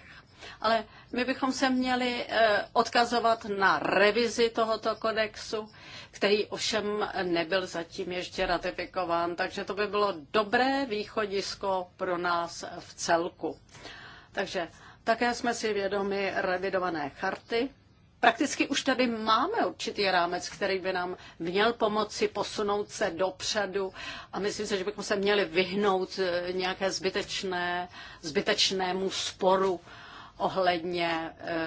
ale my bychom se měli eh, odkazovat na revizi tohoto kodexu, který ovšem nebyl zatím ještě ratifikován, takže to by bylo dobré východisko pro nás v celku. Takže také jsme si vědomi revidované charty Prakticky už tady máme určitý rámec, který by nám měl pomoci posunout se dopředu a myslím si, že bychom se měli vyhnout eh, nějaké zbytečné, zbytečnému sporu ohledně eh,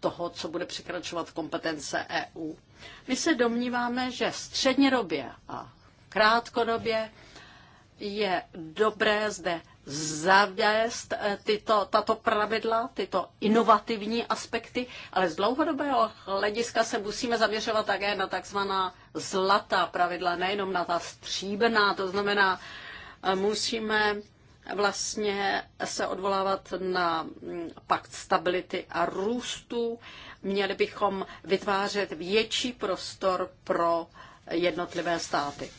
toho, co bude překračovat kompetence EU. My se domníváme, že střednědobě a krátkodobě je dobré zde zavést eh, tyto, tato pravidla, tyto inovativní aspekty, ale z dlouhodobého hlediska se musíme zaměřovat také na takzvaná zlatá pravidla, nejenom na ta stříbrná, to znamená, eh, musíme vlastně se odvolávat na mm, pakt stability a růstu. Měli bychom vytvářet větší prostor pro jednotlivé státy.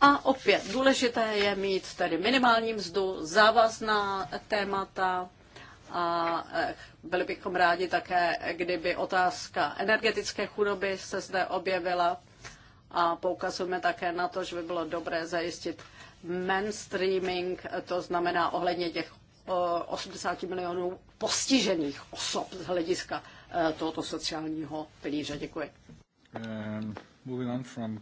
A opět důležité je mít tedy minimální mzdu, závazná témata a eh, byli bychom rádi také, kdyby otázka energetické chudoby se zde objevila a poukazujeme také na to, že by bylo dobré zajistit mainstreaming, to znamená ohledně těch 80 eh, milionů postižených osob z hlediska eh, tohoto sociálního pilíře. Děkuji. Um, from...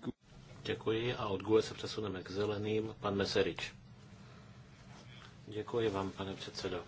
Děkuji a od GUE se přesuneme k zeleným. Pan Meserič. Děkuji vám, pane předsedo.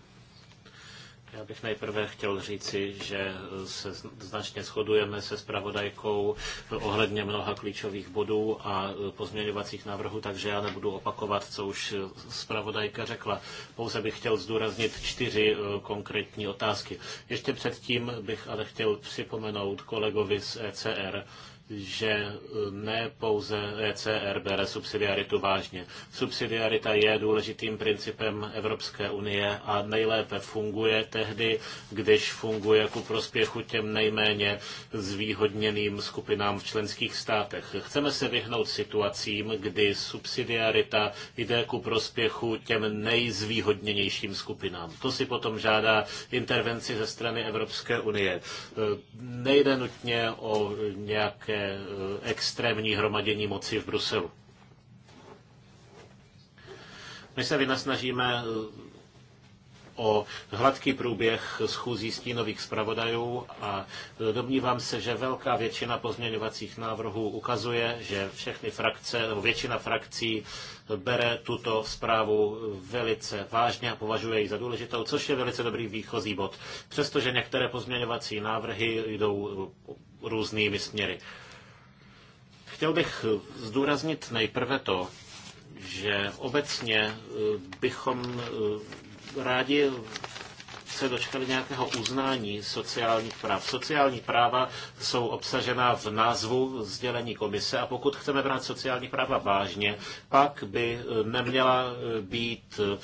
Já bych nejprve chtěl říci, že se značně shodujeme se spravodajkou ohledně mnoha klíčových bodů a pozměňovacích návrhů, takže já nebudu opakovat, co už spravodajka řekla. Pouze bych chtěl zdůraznit čtyři eh, konkrétní otázky. Ještě předtím bych ale chtěl připomenout kolegovi z ECR, že eh, ne pouze ECR bere subsidiaritu vážně. Subsidiarita je důležitým principem Evropské unie a nejlépe funguje tehdy, když funguje ku prospěchu těm nejméně zvýhodněným skupinám v členských státech. Chceme se vyhnout situacím, kdy subsidiarita jde ku prospěchu těm nejzvýhodněnějším skupinám. To si potom žádá intervenci ze strany Evropské unie. Eh, nejde nutně o nějaké Eh, extrémní hromadění moci v Bruselu. My se vynasnažíme eh, o hladký průběh schůzí stínových zpravodajů a eh, domnívám se, že velká většina pozměňovacích návrhů ukazuje, že všechny frakce, nebo většina frakcí bere tuto zprávu velice vážně a považuje ji za důležitou, což je velice dobrý výchozí bod, přestože některé pozměňovací návrhy jdou různými směry. Chtěl bych zdůraznit nejprve to, že obecně eh, bychom eh, rádi se dočkali nějakého uznání sociálních práv. Sociální práva jsou obsažena v názvu sdělení komise a pokud chceme brát sociální práva vážně, pak by eh, neměla eh, být eh,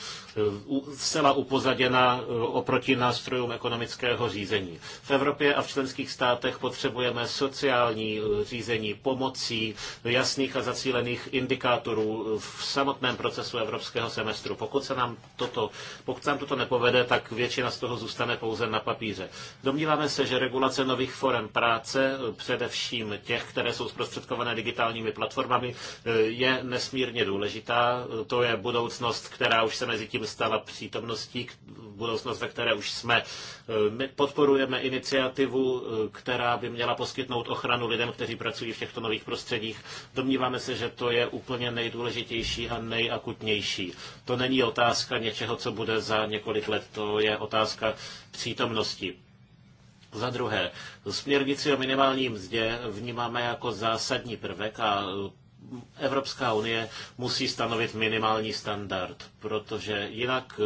zcela upozaděna oproti nástrojům ekonomického řízení. V Evropě a v členských státech potřebujeme sociální řízení pomocí jasných a zacílených indikátorů v samotném procesu evropského semestru. Pokud se nám toto, pokud se nám toto nepovede, tak většina z toho zůstane pouze na papíře. Domníváme se, že regulace nových forem práce, především těch, které jsou zprostředkované digitálními platformami, je nesmírně důležitá. To je budoucnost, která už se mezi tím stala přítomností, budoucnost, ve které už jsme. Eh, my podporujeme iniciativu, eh, která by měla poskytnout ochranu lidem, kteří pracují v těchto nových prostředích. Domníváme se, že to je úplně nejdůležitější a nejakutnější. To není otázka něčeho, co bude za několik let, to je otázka přítomnosti. Za druhé, směrnici o minimální mzdě vnímáme jako zásadní prvek a eh, Evropská unie musí stanovit minimální standard, protože jinak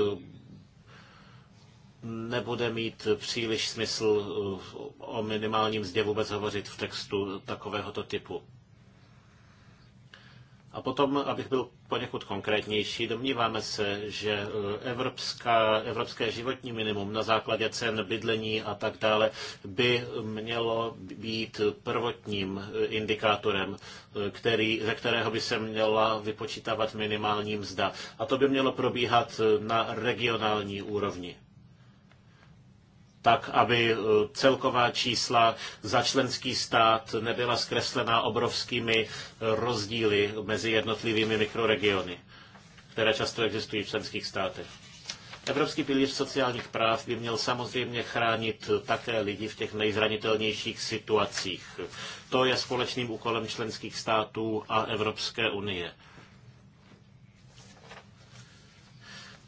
nebude mít příliš smysl eh, o minimálním mzdě vůbec hovořit v textu takovéhoto typu. A potom, abych byl poněkud konkrétnější, domníváme se, že eh, evropská, evropské životní minimum na základě cen bydlení a tak dále by mělo být prvotním eh, indikátorem, který, ze kterého by se měla vypočítávat minimální mzda. A to by mělo probíhat na regionální úrovni tak, aby e, celková čísla za členský stát nebyla zkreslená obrovskými e, rozdíly mezi jednotlivými mikroregiony, které často existují v členských státech. Evropský pilíř sociálních práv by měl samozřejmě chránit také lidi v těch nejzranitelnějších situacích. To je společným úkolem členských států a Evropské unie.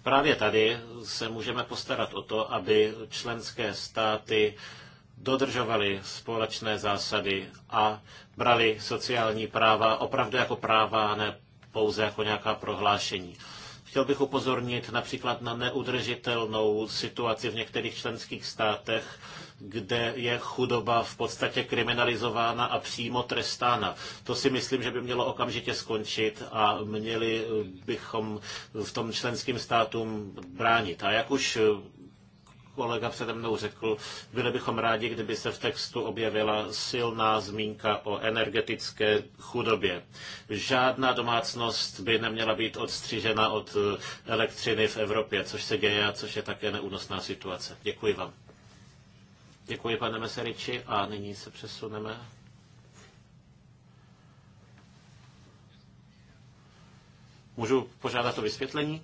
Právě tady se můžeme postarat o to, aby členské státy dodržovaly společné zásady a brali sociální práva opravdu jako práva, a ne pouze jako nějaká prohlášení. Chtěl bych upozornit například na neudržitelnou situaci v některých členských státech, kde je chudoba v podstatě kriminalizována a přímo trestána. To si myslím, že by mělo okamžitě skončit a měli bychom v tom členským státům bránit. A jak už kolega přede mnou řekl, byli bychom rádi, kdyby se v textu objevila silná zmínka o energetické chudobě. Žádná domácnost by neměla být odstřižena od elektřiny v Evropě, což se děje a což je také neúnosná situace. Děkuji vám. Děkuji, pane Meseriči, a nyní se přesuneme Můžu požádat o vysvětlení?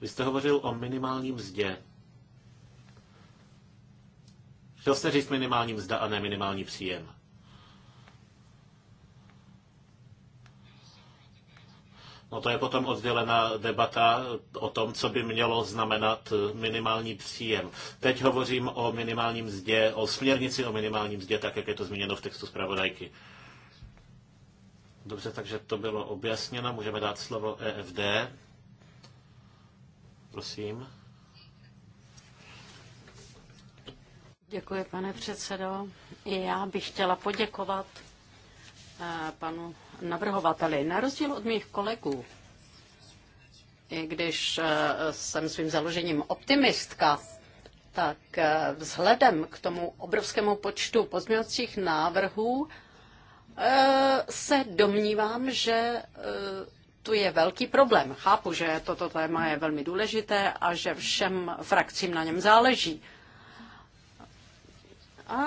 Vy jste hovořil o minimální mzdě. Chtěl jste říct minimální mzda a ne minimální příjem. No to je potom oddělená debata o tom, co by mělo znamenat minimální příjem. Teď hovořím o minimálním mzdě, o směrnici o minimálním mzdě, tak jak je to zmíněno v textu zpravodajky. Dobře, takže to bylo objasněno. Můžeme dát slovo EFD. Prosím. Děkuji, pane předsedo. já bych chtěla poděkovat Eh, panu navrhovateli. Na rozdíl od mých kolegů, i když eh, jsem svým založením optimistka, tak eh, vzhledem k tomu obrovskému počtu pozměňovacích návrhů se domnívám, že tu je velký problém. Chápu, že toto téma je velmi důležité a že všem frakcím na něm záleží. A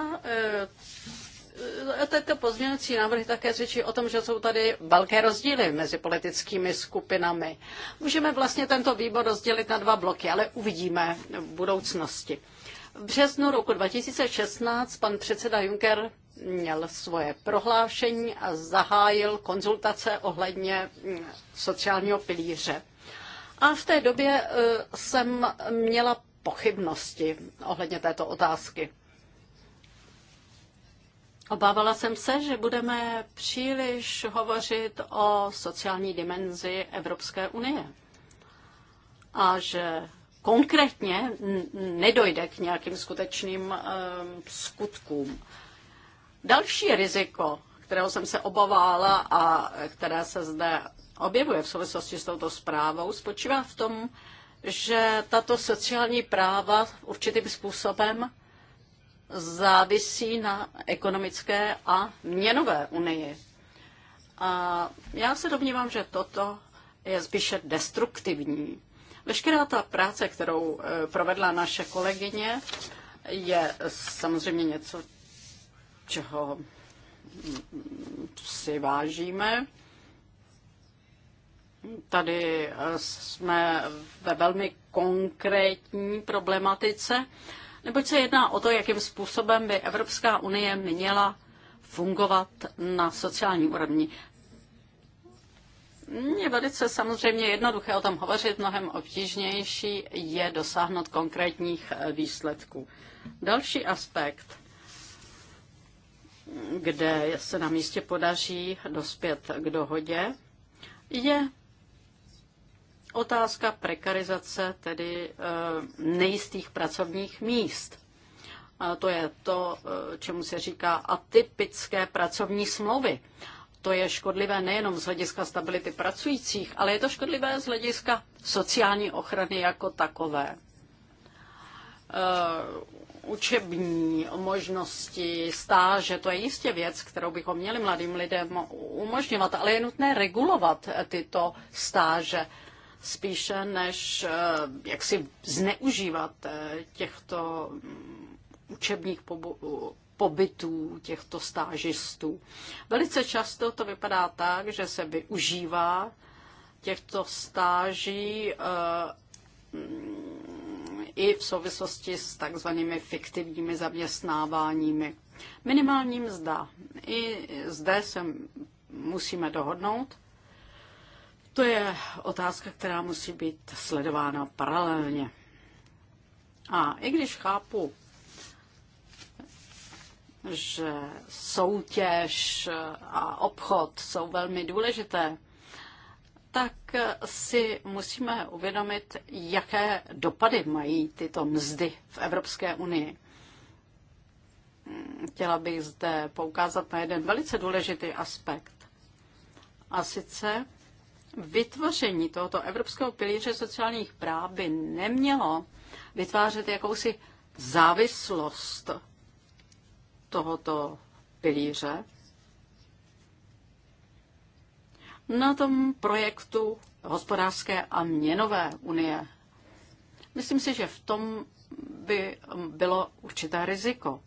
tento pozměňovací návrhy také svědčí o tom, že jsou tady velké rozdíly mezi politickými skupinami. Můžeme vlastně tento výbor rozdělit na dva bloky, ale uvidíme v budoucnosti. V březnu roku 2016 pan předseda Juncker měl svoje prohlášení a zahájil konzultace ohledně mm, sociálního pilíře. A v té době e, jsem měla pochybnosti ohledně této otázky. Obávala jsem se, že budeme příliš hovořit o sociální dimenzi Evropské unie a že konkrétně nedojde k nějakým skutečným um, skutkům. Další riziko, kterého jsem se obávala a které se zde objevuje v souvislosti s touto zprávou, spočívá v tom, že tato sociální práva určitým způsobem závisí na ekonomické a měnové unii. A já se domnívám, že toto je spíše destruktivní. Veškerá ta práce, kterou eh, provedla naše kolegyně, je samozřejmě něco, čeho mm, si vážíme. Tady eh, jsme ve velmi konkrétní problematice neboť se jedná o to, jakým způsobem by Evropská unie měla fungovat na sociální úrovni. Je velice samozřejmě jednoduché o tom hovořit, mnohem obtížnější je dosáhnout konkrétních eh, výsledků. Další aspekt, kde se na místě podaří dospět k dohodě, je otázka prekarizace tedy eh, nejistých pracovních míst. A to je to, eh, čemu se říká atypické pracovní smlouvy. To je škodlivé nejenom z hlediska stability pracujících, ale je to škodlivé z hlediska sociální ochrany jako takové. Eh, učební možnosti, stáže, to je jistě věc, kterou bychom měli mladým lidem umožňovat, ale je nutné regulovat tyto stáže spíše než eh, jak si zneužívat eh, těchto mm, učebních pobytů těchto stážistů. Velice často to vypadá tak, že se využívá těchto stáží eh, i v souvislosti s takzvanými fiktivními zaměstnáváními. Minimální mzda. I zde se musíme dohodnout to je otázka, která musí být sledována paralelně. A i když chápu, že soutěž a obchod jsou velmi důležité, tak si musíme uvědomit, jaké dopady mají tyto mzdy v Evropské unii. Chtěla bych zde poukázat na jeden velice důležitý aspekt. A sice vytvoření tohoto evropského pilíře sociálních práv by nemělo vytvářet jakousi závislost tohoto pilíře na tom projektu hospodářské a měnové unie. Myslím si, že v tom by bylo určité riziko.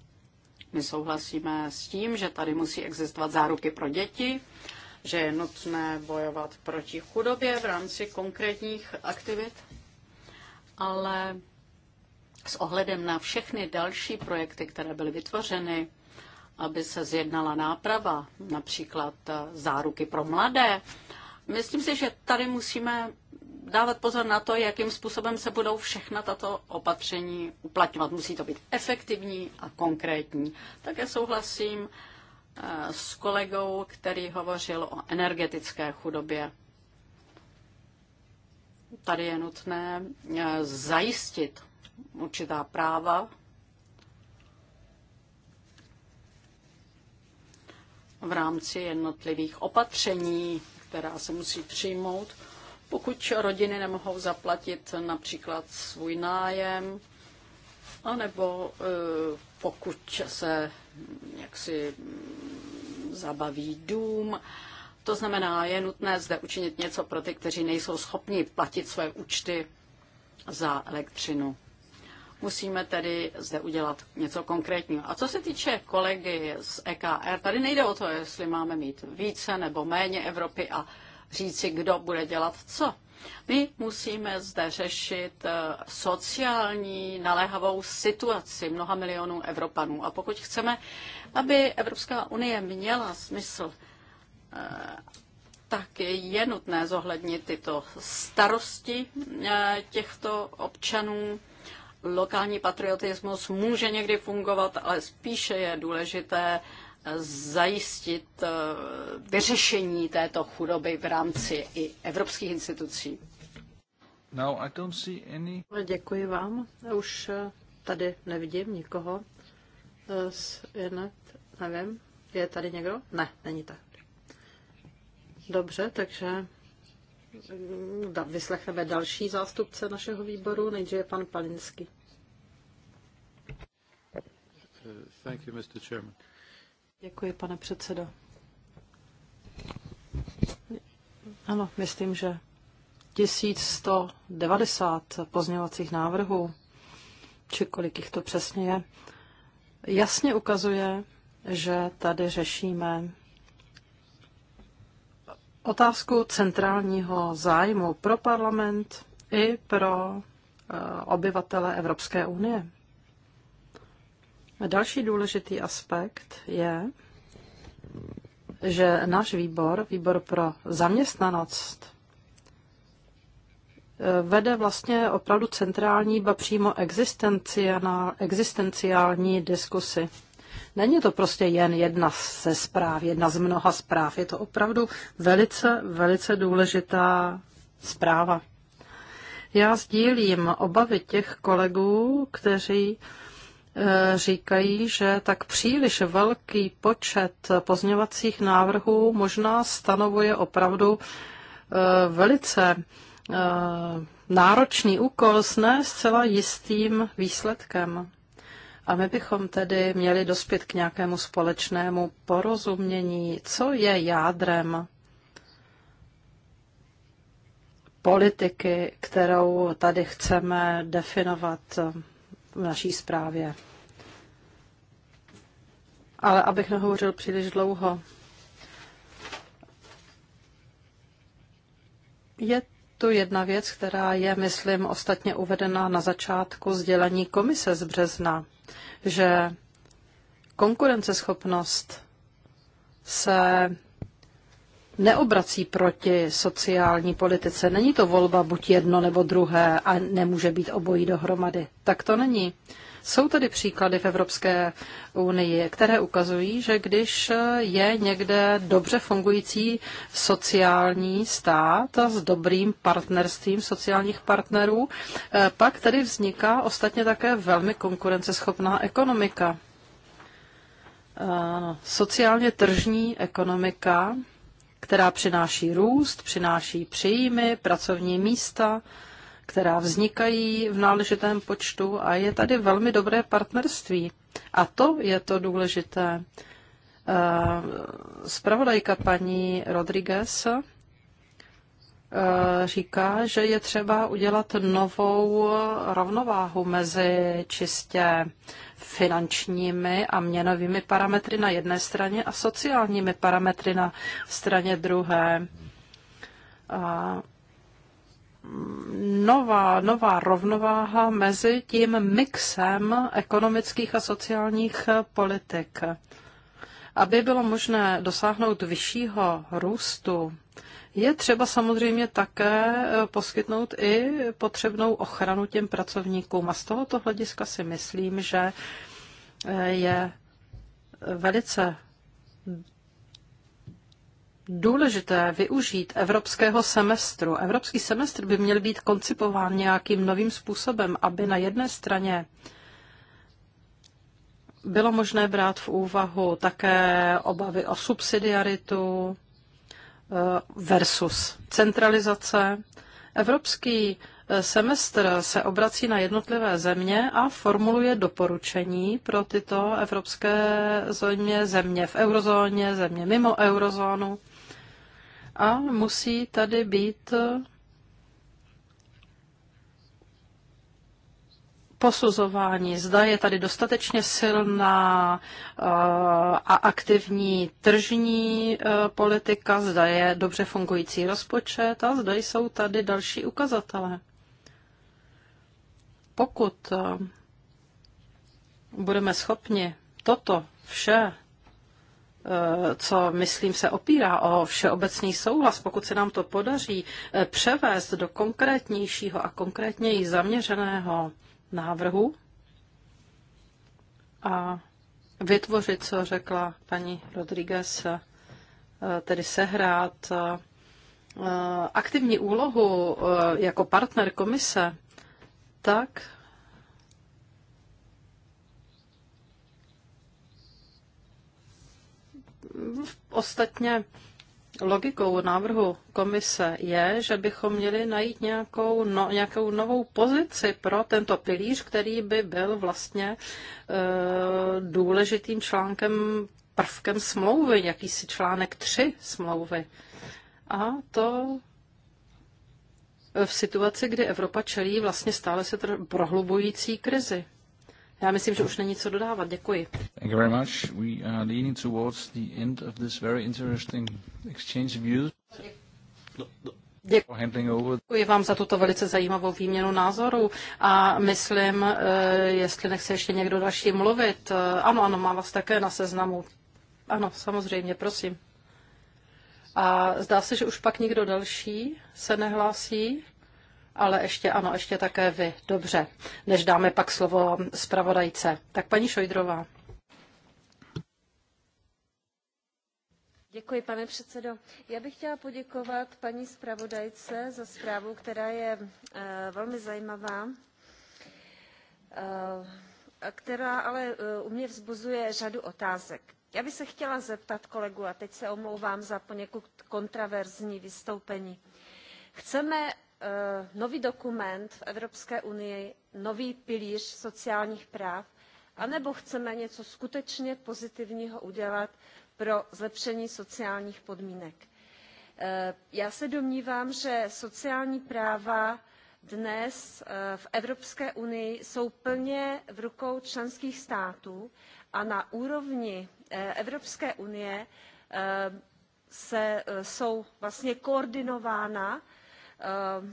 My souhlasíme s tím, že tady musí existovat záruky pro děti, že je nutné bojovat proti chudobě v rámci konkrétních aktivit, ale s ohledem na všechny další projekty, které byly vytvořeny, aby se zjednala náprava, například eh, záruky pro mladé. Myslím si, že tady musíme dávat pozor na to, jakým způsobem se budou všechna tato opatření uplatňovat. Musí to být efektivní a konkrétní. Také souhlasím Eh, s kolegou, který hovořil o energetické chudobě. Tady je nutné eh, zajistit určitá práva. v rámci jednotlivých opatření, která se musí přijmout, pokud rodiny nemohou zaplatit například svůj nájem nebo e, pokud se jaksi zabaví dům, to znamená, je nutné zde učinit něco pro ty, kteří nejsou schopni platit své účty za elektřinu. Musíme tedy zde udělat něco konkrétního. A co se týče kolegy z EKR, tady nejde o to, jestli máme mít více nebo méně Evropy a říci, kdo bude dělat co. My musíme zde řešit eh, sociální naléhavou situaci mnoha milionů Evropanů. A pokud chceme, aby Evropská unie měla smysl, eh, tak je nutné zohlednit tyto starosti eh, těchto občanů. Lokální patriotismus může někdy fungovat, ale spíše je důležité zajistit eh, vyřešení této chudoby v rámci i evropských institucí. Now I don't see any... No, děkuji vám. Už eh, tady nevidím nikoho. Eh, nevím, je tady někdo? Ne, není tak. Dobře, takže mm, vyslechneme další zástupce našeho výboru, nejdříve pan Palinsky. Thank you, Mr. Chairman. Děkuji, pane předsedo. Ano, myslím, že 1190 pozměňovacích návrhů, či kolik jich to přesně je, jasně ukazuje, že tady řešíme otázku centrálního zájmu pro parlament i pro eh, obyvatele Evropské unie. Další důležitý aspekt je, že náš výbor, výbor pro zaměstnanost, eh, vede vlastně opravdu centrální, ba přímo existenciální diskusy. Není to prostě jen jedna ze zpráv, jedna z mnoha zpráv. Je to opravdu velice, velice důležitá zpráva. Já sdílím obavy těch kolegů, kteří Eh, říkají, že tak příliš velký počet pozměvacích návrhů možná stanovuje opravdu eh, velice eh, náročný úkol s ne zcela jistým výsledkem. A my bychom tedy měli dospět k nějakému společnému porozumění, co je jádrem politiky, kterou tady chceme definovat v naší zprávě. Ale abych nehovořil příliš dlouho. Je tu jedna věc, která je, myslím, ostatně uvedena na začátku sdělení komise z března, že konkurenceschopnost se neobrací proti sociální politice. Není to volba buď jedno nebo druhé a nemůže být obojí dohromady. Tak to není. Jsou tady příklady v Evropské unii, které ukazují, že když je někde dobře fungující sociální stát s dobrým partnerstvím sociálních partnerů, eh, pak tady vzniká ostatně také velmi konkurenceschopná ekonomika. Eh, sociálně tržní ekonomika která přináší růst, přináší příjmy, pracovní místa, která vznikají v náležitém počtu a je tady velmi dobré partnerství. A to je to důležité. Spravodajka eh, paní Rodriguez eh, říká, že je třeba udělat novou rovnováhu mezi čistě finančními a měnovými parametry na jedné straně a sociálními parametry na straně druhé. A mm, nová, nová rovnováha mezi tím mixem ekonomických a sociálních politik. Aby bylo možné dosáhnout vyššího růstu, je třeba samozřejmě také e, poskytnout i potřebnou ochranu těm pracovníkům. A z tohoto hlediska si myslím, že e, je velice důležité využít evropského semestru. Evropský semestr by měl být koncipován nějakým novým způsobem, aby na jedné straně bylo možné brát v úvahu také obavy o subsidiaritu, Eh, versus centralizace. Evropský eh, semestr se obrací na jednotlivé země a formuluje doporučení pro tyto evropské země, země v eurozóně, země mimo eurozónu. A musí tady být eh, posuzování, zda je tady dostatečně silná eh, a aktivní tržní eh, politika, zda je dobře fungující rozpočet a zda jsou tady další ukazatele. Pokud eh, budeme schopni toto vše, co myslím se opírá o všeobecný souhlas, pokud se nám to podaří převést do konkrétnějšího a konkrétněji zaměřeného návrhu a vytvořit, co řekla paní Rodriguez, eh, tedy sehrát eh, aktivní úlohu eh, jako partner komise, tak ostatně Logikou návrhu komise je, že bychom měli najít nějakou, no, nějakou novou pozici pro tento pilíř, který by byl vlastně e, důležitým článkem, prvkem smlouvy, jakýsi článek 3 smlouvy. A to v situaci, kdy Evropa čelí vlastně stále se prohlubující krizi. Já myslím, že už není co dodávat. Děkuji. Thank you very much. We are leaning towards the end of this very interesting exchange of views. Děkuji vám za tuto velice zajímavou výměnu názorů a myslím, eh, jestli nechce ještě někdo další mluvit. Eh, ano, ano, mám vás také na seznamu. Ano, samozřejmě, prosím. A zdá se, že už pak nikdo další se nehlásí ale ještě ano, ještě také vy. Dobře, než dáme pak slovo zpravodajce. Tak paní Šojdrová. Děkuji, pane předsedo. Já bych chtěla poděkovat paní zpravodajce za zprávu, která je eh, velmi zajímavá, eh, která ale eh, u mě vzbuzuje řadu otázek. Já bych se chtěla zeptat kolegu, a teď se omlouvám za poněkud kontraverzní vystoupení. Chceme Eh, nový dokument v Evropské unii, nový pilíř sociálních práv, anebo chceme něco skutečně pozitivního udělat pro zlepšení sociálních podmínek. Eh, já se domnívám, že sociální práva dnes eh, v Evropské unii jsou plně v rukou členských států a na úrovni Evropské unie se, jsou vlastně koordinována Eh,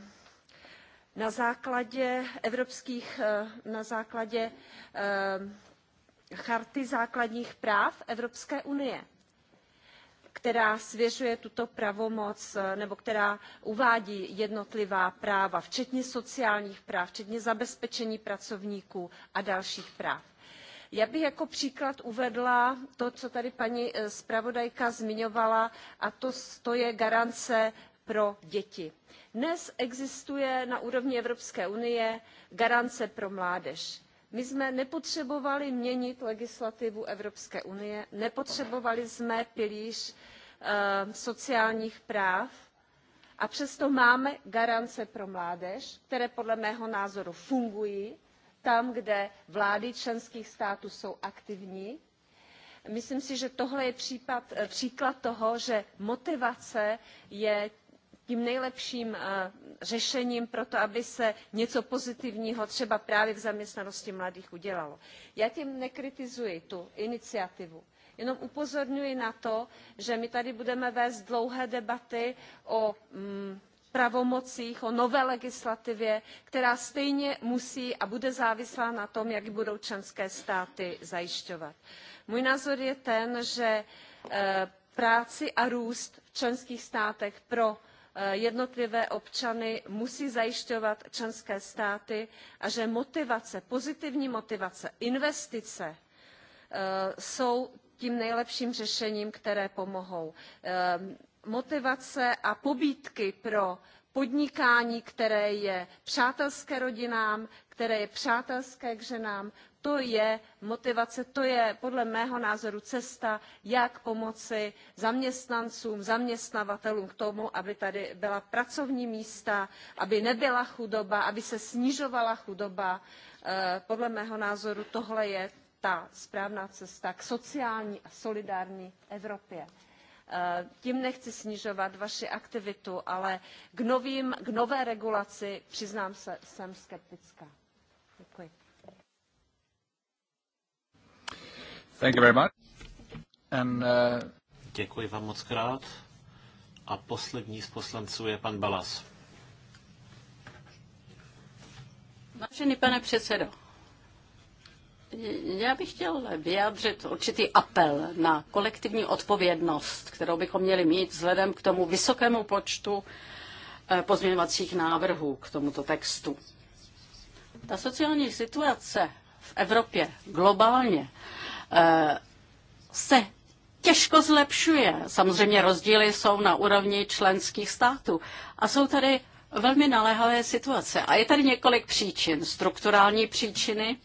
na základě evropských, eh, na základě eh, charty základních práv Evropské unie která svěřuje tuto pravomoc nebo která uvádí jednotlivá práva, včetně sociálních práv, včetně zabezpečení pracovníků a dalších práv. Já bych jako příklad uvedla to, co tady paní zpravodajka zmiňovala, a to, to je garance pro děti. dnes existuje na úrovni evropské unie garance pro mládež. my jsme nepotřebovali měnit legislativu evropské unie nepotřebovali jsme pilíř e, sociálních práv a přesto máme garance pro mládež které podle mého názoru fungují tam kde vlády členských států jsou aktivní myslím si že tohle je případ, eh, příklad toho že motivace je tím nejlepším eh, řešením pro to aby se něco pozitivního třeba právě v zaměstnanosti mladých udělalo. já tím nekritizuji tu iniciativu jenom upozorňuji na to že my tady budeme vést dlouhé debaty o mm, pravomocích o nové legislativě která stejně musí a bude závislá na tom jak ji budou členské státy zajišťovat. můj názor je ten že eh, práci a růst v členských státech pro Eh, jednotlivé občany musí zajišťovat členské státy a že motivace pozitivní motivace investice eh, jsou tím nejlepším řešením které pomohou. Eh, motivace a pobídky pro podnikání které je přátelské rodinám které je přátelské k ženám to je motivace to je podle mého názoru cesta jak pomoci zaměstnancům zaměstnavatelům k tomu aby tady byla pracovní místa aby nebyla chudoba aby se snižovala chudoba. Eh, podle mého názoru tohle je ta správná cesta k sociální a solidární evropě eh, tím nechci snižovat vaši aktivitu ale k, novým, k nové regulaci přiznám se jsem skeptická. Thank you very much. And, uh... Děkuji vám moc krát. A poslední z poslanců je pan Balas. Vážený pane předsedo, já bych chtěl vyjádřit určitý apel na kolektivní odpovědnost, kterou bychom měli mít vzhledem k tomu vysokému počtu eh, pozměňovacích návrhů k tomuto textu. Ta sociální situace v Evropě globálně Eh, se těžko zlepšuje. Samozřejmě rozdíly jsou na úrovni členských států. A jsou tady velmi naléhavé situace. A je tady několik příčin. Strukturální příčiny,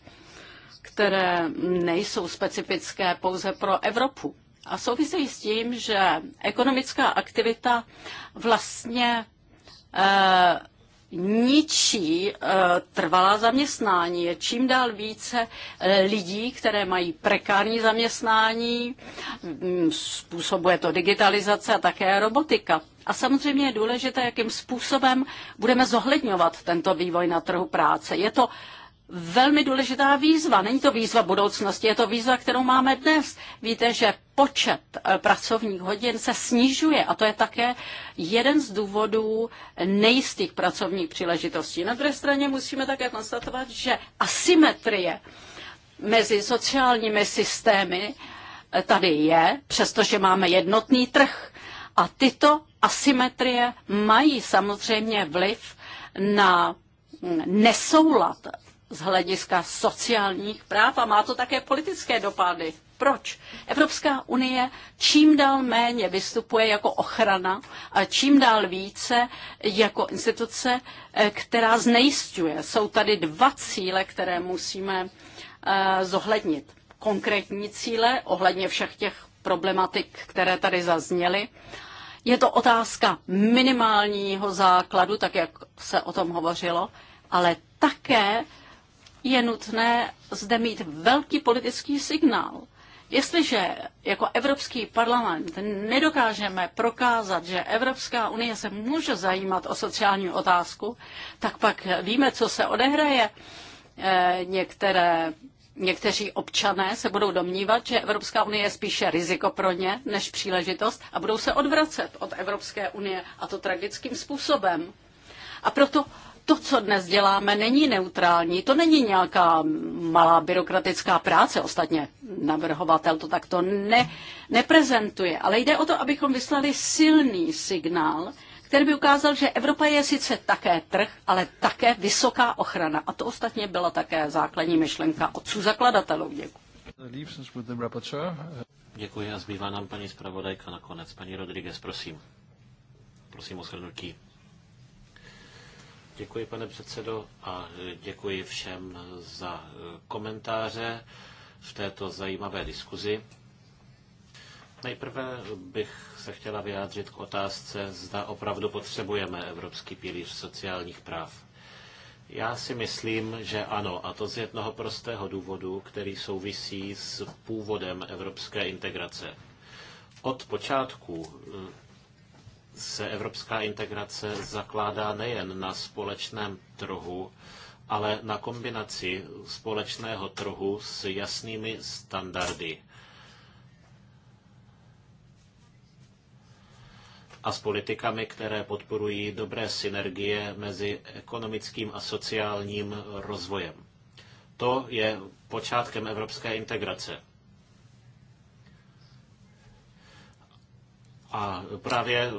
které nejsou specifické pouze pro Evropu. A souvisejí s tím, že ekonomická aktivita vlastně eh, ničí eh, trvalá zaměstnání. Je čím dál více eh, lidí, které mají prekární zaměstnání, mm, způsobuje to digitalizace a také robotika. A samozřejmě je důležité, jakým způsobem budeme zohledňovat tento vývoj na trhu práce. Je to velmi důležitá výzva. Není to výzva budoucnosti, je to výzva, kterou máme dnes. Víte, že počet eh, pracovních hodin se snižuje a to je také jeden z důvodů nejistých pracovních příležitostí. Na druhé straně musíme také konstatovat, že asymetrie mezi sociálními systémy eh, tady je, přestože máme jednotný trh. A tyto asymetrie mají samozřejmě vliv na mm, nesoulad z hlediska sociálních práv a má to také politické dopady. Proč? Evropská unie čím dál méně vystupuje jako ochrana a čím dál více jako instituce, eh, která znejistuje. Jsou tady dva cíle, které musíme eh, zohlednit. Konkrétní cíle ohledně všech těch problematik, které tady zazněly. Je to otázka minimálního základu, tak jak se o tom hovořilo, ale také je nutné zde mít velký politický signál. Jestliže jako Evropský parlament nedokážeme prokázat, že Evropská unie se může zajímat o sociální otázku, tak pak víme, co se odehraje. Eh, některé, někteří občané se budou domnívat, že Evropská unie je spíše riziko pro ně než příležitost a budou se odvracet od Evropské unie a to tragickým způsobem. A proto to, co dnes děláme, není neutrální. To není nějaká malá byrokratická práce. Ostatně navrhovatel to takto ne, neprezentuje. Ale jde o to, abychom vyslali silný signál, který by ukázal, že Evropa je sice také trh, ale také vysoká ochrana. A to ostatně byla také základní myšlenka otců zakladatelů. Děkuji. Děkuji a zbývá nám paní zpravodajka nakonec. Paní Rodriguez, prosím. Prosím o shrnutí. Děkuji, pane předsedo, a e, děkuji všem za e, komentáře v této zajímavé diskuzi. Nejprve bych se chtěla vyjádřit k otázce, zda opravdu potřebujeme Evropský pilíř sociálních práv. Já si myslím, že ano, a to z jednoho prostého důvodu, který souvisí s původem evropské integrace. Od počátku e, se evropská integrace zakládá nejen na společném trhu, ale na kombinaci společného trhu s jasnými standardy a s politikami, které podporují dobré synergie mezi ekonomickým a sociálním rozvojem. To je počátkem evropské integrace. A právě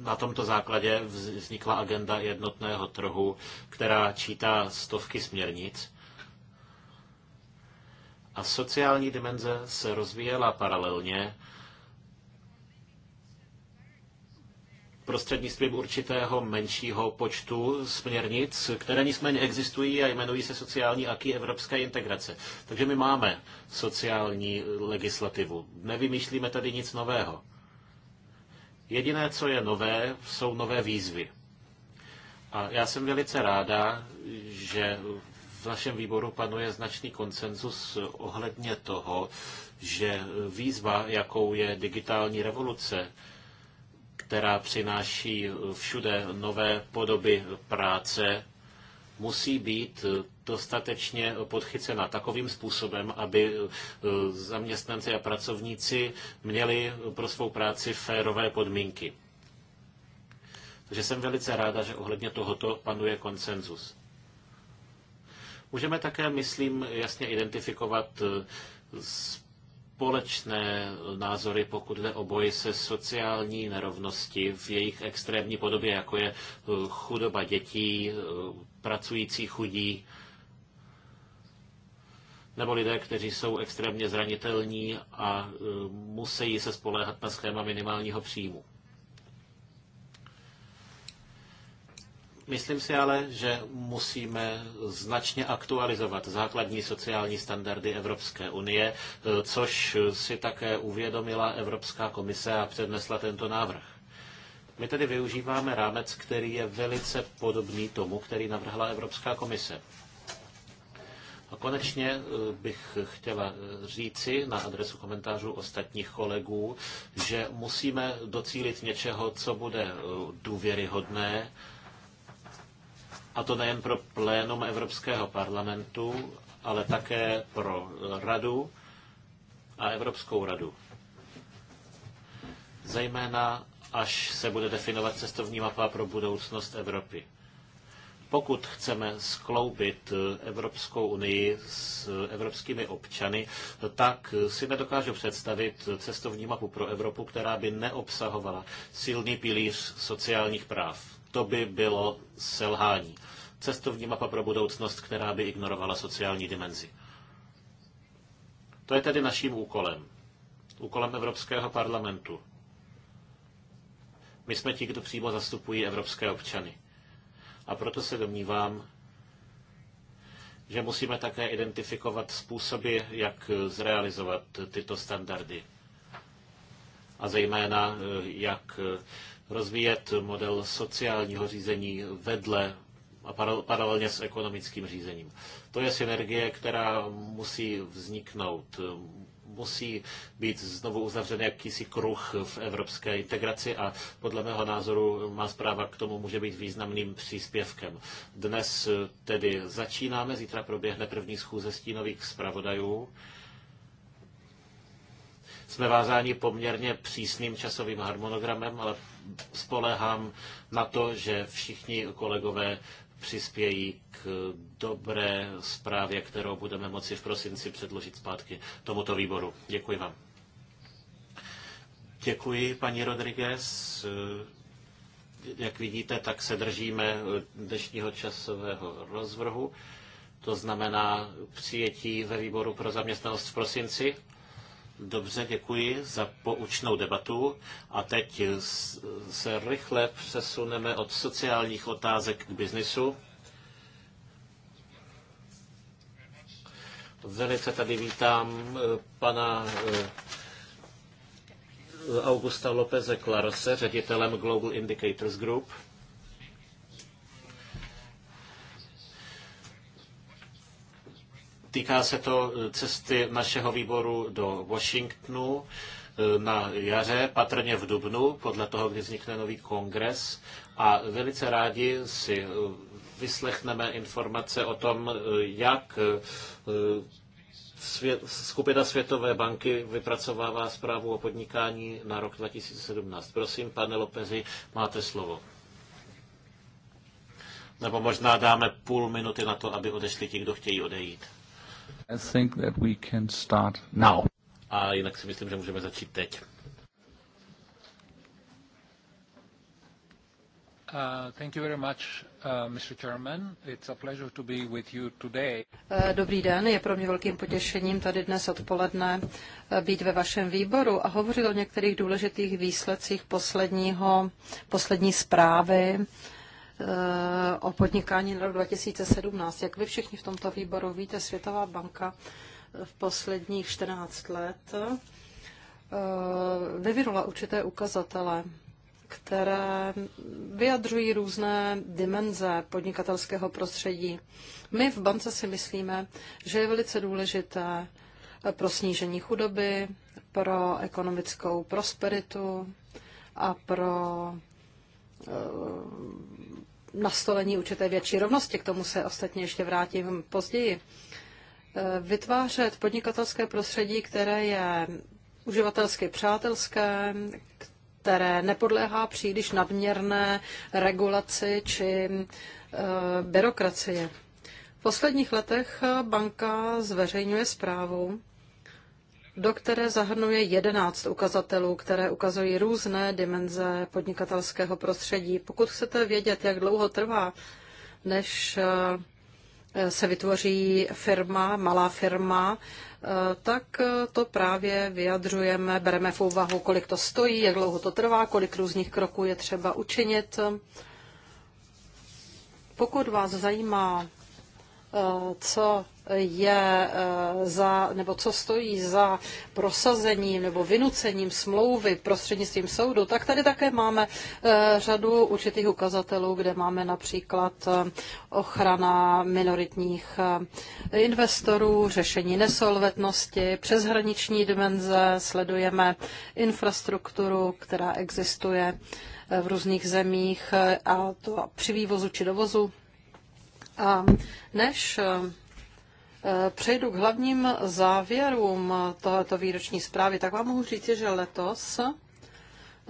na tomto základě vznikla agenda jednotného trhu, která čítá stovky směrnic. A sociální dimenze se rozvíjela paralelně prostřednictvím určitého menšího počtu směrnic, které nicméně existují a jmenují se sociální aký evropské integrace. Takže my máme sociální eh, legislativu. Nevymýšlíme tady nic nového. Jediné, co je nové, jsou nové výzvy. A já jsem velice ráda, že v našem výboru panuje značný konsenzus ohledně toho, že výzva, jakou je digitální revoluce, která přináší všude nové podoby práce, musí být dostatečně podchycena takovým způsobem, aby eh, zaměstnanci a pracovníci měli pro svou práci férové podmínky. Takže jsem velice ráda, že ohledně tohoto panuje konsenzus. Můžeme také, myslím, jasně identifikovat eh, společné názory, pokud jde o boj se sociální nerovnosti v jejich extrémní podobě, jako je eh, chudoba dětí, pracující chudí nebo lidé, kteří jsou extrémně zranitelní a e, musí se spoléhat na schéma minimálního příjmu. Myslím si ale, že musíme značně aktualizovat základní sociální standardy Evropské unie, e, což si také uvědomila Evropská komise a přednesla tento návrh. My tedy využíváme rámec, který je velice podobný tomu, který navrhla Evropská komise. A konečně eh, bych chtěla eh, říci na adresu komentářů ostatních kolegů, že musíme docílit něčeho, co bude eh, důvěryhodné, a to nejen pro plénum Evropského parlamentu, ale také pro radu a Evropskou radu. Zejména až se bude definovat cestovní mapa pro budoucnost Evropy. Pokud chceme skloubit eh, Evropskou unii s eh, evropskými občany, tak eh, si nedokážu představit cestovní mapu pro Evropu, která by neobsahovala silný pilíř sociálních práv. To by bylo selhání. Cestovní mapa pro budoucnost, která by ignorovala sociální dimenzi. To je tedy naším úkolem. Úkolem Evropského parlamentu. My jsme ti, kdo přímo zastupují evropské občany. A proto se domnívám, že musíme také identifikovat způsoby, jak eh, zrealizovat tyto standardy. A zejména, eh, jak eh, rozvíjet model sociálního řízení vedle a paralelně s ekonomickým řízením. To je synergie, která musí vzniknout musí být znovu uzavřen jakýsi kruh v evropské integraci a podle mého názoru má zpráva k tomu může být významným příspěvkem. Dnes eh, tedy začínáme, zítra proběhne první schůze stínových zpravodajů jsme vázáni poměrně přísným časovým harmonogramem, ale spolehám na to, že všichni kolegové přispějí k dobré zprávě, kterou budeme moci v prosinci předložit zpátky tomuto výboru. Děkuji vám. Děkuji, paní Rodriguez. Jak vidíte, tak se držíme dnešního časového rozvrhu. To znamená přijetí ve výboru pro zaměstnanost v prosinci. Dobře, děkuji za poučnou debatu a teď se rychle přesuneme od sociálních otázek k biznisu. Velice tady vítám eh, pana eh, Augusta Lopeze Klarose, ředitelem Global Indicators Group. Týká se to e, cesty našeho výboru do Washingtonu e, na jaře, patrně v Dubnu, podle toho, kdy vznikne nový kongres. A velice rádi si e, vyslechneme informace o tom, jak svět, skupina Světové banky vypracovává zprávu o podnikání na rok 2017. Prosím, pane Lopezi, máte slovo. Nebo možná dáme půl minuty na to, aby odešli ti, kdo chtějí odejít. I think that we can start now. A jinak si myslím, že můžeme začít teď. Uh, thank you very much, uh, Mr. Chairman. It's a pleasure to be with you today. Uh, dobrý den, je pro mě velkým potěšením tady dnes odpoledne uh, být ve vašem výboru a hovořit o některých důležitých výsledcích posledního, poslední zprávy uh, Eh, o podnikání na rok 2017. Jak vy všichni v tomto výboru víte, Světová banka v posledních 14 let eh, vyvinula určité ukazatele, které vyjadřují různé dimenze podnikatelského prostředí. My v bance si myslíme, že je velice důležité pro snížení chudoby, pro ekonomickou prosperitu a pro eh, nastolení určité větší rovnosti, k tomu se ostatně ještě vrátím později. E, vytvářet podnikatelské prostředí, které je uživatelsky přátelské, které nepodléhá příliš nadměrné regulaci či e, byrokracie. V posledních letech banka zveřejňuje zprávu do které zahrnuje 11 ukazatelů, které ukazují různé dimenze podnikatelského prostředí. Pokud chcete vědět, jak dlouho trvá, než eh, se vytvoří firma, malá firma, eh, tak eh, to právě vyjadřujeme, bereme v úvahu, kolik to stojí, jak dlouho to trvá, kolik různých kroků je třeba učinit. Pokud vás zajímá, co je eh, za, nebo co stojí za prosazením nebo vynucením smlouvy prostřednictvím soudu, tak tady také máme eh, řadu určitých ukazatelů, kde máme například eh, ochrana minoritních investorů, řešení nesolvetnosti, přeshraniční dimenze, sledujeme infrastrukturu, která existuje v různých zemích a to při vývozu či dovozu. A než Eh, přejdu k hlavním závěrům tohoto výroční zprávy, tak vám mohu říct, že letos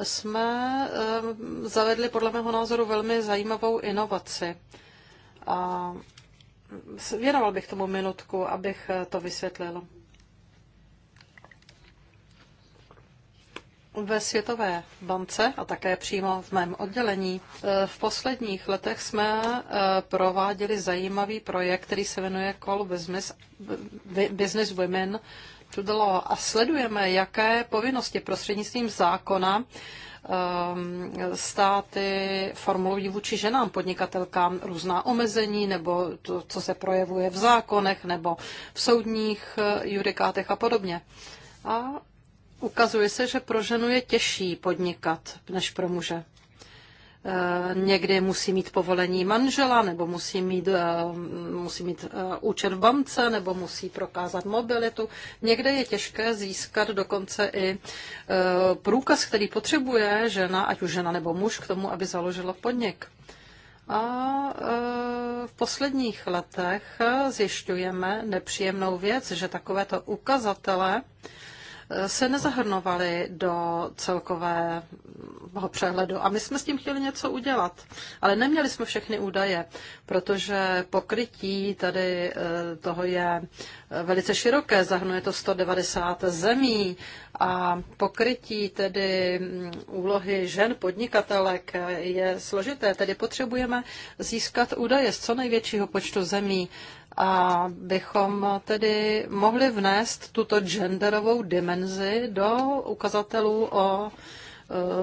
jsme eh, zavedli podle mého názoru velmi zajímavou inovaci. A věnoval bych tomu minutku, abych to vysvětlil. ve Světové bance a také přímo v mém oddělení. E, v posledních letech jsme e, prováděli zajímavý projekt, který se jmenuje Call Business, Business Women to the Law a sledujeme, jaké povinnosti prostřednictvím zákona ehm, státy formulují vůči ženám podnikatelkám různá omezení, nebo to, co se projevuje v zákonech, nebo v soudních e, judikátech a podobně. A Ukazuje se, že pro ženu je těžší podnikat než pro muže. E, někdy musí mít povolení manžela, nebo musí mít, e, musí mít e, účet v bance, nebo musí prokázat mobilitu. Někde je těžké získat dokonce i průkaz, který potřebuje žena, ať už žena nebo muž, k tomu, aby založila podnik. A v posledních letech zjišťujeme nepříjemnou věc, že takovéto ukazatele Eh, se nezahrnovaly do celkového přehledu. A my jsme s tím chtěli něco udělat, ale neměli jsme všechny údaje, protože pokrytí tady eh, toho je eh, velice široké, zahrnuje to 190 zemí a pokrytí tedy mm, úlohy žen podnikatelek je složité, tedy potřebujeme získat údaje z co největšího počtu zemí, a bychom tedy mohli vnést tuto genderovou dimenzi do ukazatelů o e,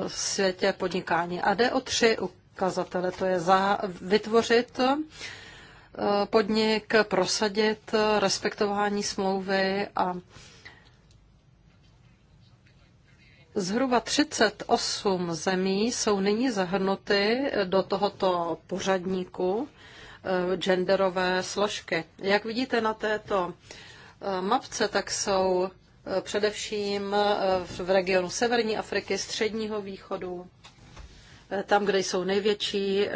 světě podnikání. A jde o tři ukazatele. To je za, vytvořit e, podnik, prosadit e, respektování smlouvy a Zhruba 38 zemí jsou nyní zahrnuty do tohoto pořadníku Eh, genderové složky. Jak vidíte na této eh, mapce, tak jsou eh, především v regionu Severní Afriky, Středního východu, tam, kde jsou největší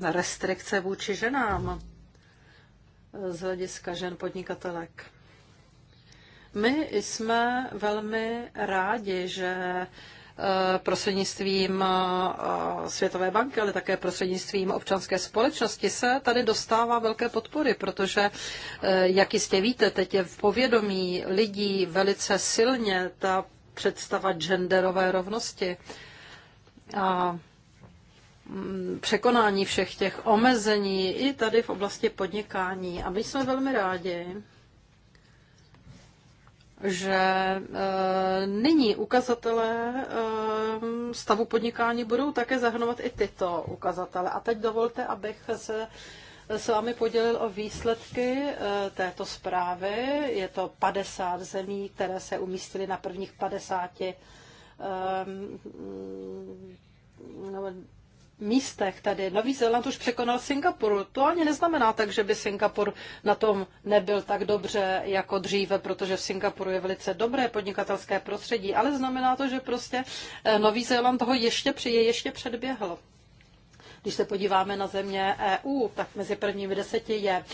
restrikce vůči ženám z hlediska žen podnikatelek. My jsme velmi rádi, že Eh, prostřednictvím eh, Světové banky, ale také prostřednictvím občanské společnosti se tady dostává velké podpory, protože, eh, jak jistě víte, teď je v povědomí lidí velice silně ta představa genderové rovnosti. A mm, překonání všech těch omezení i tady v oblasti podnikání. A my jsme velmi rádi, že eh, nyní ukazatele eh, stavu podnikání budou také zahrnovat i tyto ukazatele. A teď dovolte, abych se s vámi podělil o výsledky eh, této zprávy. Je to 50 zemí, které se umístily na prvních 50 místech tady. Nový Zéland už překonal Singapur. To ani neznamená tak, že by Singapur na tom nebyl tak dobře jako dříve, protože v Singapuru je velice dobré podnikatelské prostředí, ale znamená to, že prostě eh, Nový Zéland toho ještě, je ještě předběhl. Když se podíváme na země EU, tak mezi prvními deseti je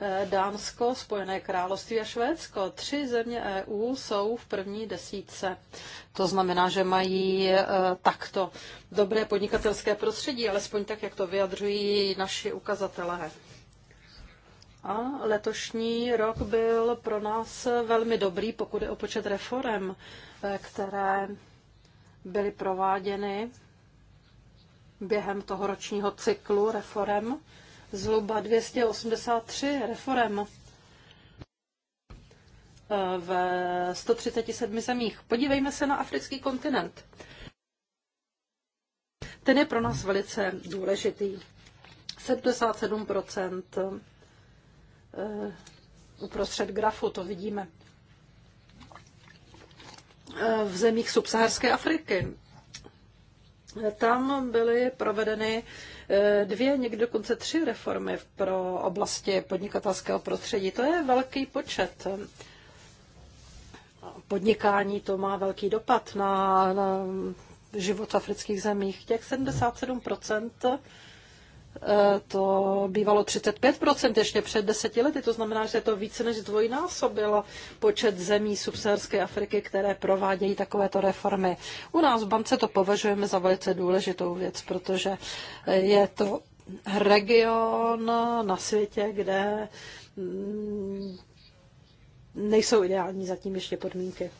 eh, Dánsko, Spojené království a Švédsko. Tři země EU jsou v první desítce. To znamená, že mají eh, takto dobré podnikatelské prostředí, alespoň tak, jak to vyjadřují naši ukazatelé. A letošní rok byl pro nás velmi dobrý, pokud je o počet reform, eh, které byly prováděny během toho ročního cyklu reform, zhruba 283 reform v 137 zemích. Podívejme se na africký kontinent. Ten je pro nás velice důležitý. 77% eh, uprostřed grafu to vidíme. Eh, v zemích subsaharské Afriky tam byly provedeny eh, dvě, někdy dokonce tři reformy pro oblasti podnikatelského prostředí. To je velký počet. Podnikání to má velký dopad na, na život v afrických zemích. Těch 77 Eh, to bývalo 35% ještě před deseti lety, to znamená, že je to více než dvojnásobilo počet zemí subsaharské Afriky, které provádějí takovéto reformy. U nás v bance to považujeme za velice důležitou věc, protože eh, je to region na světě, kde mm, nejsou ideální zatím ještě podmínky.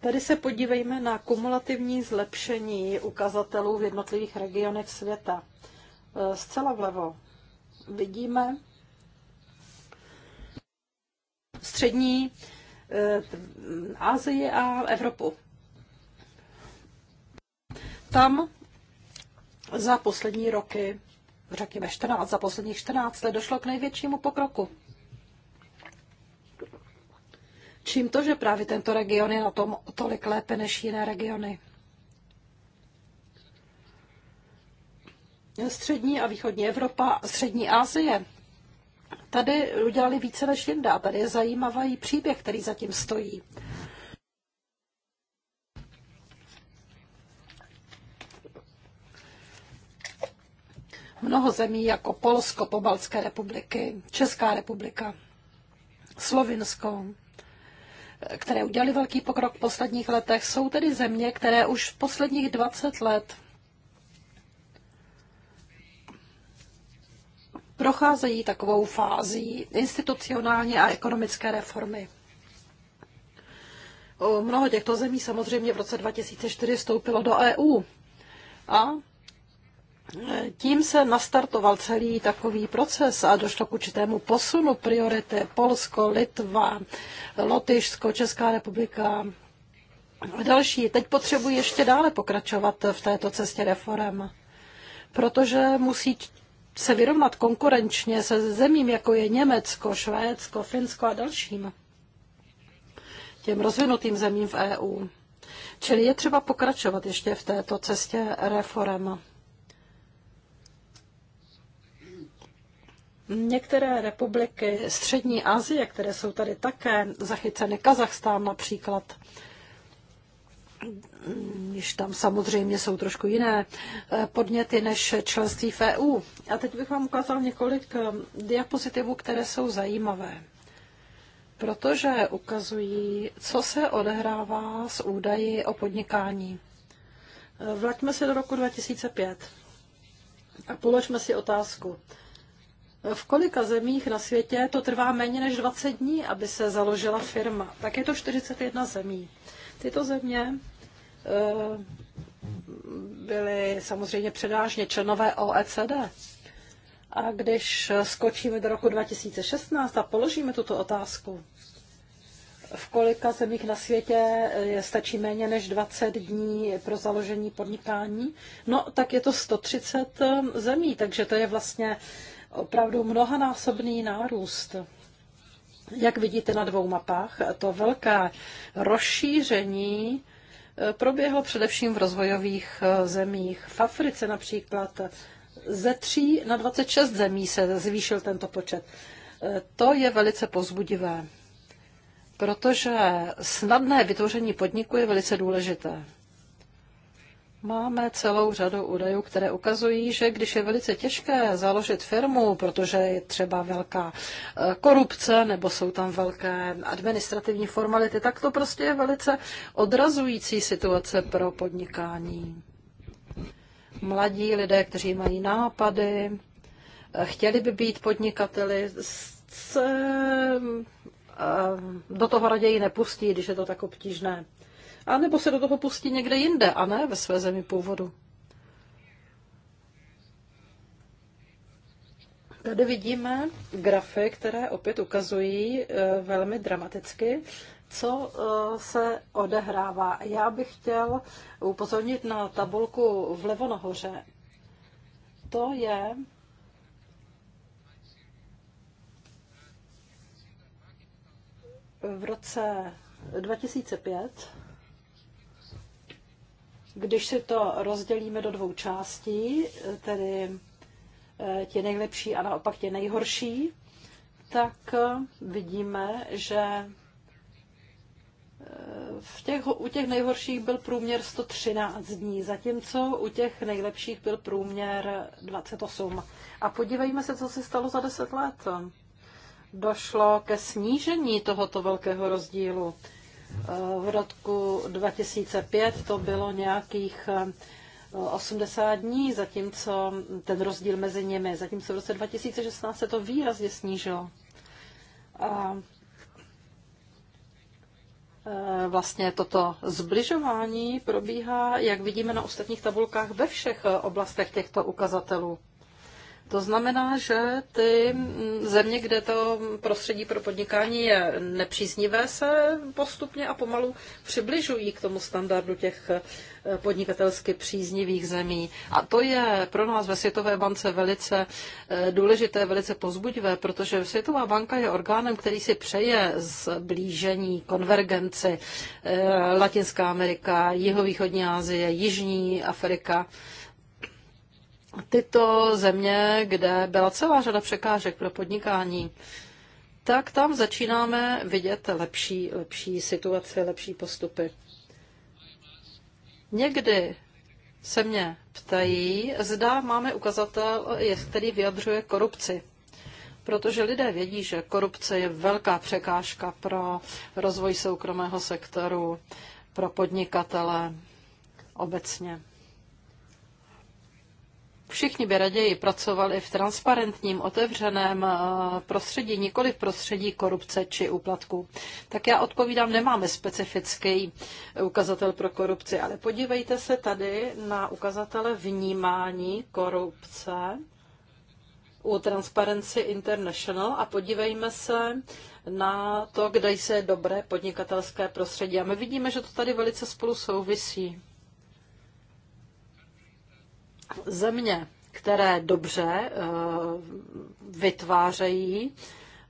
Tady se podívejme na kumulativní zlepšení ukazatelů v jednotlivých regionech světa. Eh, zcela vlevo vidíme střední Asii eh, a Evropu. Tam za poslední roky, řekněme 14, za posledních 14 let došlo k největšímu pokroku. Čím to, že právě tento region je na tom tolik lépe než jiné regiony? střední a východní Evropa a střední Asie. Tady udělali více než jindá. Tady je zajímavý příběh, který zatím stojí. Mnoho zemí jako Polsko, Pobalské republiky, Česká republika, Slovinsko, které udělali velký pokrok v posledních letech, jsou tedy země, které už v posledních 20 let procházejí takovou fází institucionální a ekonomické reformy. Mnoho těchto zemí samozřejmě v roce 2004 vstoupilo do EU a e, tím se nastartoval celý takový proces a došlo k určitému posunu priority Polsko, Litva, Lotyšsko, Česká republika a další. Teď potřebují ještě dále pokračovat v této cestě reform, protože musí se vyrovnat konkurenčně se zemím, jako je Německo, Švédsko, Finsko a dalším, těm rozvinutým zemím v EU. Čili je třeba pokračovat ještě v této cestě reform. Některé republiky Střední Asie, které jsou tady také zachyceny, Kazachstán například, když tam samozřejmě jsou trošku jiné eh, podněty než členství v EU. A teď bych vám ukázal několik eh, diapozitivů, které jsou zajímavé, protože ukazují, co se odehrává s údaji o podnikání. Eh, Vlaďme se do roku 2005 a položme si otázku. V kolika zemích na světě to trvá méně než 20 dní, aby se založila firma? Tak je to 41 zemí. Tyto země eh, byly samozřejmě předážně členové OECD. A když skočíme do roku 2016 a položíme tuto otázku, v kolika zemích na světě eh, je stačí méně než 20 dní pro založení podnikání? No, tak je to 130 eh, zemí, takže to je vlastně opravdu mnohanásobný nárůst. Jak vidíte na dvou mapách, to velké rozšíření eh, proběhlo především v rozvojových eh, zemích. V Africe například eh, ze 3 na 26 zemí se zvýšil tento počet. To je velice pozbudivé, protože snadné vytvoření podniku je velice důležité. Máme celou řadu údajů, které ukazují, že když je velice těžké založit firmu, protože je třeba velká eh, korupce nebo jsou tam velké administrativní formality, tak to prostě je velice odrazující situace pro podnikání. Mladí lidé, kteří mají nápady, eh, chtěli by být podnikateli, se eh, do toho raději nepustí, když je to tak obtížné. A nebo se do toho pustí někde jinde a ne ve své zemi původu. Tady vidíme grafy, které opět ukazují e, velmi dramaticky, co e, se odehrává. Já bych chtěl upozornit na tabulku vlevo nahoře. To je v roce 2005 když si to rozdělíme do dvou částí, tedy eh, ti nejlepší a naopak ti nejhorší, tak eh, vidíme, že eh, v těch, u těch nejhorších byl průměr 113 dní, zatímco u těch nejlepších byl průměr 28. A podívejme se, co se stalo za 10 let. Došlo ke snížení tohoto velkého rozdílu. Eh, v roku 2005 to bylo nějakých 80 eh, dní, zatímco ten rozdíl mezi nimi, zatímco v roce 2016 se to výrazně snížilo. A eh, vlastně toto zbližování probíhá, jak vidíme na ostatních tabulkách, ve všech oblastech těchto ukazatelů. To znamená, že ty země, kde to prostředí pro podnikání je nepříznivé, se postupně a pomalu přibližují k tomu standardu těch eh, podnikatelsky příznivých zemí. A to je pro nás ve Světové bance velice eh, důležité, velice pozbudivé, protože Světová banka je orgánem, který si přeje zblížení, konvergenci eh, Latinská Amerika, Jihovýchodní Asie, Jižní Afrika tyto země, kde byla celá řada překážek pro podnikání, tak tam začínáme vidět lepší, lepší situaci, lepší postupy. Někdy se mě ptají, zda máme ukazatel, který vyjadřuje korupci. Protože lidé vědí, že korupce je velká překážka pro rozvoj soukromého sektoru, pro podnikatele obecně. Všichni by raději pracovali v transparentním, otevřeném eh, prostředí, nikoli v prostředí korupce či úplatku. Tak já odpovídám, nemáme specifický ukazatel pro korupci, ale podívejte se tady na ukazatele vnímání korupce u Transparency International a podívejme se na to, kde se dobré podnikatelské prostředí. A my vidíme, že to tady velice spolu souvisí země, které dobře eh, vytvářejí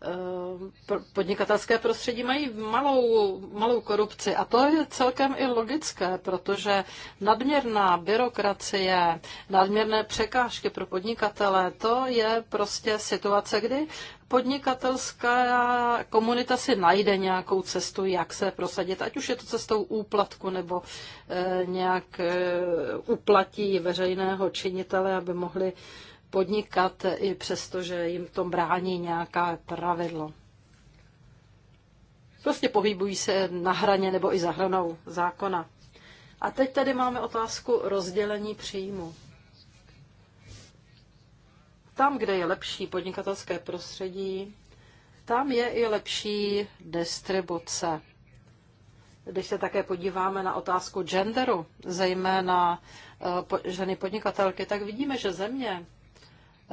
eh, podnikatelské prostředí, mají malou, malou korupci. A to je celkem i logické, protože nadměrná byrokracie, nadměrné překážky pro podnikatele, to je prostě situace, kdy podnikatelská komunita si najde nějakou cestu, jak se prosadit, ať už je to cestou úplatku nebo eh, nějak eh, uplatí veřejného činitele, aby mohli podnikat i přesto, že jim to brání nějaká pravidlo. Prostě pohybují se na hraně nebo i za hranou zákona. A teď tady máme otázku rozdělení příjmu. Tam, kde je lepší podnikatelské prostředí, tam je i lepší distribuce. Když se také podíváme na otázku genderu, zejména eh, ženy podnikatelky, tak vidíme, že země,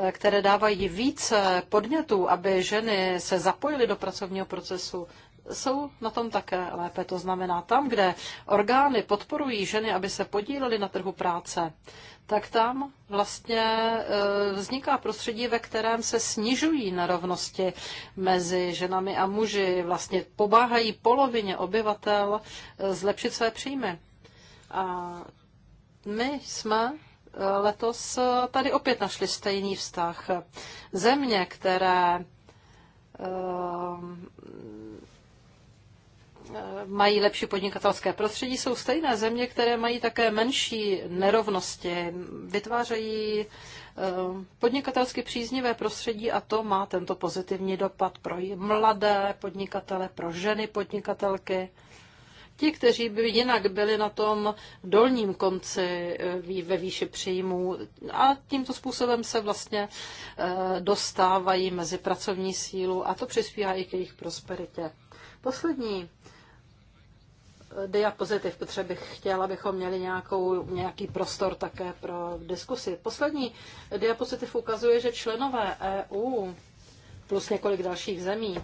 eh, které dávají více podnětů, aby ženy se zapojily do pracovního procesu, jsou na tom také lépe. To znamená, tam, kde orgány podporují ženy, aby se podílely na trhu práce, tak tam vlastně eh, vzniká prostředí, ve kterém se snižují nerovnosti mezi ženami a muži. Vlastně pobáhají polovině obyvatel eh, zlepšit své příjmy. A my jsme eh, letos tady opět našli stejný vztah. Země, které mají lepší podnikatelské prostředí, jsou stejné země, které mají také menší nerovnosti, vytvářejí eh, podnikatelsky příznivé prostředí a to má tento pozitivní dopad pro mladé podnikatele, pro ženy podnikatelky. Ti, kteří by jinak byli na tom dolním konci eh, ve výši příjmů a tímto způsobem se vlastně eh, dostávají mezi pracovní sílu a to přispívá i k jejich prosperitě. Poslední diapozitiv, protože bych chtěla, abychom měli nějakou, nějaký prostor také pro diskusi. Poslední diapozitiv ukazuje, že členové EU plus několik dalších zemí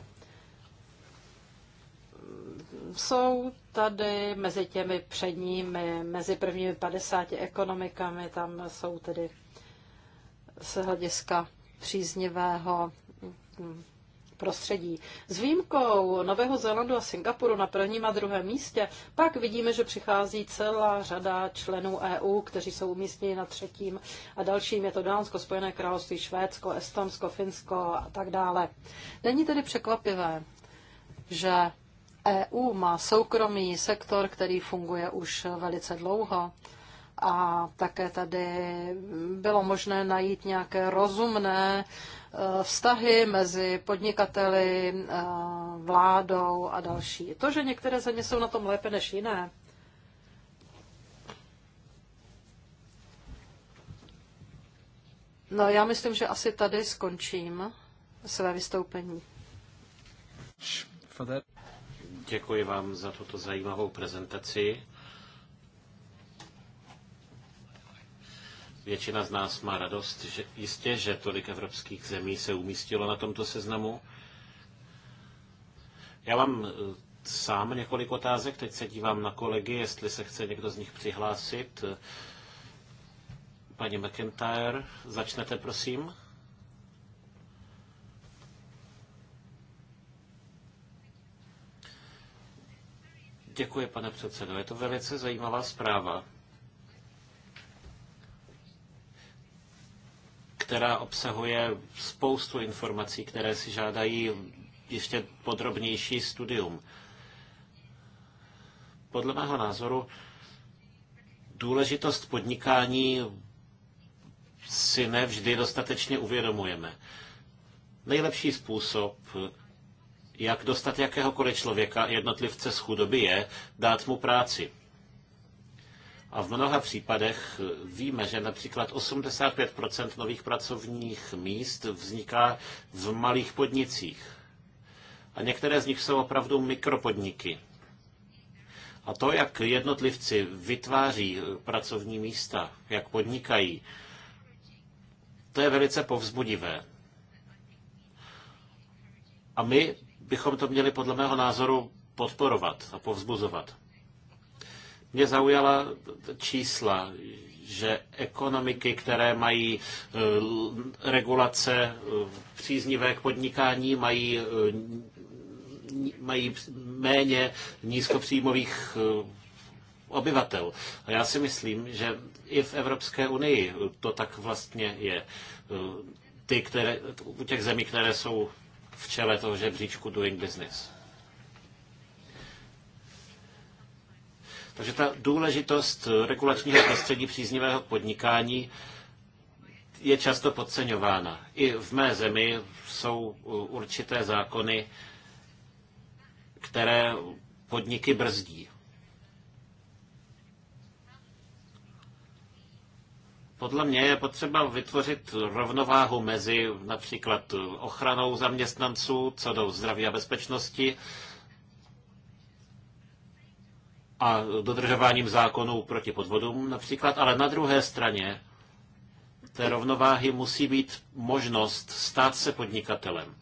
jsou tady mezi těmi předními, mezi prvními 50 ekonomikami, tam jsou tedy z hlediska příznivého prostředí. S výjimkou Nového Zélandu a Singapuru na prvním a druhém místě pak vidíme, že přichází celá řada členů EU, kteří jsou umístěni na třetím a dalším je to Dánsko, Spojené království, Švédsko, Estonsko, Finsko a tak dále. Není tedy překvapivé, že EU má soukromý sektor, který funguje už velice dlouho a také tady bylo možné najít nějaké rozumné Eh, vztahy mezi podnikateli, eh, vládou a další. To, že některé země jsou na tom lépe než jiné, No, já myslím, že asi tady skončím své vystoupení. Děkuji vám za tuto zajímavou prezentaci. Většina z nás má radost, že jistě, že tolik evropských zemí se umístilo na tomto seznamu. Já mám eh, sám několik otázek, teď se dívám na kolegy, jestli se chce někdo z nich přihlásit. Paní McIntyre, začnete prosím. Děkuji, pane předsedo. Je to velice zajímavá zpráva. která obsahuje spoustu informací, které si žádají ještě podrobnější studium. Podle mého názoru důležitost podnikání si nevždy dostatečně uvědomujeme. Nejlepší způsob, jak dostat jakéhokoliv člověka, jednotlivce z chudoby, je dát mu práci. A v mnoha případech víme, že například 85 nových pracovních míst vzniká v malých podnicích. A některé z nich jsou opravdu mikropodniky. A to, jak jednotlivci vytváří pracovní místa, jak podnikají, to je velice povzbudivé. A my bychom to měli podle mého názoru podporovat a povzbuzovat. Mě zaujala čísla, že ekonomiky, které mají e, regulace e, příznivé k podnikání, mají, e, mají méně nízkopříjmových obyvatel. A já si myslím, že i v Evropské unii to tak vlastně je. Ty, které, u těch zemí, které jsou v čele toho žebříčku Doing Business. Takže ta důležitost regulačního prostředí příznivého podnikání je často podceňována. I v mé zemi jsou určité zákony, které podniky brzdí. Podle mě je potřeba vytvořit rovnováhu mezi například ochranou zaměstnanců, co do zdraví a bezpečnosti, a dodržováním zákonů proti podvodům například, ale na druhé straně té rovnováhy musí být možnost stát se podnikatelem.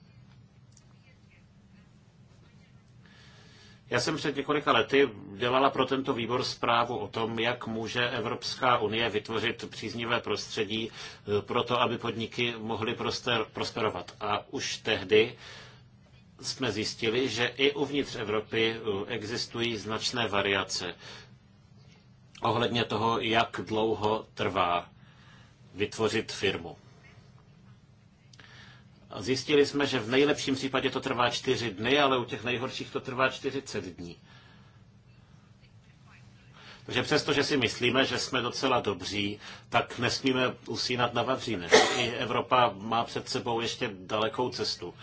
Já jsem před několika lety dělala pro tento výbor zprávu o tom, jak může Evropská unie vytvořit příznivé prostředí eh, pro to, aby podniky mohly prosperovat. A už tehdy jsme zjistili, že i uvnitř Evropy eh, existují značné variace ohledně toho, jak dlouho trvá vytvořit firmu. zjistili jsme, že v nejlepším případě to trvá čtyři dny, ale u těch nejhorších to trvá 40 dní. Takže přesto, že si myslíme, že jsme docela dobří, tak nesmíme usínat na vavříne. I Evropa má před sebou ještě dalekou cestu.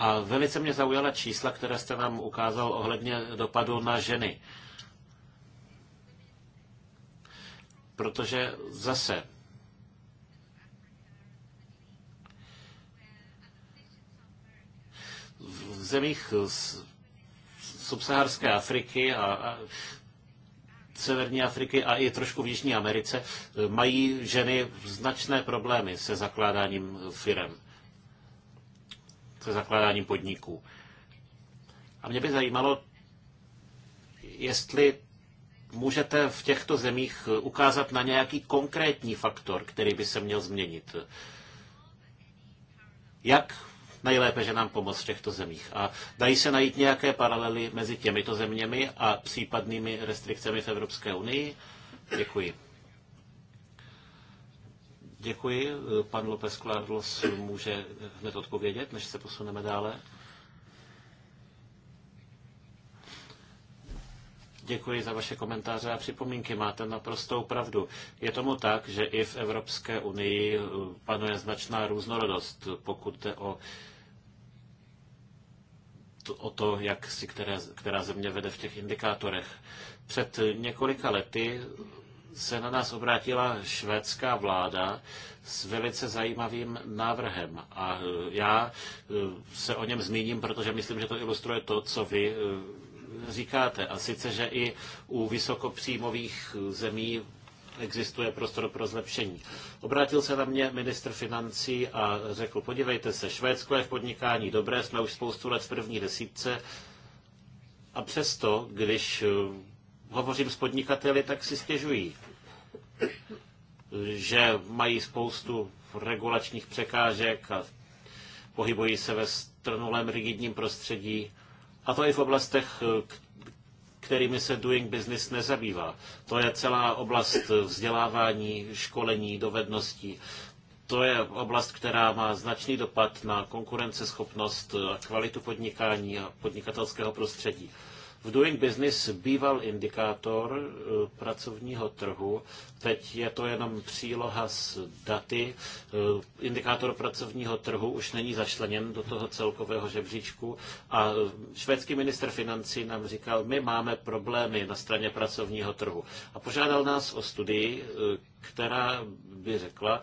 A velice mě zaujala čísla, které jste nám ukázal ohledně dopadu na ženy. Protože zase v zemích subsaharské Afriky a, a Severní Afriky a i trošku v Jižní Americe eh, mají ženy značné problémy se zakládáním firem se zakládáním podniků. A mě by zajímalo, jestli můžete v těchto zemích ukázat na nějaký konkrétní faktor, který by se měl změnit. Jak nejlépe, že nám pomoc v těchto zemích. A dají se najít nějaké paralely mezi těmito zeměmi a případnými restrikcemi v Evropské unii? Děkuji. Děkuji. Pan López Kladlos může hned odpovědět, než se posuneme dále. Děkuji za vaše komentáře a připomínky. Máte naprostou pravdu. Je tomu tak, že i v Evropské unii panuje značná různorodost, pokud jde o o to, jak si které, která země vede v těch indikátorech. Před několika lety se na nás obrátila švédská vláda s velice zajímavým návrhem. A e, já e, se o něm zmíním, protože myslím, že to ilustruje to, co vy e, říkáte. A sice, že i u vysokopříjmových zemí existuje prostor pro zlepšení. Obrátil se na mě ministr financí a řekl, podívejte se, Švédsko je v podnikání dobré, jsme už spoustu let v první desítce, a přesto, když hovořím s podnikateli, tak si stěžují, že mají spoustu regulačních překážek a pohybují se ve strnulém rigidním prostředí. A to i v oblastech, kterými se Doing Business nezabývá. To je celá oblast vzdělávání, školení, dovedností. To je oblast, která má značný dopad na konkurenceschopnost, a kvalitu podnikání a podnikatelského prostředí. V Doing Business býval indikátor eh, pracovního trhu, teď je to jenom příloha s daty. Eh, indikátor pracovního trhu už není začleněn do toho celkového žebříčku a eh, švédský minister financí nám říkal, my máme problémy na straně pracovního trhu. A požádal nás o studii, která by řekla,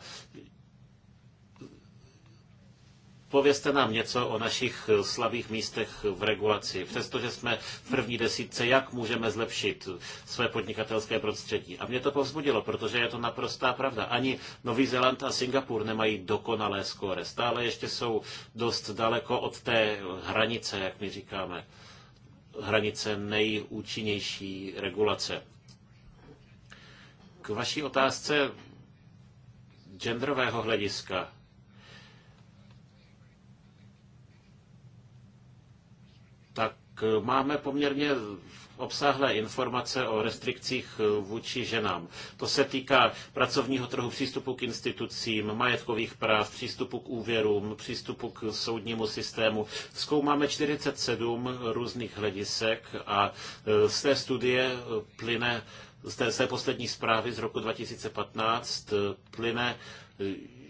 Povězte nám něco o našich eh, slabých místech v regulaci. Přestože jsme v první desítce, jak můžeme zlepšit své podnikatelské prostředí. A mě to povzbudilo, protože je to naprostá pravda. Ani Nový Zéland a Singapur nemají dokonalé skóre. Stále ještě jsou dost daleko od té hranice, jak my říkáme, hranice nejúčinnější regulace. K vaší otázce genderového hlediska Eh, máme poměrně obsáhlé informace o restrikcích eh, vůči ženám. To se týká pracovního trhu, přístupu k institucím, majetkových práv, přístupu k úvěrům, přístupu k soudnímu systému. Zkoumáme 47 různých hledisek a eh, z té studie plyne, z té, z té poslední zprávy z roku 2015 plyne,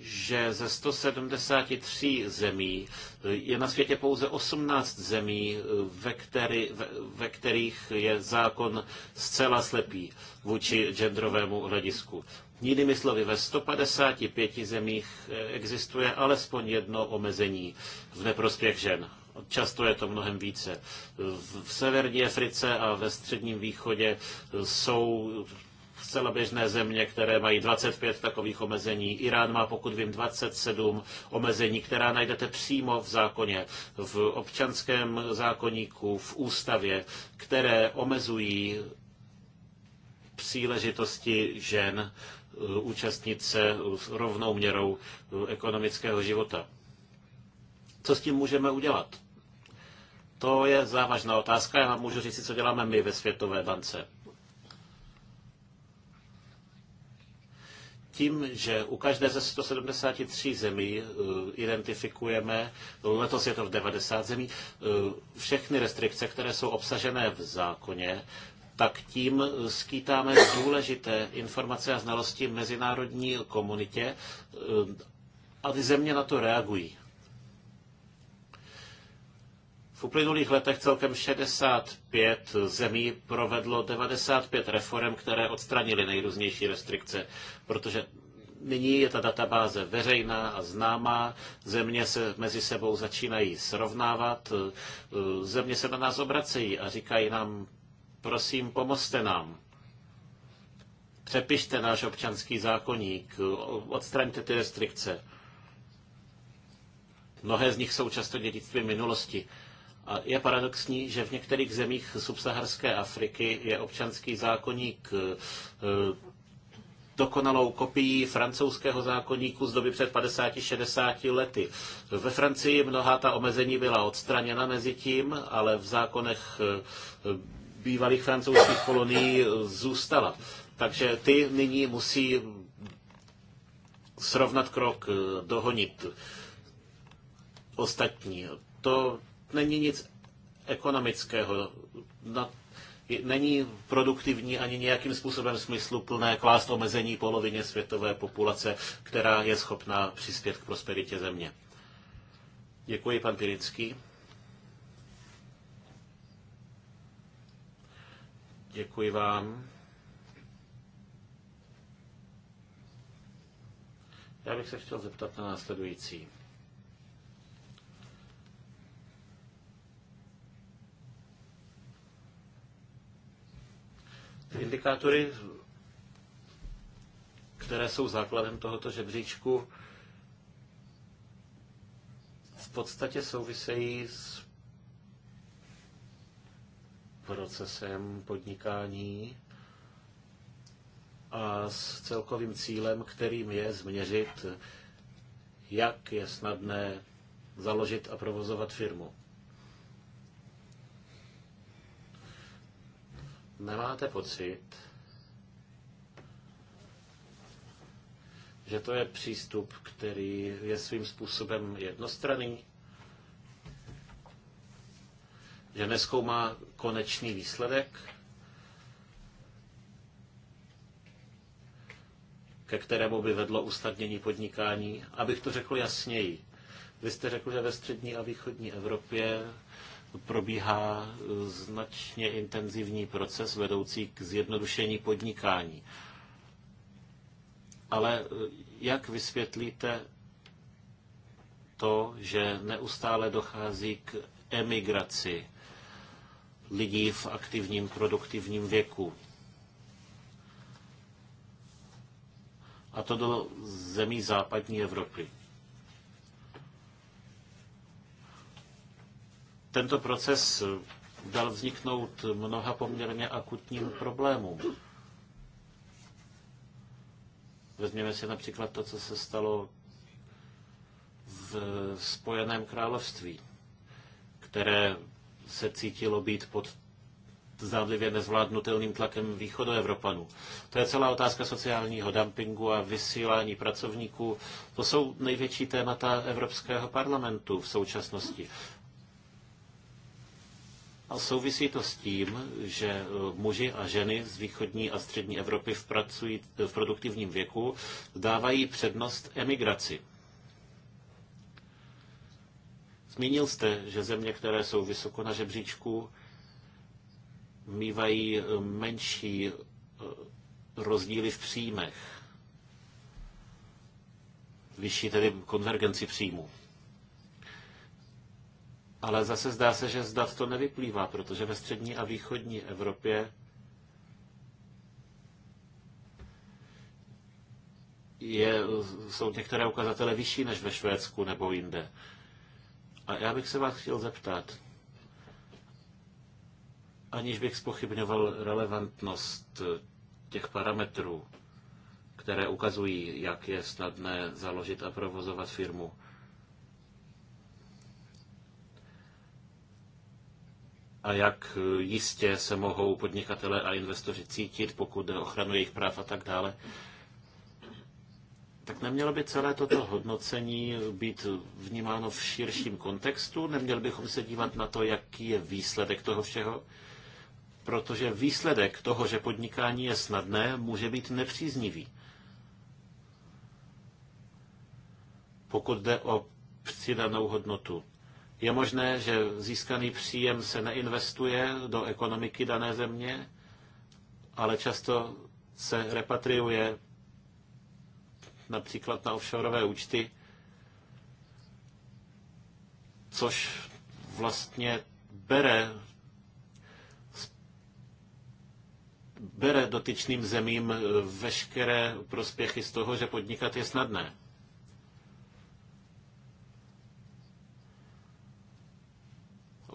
že ze 173 zemí eh, je na světě pouze 18 zemí, eh, ve, který, ve, ve kterých je zákon zcela slepý vůči genderovému hledisku. Jinými slovy, ve 155 zemích eh, existuje alespoň jedno omezení v neprospěch žen. Často je to mnohem více. V severní Africe a ve středním východě jsou zcela běžné země, které mají 25 takových omezení. Irán má, pokud vím, 27 omezení, která najdete přímo v zákoně, v občanském zákoníku, v ústavě, které omezují příležitosti žen eh, účastnit se rovnou měrou eh, ekonomického života. Co s tím můžeme udělat? To je závažná otázka. Já vám můžu říct, co děláme my ve Světové bance. tím, že u každé ze 173 zemí eh, identifikujeme, letos je to v 90 zemí, eh, všechny restrikce, které jsou obsažené v zákoně, tak tím eh, skýtáme důležité informace a znalosti mezinárodní komunitě a ty země na to reagují. V uplynulých letech celkem 65 zemí provedlo 95 reform, které odstranily nejrůznější restrikce, protože nyní je ta databáze veřejná a známá, země se mezi sebou začínají srovnávat, eh, země se na nás obracejí a říkají nám, prosím, pomozte nám. Přepište náš občanský zákoník, odstraňte ty restrikce. Mnohé z nich jsou často dědictví minulosti. Je paradoxní, že v některých zemích subsaharské Afriky je občanský zákonník eh, dokonalou kopií francouzského zákonníku z doby před 50-60 lety. Ve Francii mnohá ta omezení byla odstraněna mezi tím, ale v zákonech eh, bývalých francouzských kolonií eh, zůstala. Takže ty nyní musí srovnat krok, dohonit ostatní. To není nic ekonomického. Na, není produktivní ani nějakým způsobem smysluplné klást omezení polovině světové populace, která je schopná přispět k prosperitě země. Děkuji, pan Pirinský. Děkuji vám. Já bych se chtěl zeptat na následující. Indikátory, které jsou základem tohoto žebříčku, v podstatě souvisejí s procesem podnikání a s celkovým cílem, kterým je změřit, jak je snadné založit a provozovat firmu. Nemáte pocit, že to je přístup, který je svým způsobem jednostranný? Že neskoumá konečný výsledek? ke kterému by vedlo usnadnění podnikání. Abych to řekl jasněji, vy jste řekl, že ve střední a východní Evropě probíhá e, značně intenzivní proces vedoucí k zjednodušení podnikání. Ale e, jak vysvětlíte to, že neustále dochází k emigraci lidí v aktivním produktivním věku? A to do zemí západní Evropy. Tento proces dal vzniknout mnoha poměrně akutním problémům. Vezměme si například to, co se stalo v Spojeném království, které se cítilo být pod zdánlivě nezvládnutelným tlakem východu Evropanů. To je celá otázka sociálního dumpingu a vysílání pracovníků. To jsou největší témata Evropského parlamentu v současnosti. A souvisí to s tím, že eh, muži a ženy z východní a střední Evropy v, pracují, eh, v produktivním věku dávají přednost emigraci. Zmínil jste, že země, které jsou vysoko na žebříčku, mývají eh, menší rozdíly v příjmech. Vyšší tedy konvergenci příjmů. Ale zase zdá se, že zdat to nevyplývá, protože ve střední a východní Evropě je, jsou některé ukazatele vyšší než ve Švédsku nebo jinde. A já bych se vás chtěl zeptat, aniž bych spochybňoval relevantnost těch parametrů, které ukazují, jak je snadné založit a provozovat firmu. a jak eh, jistě se mohou podnikatele a investoři cítit, pokud jde ochranu jejich práv a tak dále. Tak nemělo by celé toto hodnocení být vnímáno v širším kontextu? Neměli bychom se dívat na to, jaký je výsledek toho všeho? Protože výsledek toho, že podnikání je snadné, může být nepříznivý. Pokud jde o přidanou hodnotu je možné, že získaný příjem se neinvestuje do ekonomiky dané země, ale často se repatriuje například na offshoreové účty, což vlastně bere, bere dotyčným zemím veškeré prospěchy z toho, že podnikat je snadné.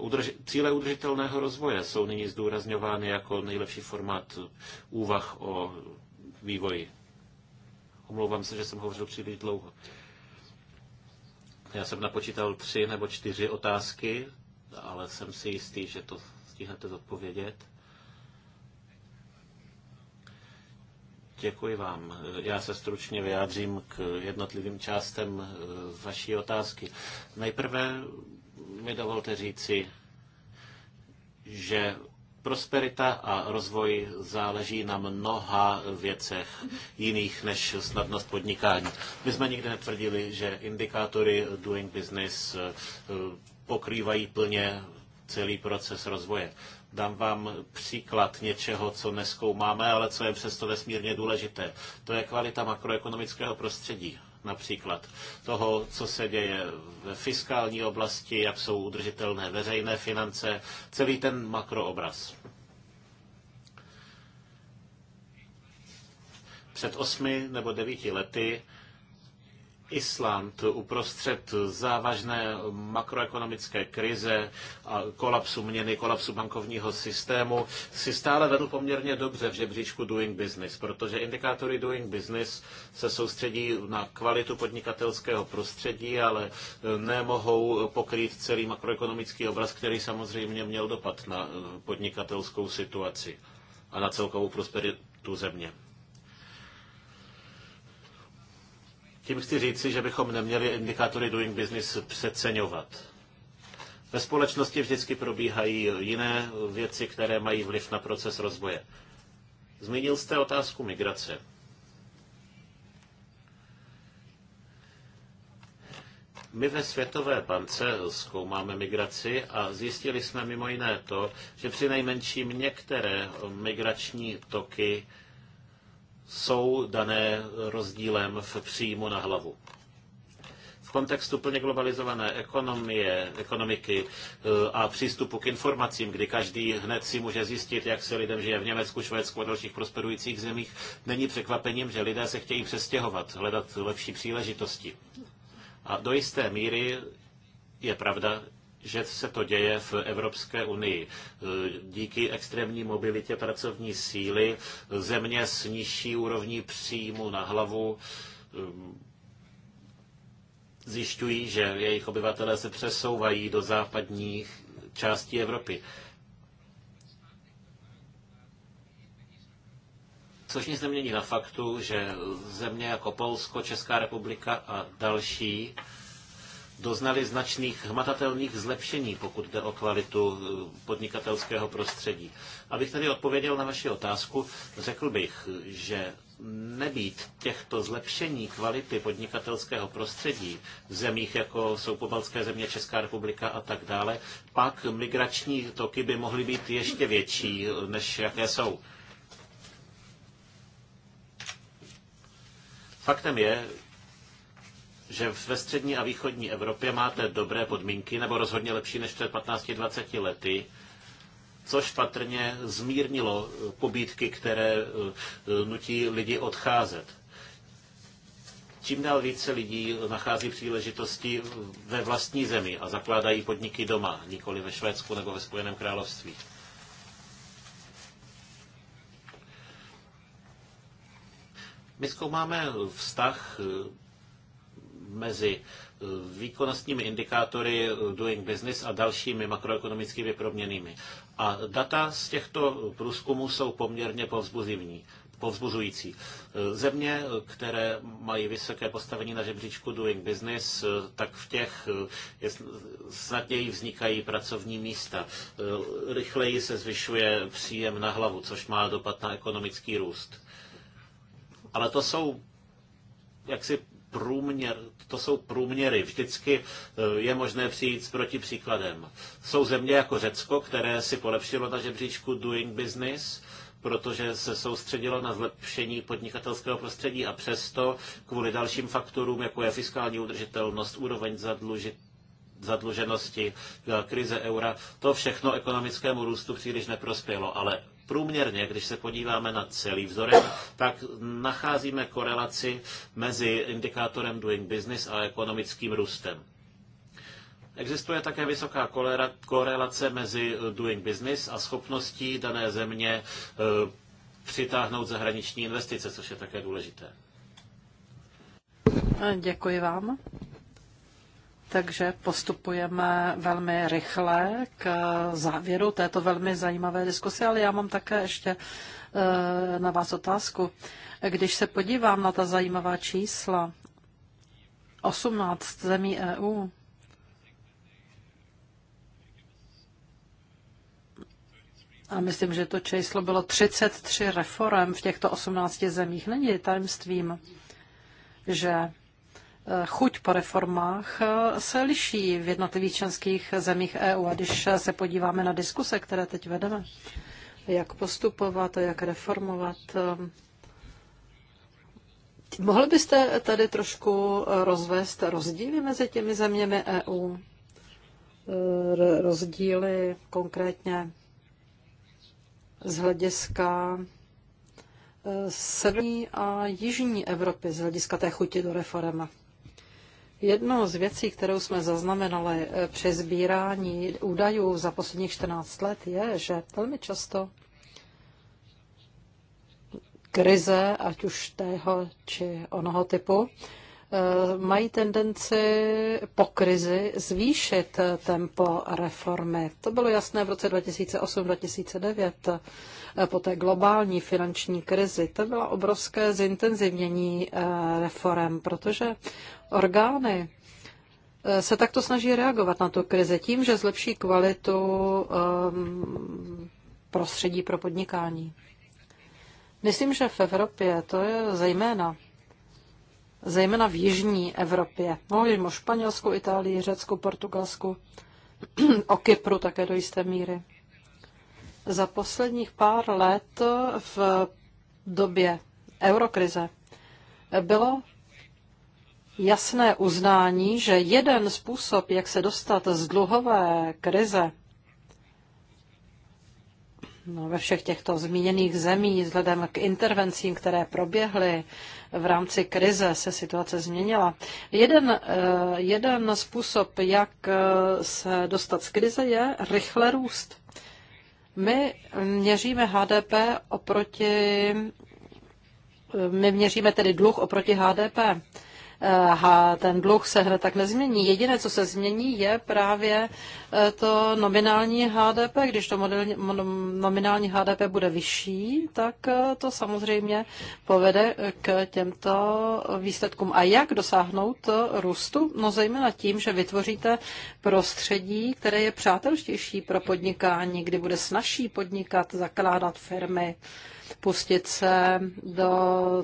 udrž- cíle udržitelného rozvoje jsou nyní zdůrazňovány jako nejlepší formát úvah o vývoji. Omlouvám se, že jsem hovořil příliš dlouho. Já jsem napočítal tři nebo čtyři otázky, ale jsem si jistý, že to stihnete zodpovědět. Děkuji vám. Já se stručně vyjádřím k jednotlivým částem eh, vaší otázky. Nejprve mi dovolte říci, že prosperita a rozvoj záleží na mnoha věcech jiných než snadnost podnikání. My jsme nikdy netvrdili, že indikátory doing business eh, pokrývají plně celý proces rozvoje. Dám vám příklad něčeho, co neskoumáme, ale co je přesto nesmírně důležité. To je kvalita makroekonomického prostředí například toho, co se děje ve fiskální oblasti, jak jsou udržitelné veřejné finance, celý ten makroobraz. Před osmi nebo devíti lety Island uprostřed závažné makroekonomické krize a kolapsu měny, kolapsu bankovního systému si stále vedl poměrně dobře v žebříčku Doing Business, protože indikátory Doing Business se soustředí na kvalitu podnikatelského prostředí, ale eh, nemohou pokrýt celý makroekonomický obraz, který samozřejmě měl dopad na eh, podnikatelskou situaci a na celkovou prosperitu země. Tím chci říci, že bychom neměli indikátory doing business přeceňovat. Ve společnosti vždycky probíhají jiné věci, které mají vliv na proces rozvoje. Zmínil jste otázku migrace. My ve Světové bance zkoumáme migraci a zjistili jsme mimo jiné to, že při nejmenším některé migrační toky jsou dané rozdílem v příjmu na hlavu. V kontextu plně globalizované ekonomie, ekonomiky eh, a přístupu k informacím, kdy každý hned si může zjistit, jak se lidem žije v Německu, Švédsku a dalších prosperujících zemích, není překvapením, že lidé se chtějí přestěhovat, hledat lepší příležitosti. A do jisté míry je pravda, že se to děje v Evropské unii. E, díky extrémní mobilitě pracovní síly země s nižší úrovní příjmu na hlavu e, zjišťují, že jejich obyvatelé se přesouvají do západních částí Evropy. Což nic nemění na faktu, že země jako Polsko, Česká republika a další doznali značných hmatatelných zlepšení, pokud jde o kvalitu eh, podnikatelského prostředí. Abych tedy odpověděl na vaši otázku, řekl bych, že nebýt těchto zlepšení kvality podnikatelského prostředí v zemích, jako jsou pobalské země, Česká republika a tak dále, pak migrační toky by mohly být ještě větší, než jaké jsou. Faktem je, že ve střední a východní Evropě máte dobré podmínky, nebo rozhodně lepší než před 15-20 lety, což patrně zmírnilo pobídky, které eh, eh, nutí lidi odcházet. Čím dál více lidí nachází příležitosti ve vlastní zemi a zakládají podniky doma, nikoli ve Švédsku nebo ve Spojeném království. My zkoumáme vztah eh, mezi eh, výkonnostními indikátory eh, Doing Business a dalšími makroekonomickými proměnými. A data z těchto průzkumů jsou poměrně povzbuzivní povzbuzující. Eh, země, které mají vysoké postavení na žebříčku Doing Business, tak v těch snadněji vznikají pracovní místa. Rychleji se zvyšuje příjem na hlavu, což má dopad na ekonomický růst. Ale to jsou jaksi průměr, to jsou průměry. Vždycky eh, je možné přijít s protipříkladem. Jsou země jako Řecko, které si polepšilo na žebříčku Doing Business, protože se soustředilo na zlepšení podnikatelského prostředí a přesto kvůli dalším faktorům, jako je fiskální udržitelnost, úroveň zadlužit, zadluženosti, eh, krize eura, to všechno ekonomickému růstu příliš neprospělo, ale průměrně, když se podíváme na celý vzorek, tak nacházíme korelaci mezi indikátorem doing business a ekonomickým růstem. Existuje také vysoká korelace mezi doing business a schopností dané země e, přitáhnout zahraniční investice, což je také důležité. Děkuji vám takže postupujeme velmi rychle k závěru této velmi zajímavé diskuse, ale já mám také ještě eh, na vás otázku. Když se podívám na ta zajímavá čísla, 18 zemí EU, a myslím, že to číslo bylo 33 reform v těchto 18 zemích, není tajemstvím, že chuť po reformách se liší v jednotlivých členských zemích EU. A když se podíváme na diskuse, které teď vedeme, jak postupovat a jak reformovat, ehm, mohl byste tady trošku rozvést rozdíly mezi těmi zeměmi EU? Ehm, rozdíly konkrétně z hlediska ehm, severní a jižní Evropy, z hlediska té chuti do reforma. Jednou z věcí, kterou jsme zaznamenali eh, při sbírání údajů za posledních 14 let, je, že velmi často krize, ať už tého či onoho typu, eh, mají tendenci po krizi zvýšit eh, tempo reformy. To bylo jasné v roce 2008-2009 po té globální finanční krizi. To bylo obrovské zintenzivnění reform, protože orgány eh, se takto snaží reagovat na tu krizi tím, že zlepší kvalitu ehm, prostředí pro podnikání. Myslím, že v Evropě to je zejména zejména v jižní Evropě. Mluvím no, o Španělsku, Itálii, Řecku, Portugalsku, o Kypru také do jisté míry. Za posledních pár let v době eurokrize bylo jasné uznání, že jeden způsob, jak se dostat z dluhové krize no, ve všech těchto zmíněných zemí, vzhledem k intervencím, které proběhly v rámci krize, se situace změnila. Jeden, eh, jeden způsob, jak eh, se dostat z krize, je rychle růst. My měříme HDP oproti, eh, my měříme tedy dluh oproti HDP. Eh, a ten dluh se hned tak nezmění. Jediné, co se změní, je právě eh, to nominální HDP. Když to model, nominální HDP bude vyšší, tak eh, to samozřejmě povede k těmto výsledkům. A jak dosáhnout růstu? No zejména tím, že vytvoříte prostředí, které je přátelštější pro podnikání, kdy bude snažší podnikat, zakládat firmy, pustit se do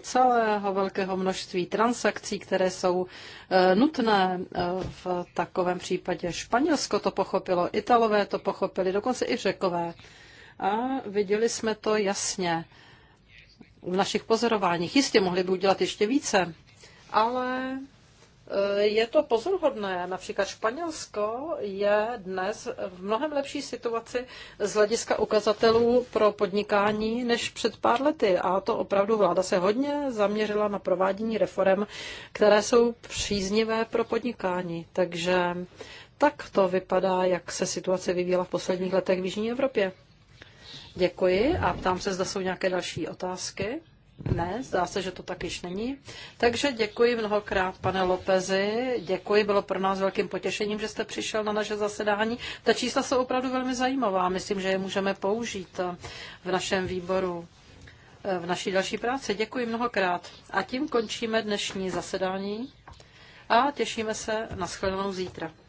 celého velkého množství transakcí, které jsou eh, nutné eh, v takovém případě. Španělsko to pochopilo, Italové to pochopili, dokonce i Řekové. A viděli jsme to jasně v našich pozorováních. Jistě mohli by udělat ještě více, ale Eh, je to pozoruhodné. Například Španělsko je dnes v mnohem lepší situaci z hlediska ukazatelů pro podnikání než před pár lety. A to opravdu vláda se hodně zaměřila na provádění reform, které jsou příznivé pro podnikání. Takže tak to vypadá, jak se situace vyvíjela v posledních letech v Jižní Evropě. Děkuji a ptám se, zda jsou nějaké další otázky. Ne, zdá se, že to tak již není. Takže děkuji mnohokrát, pane Lopezi. Děkuji, bylo pro nás velkým potěšením, že jste přišel na naše zasedání. Ta čísla jsou opravdu velmi zajímavá. Myslím, že je můžeme použít v našem výboru, v naší další práci. Děkuji mnohokrát. A tím končíme dnešní zasedání a těšíme se na shledanou zítra.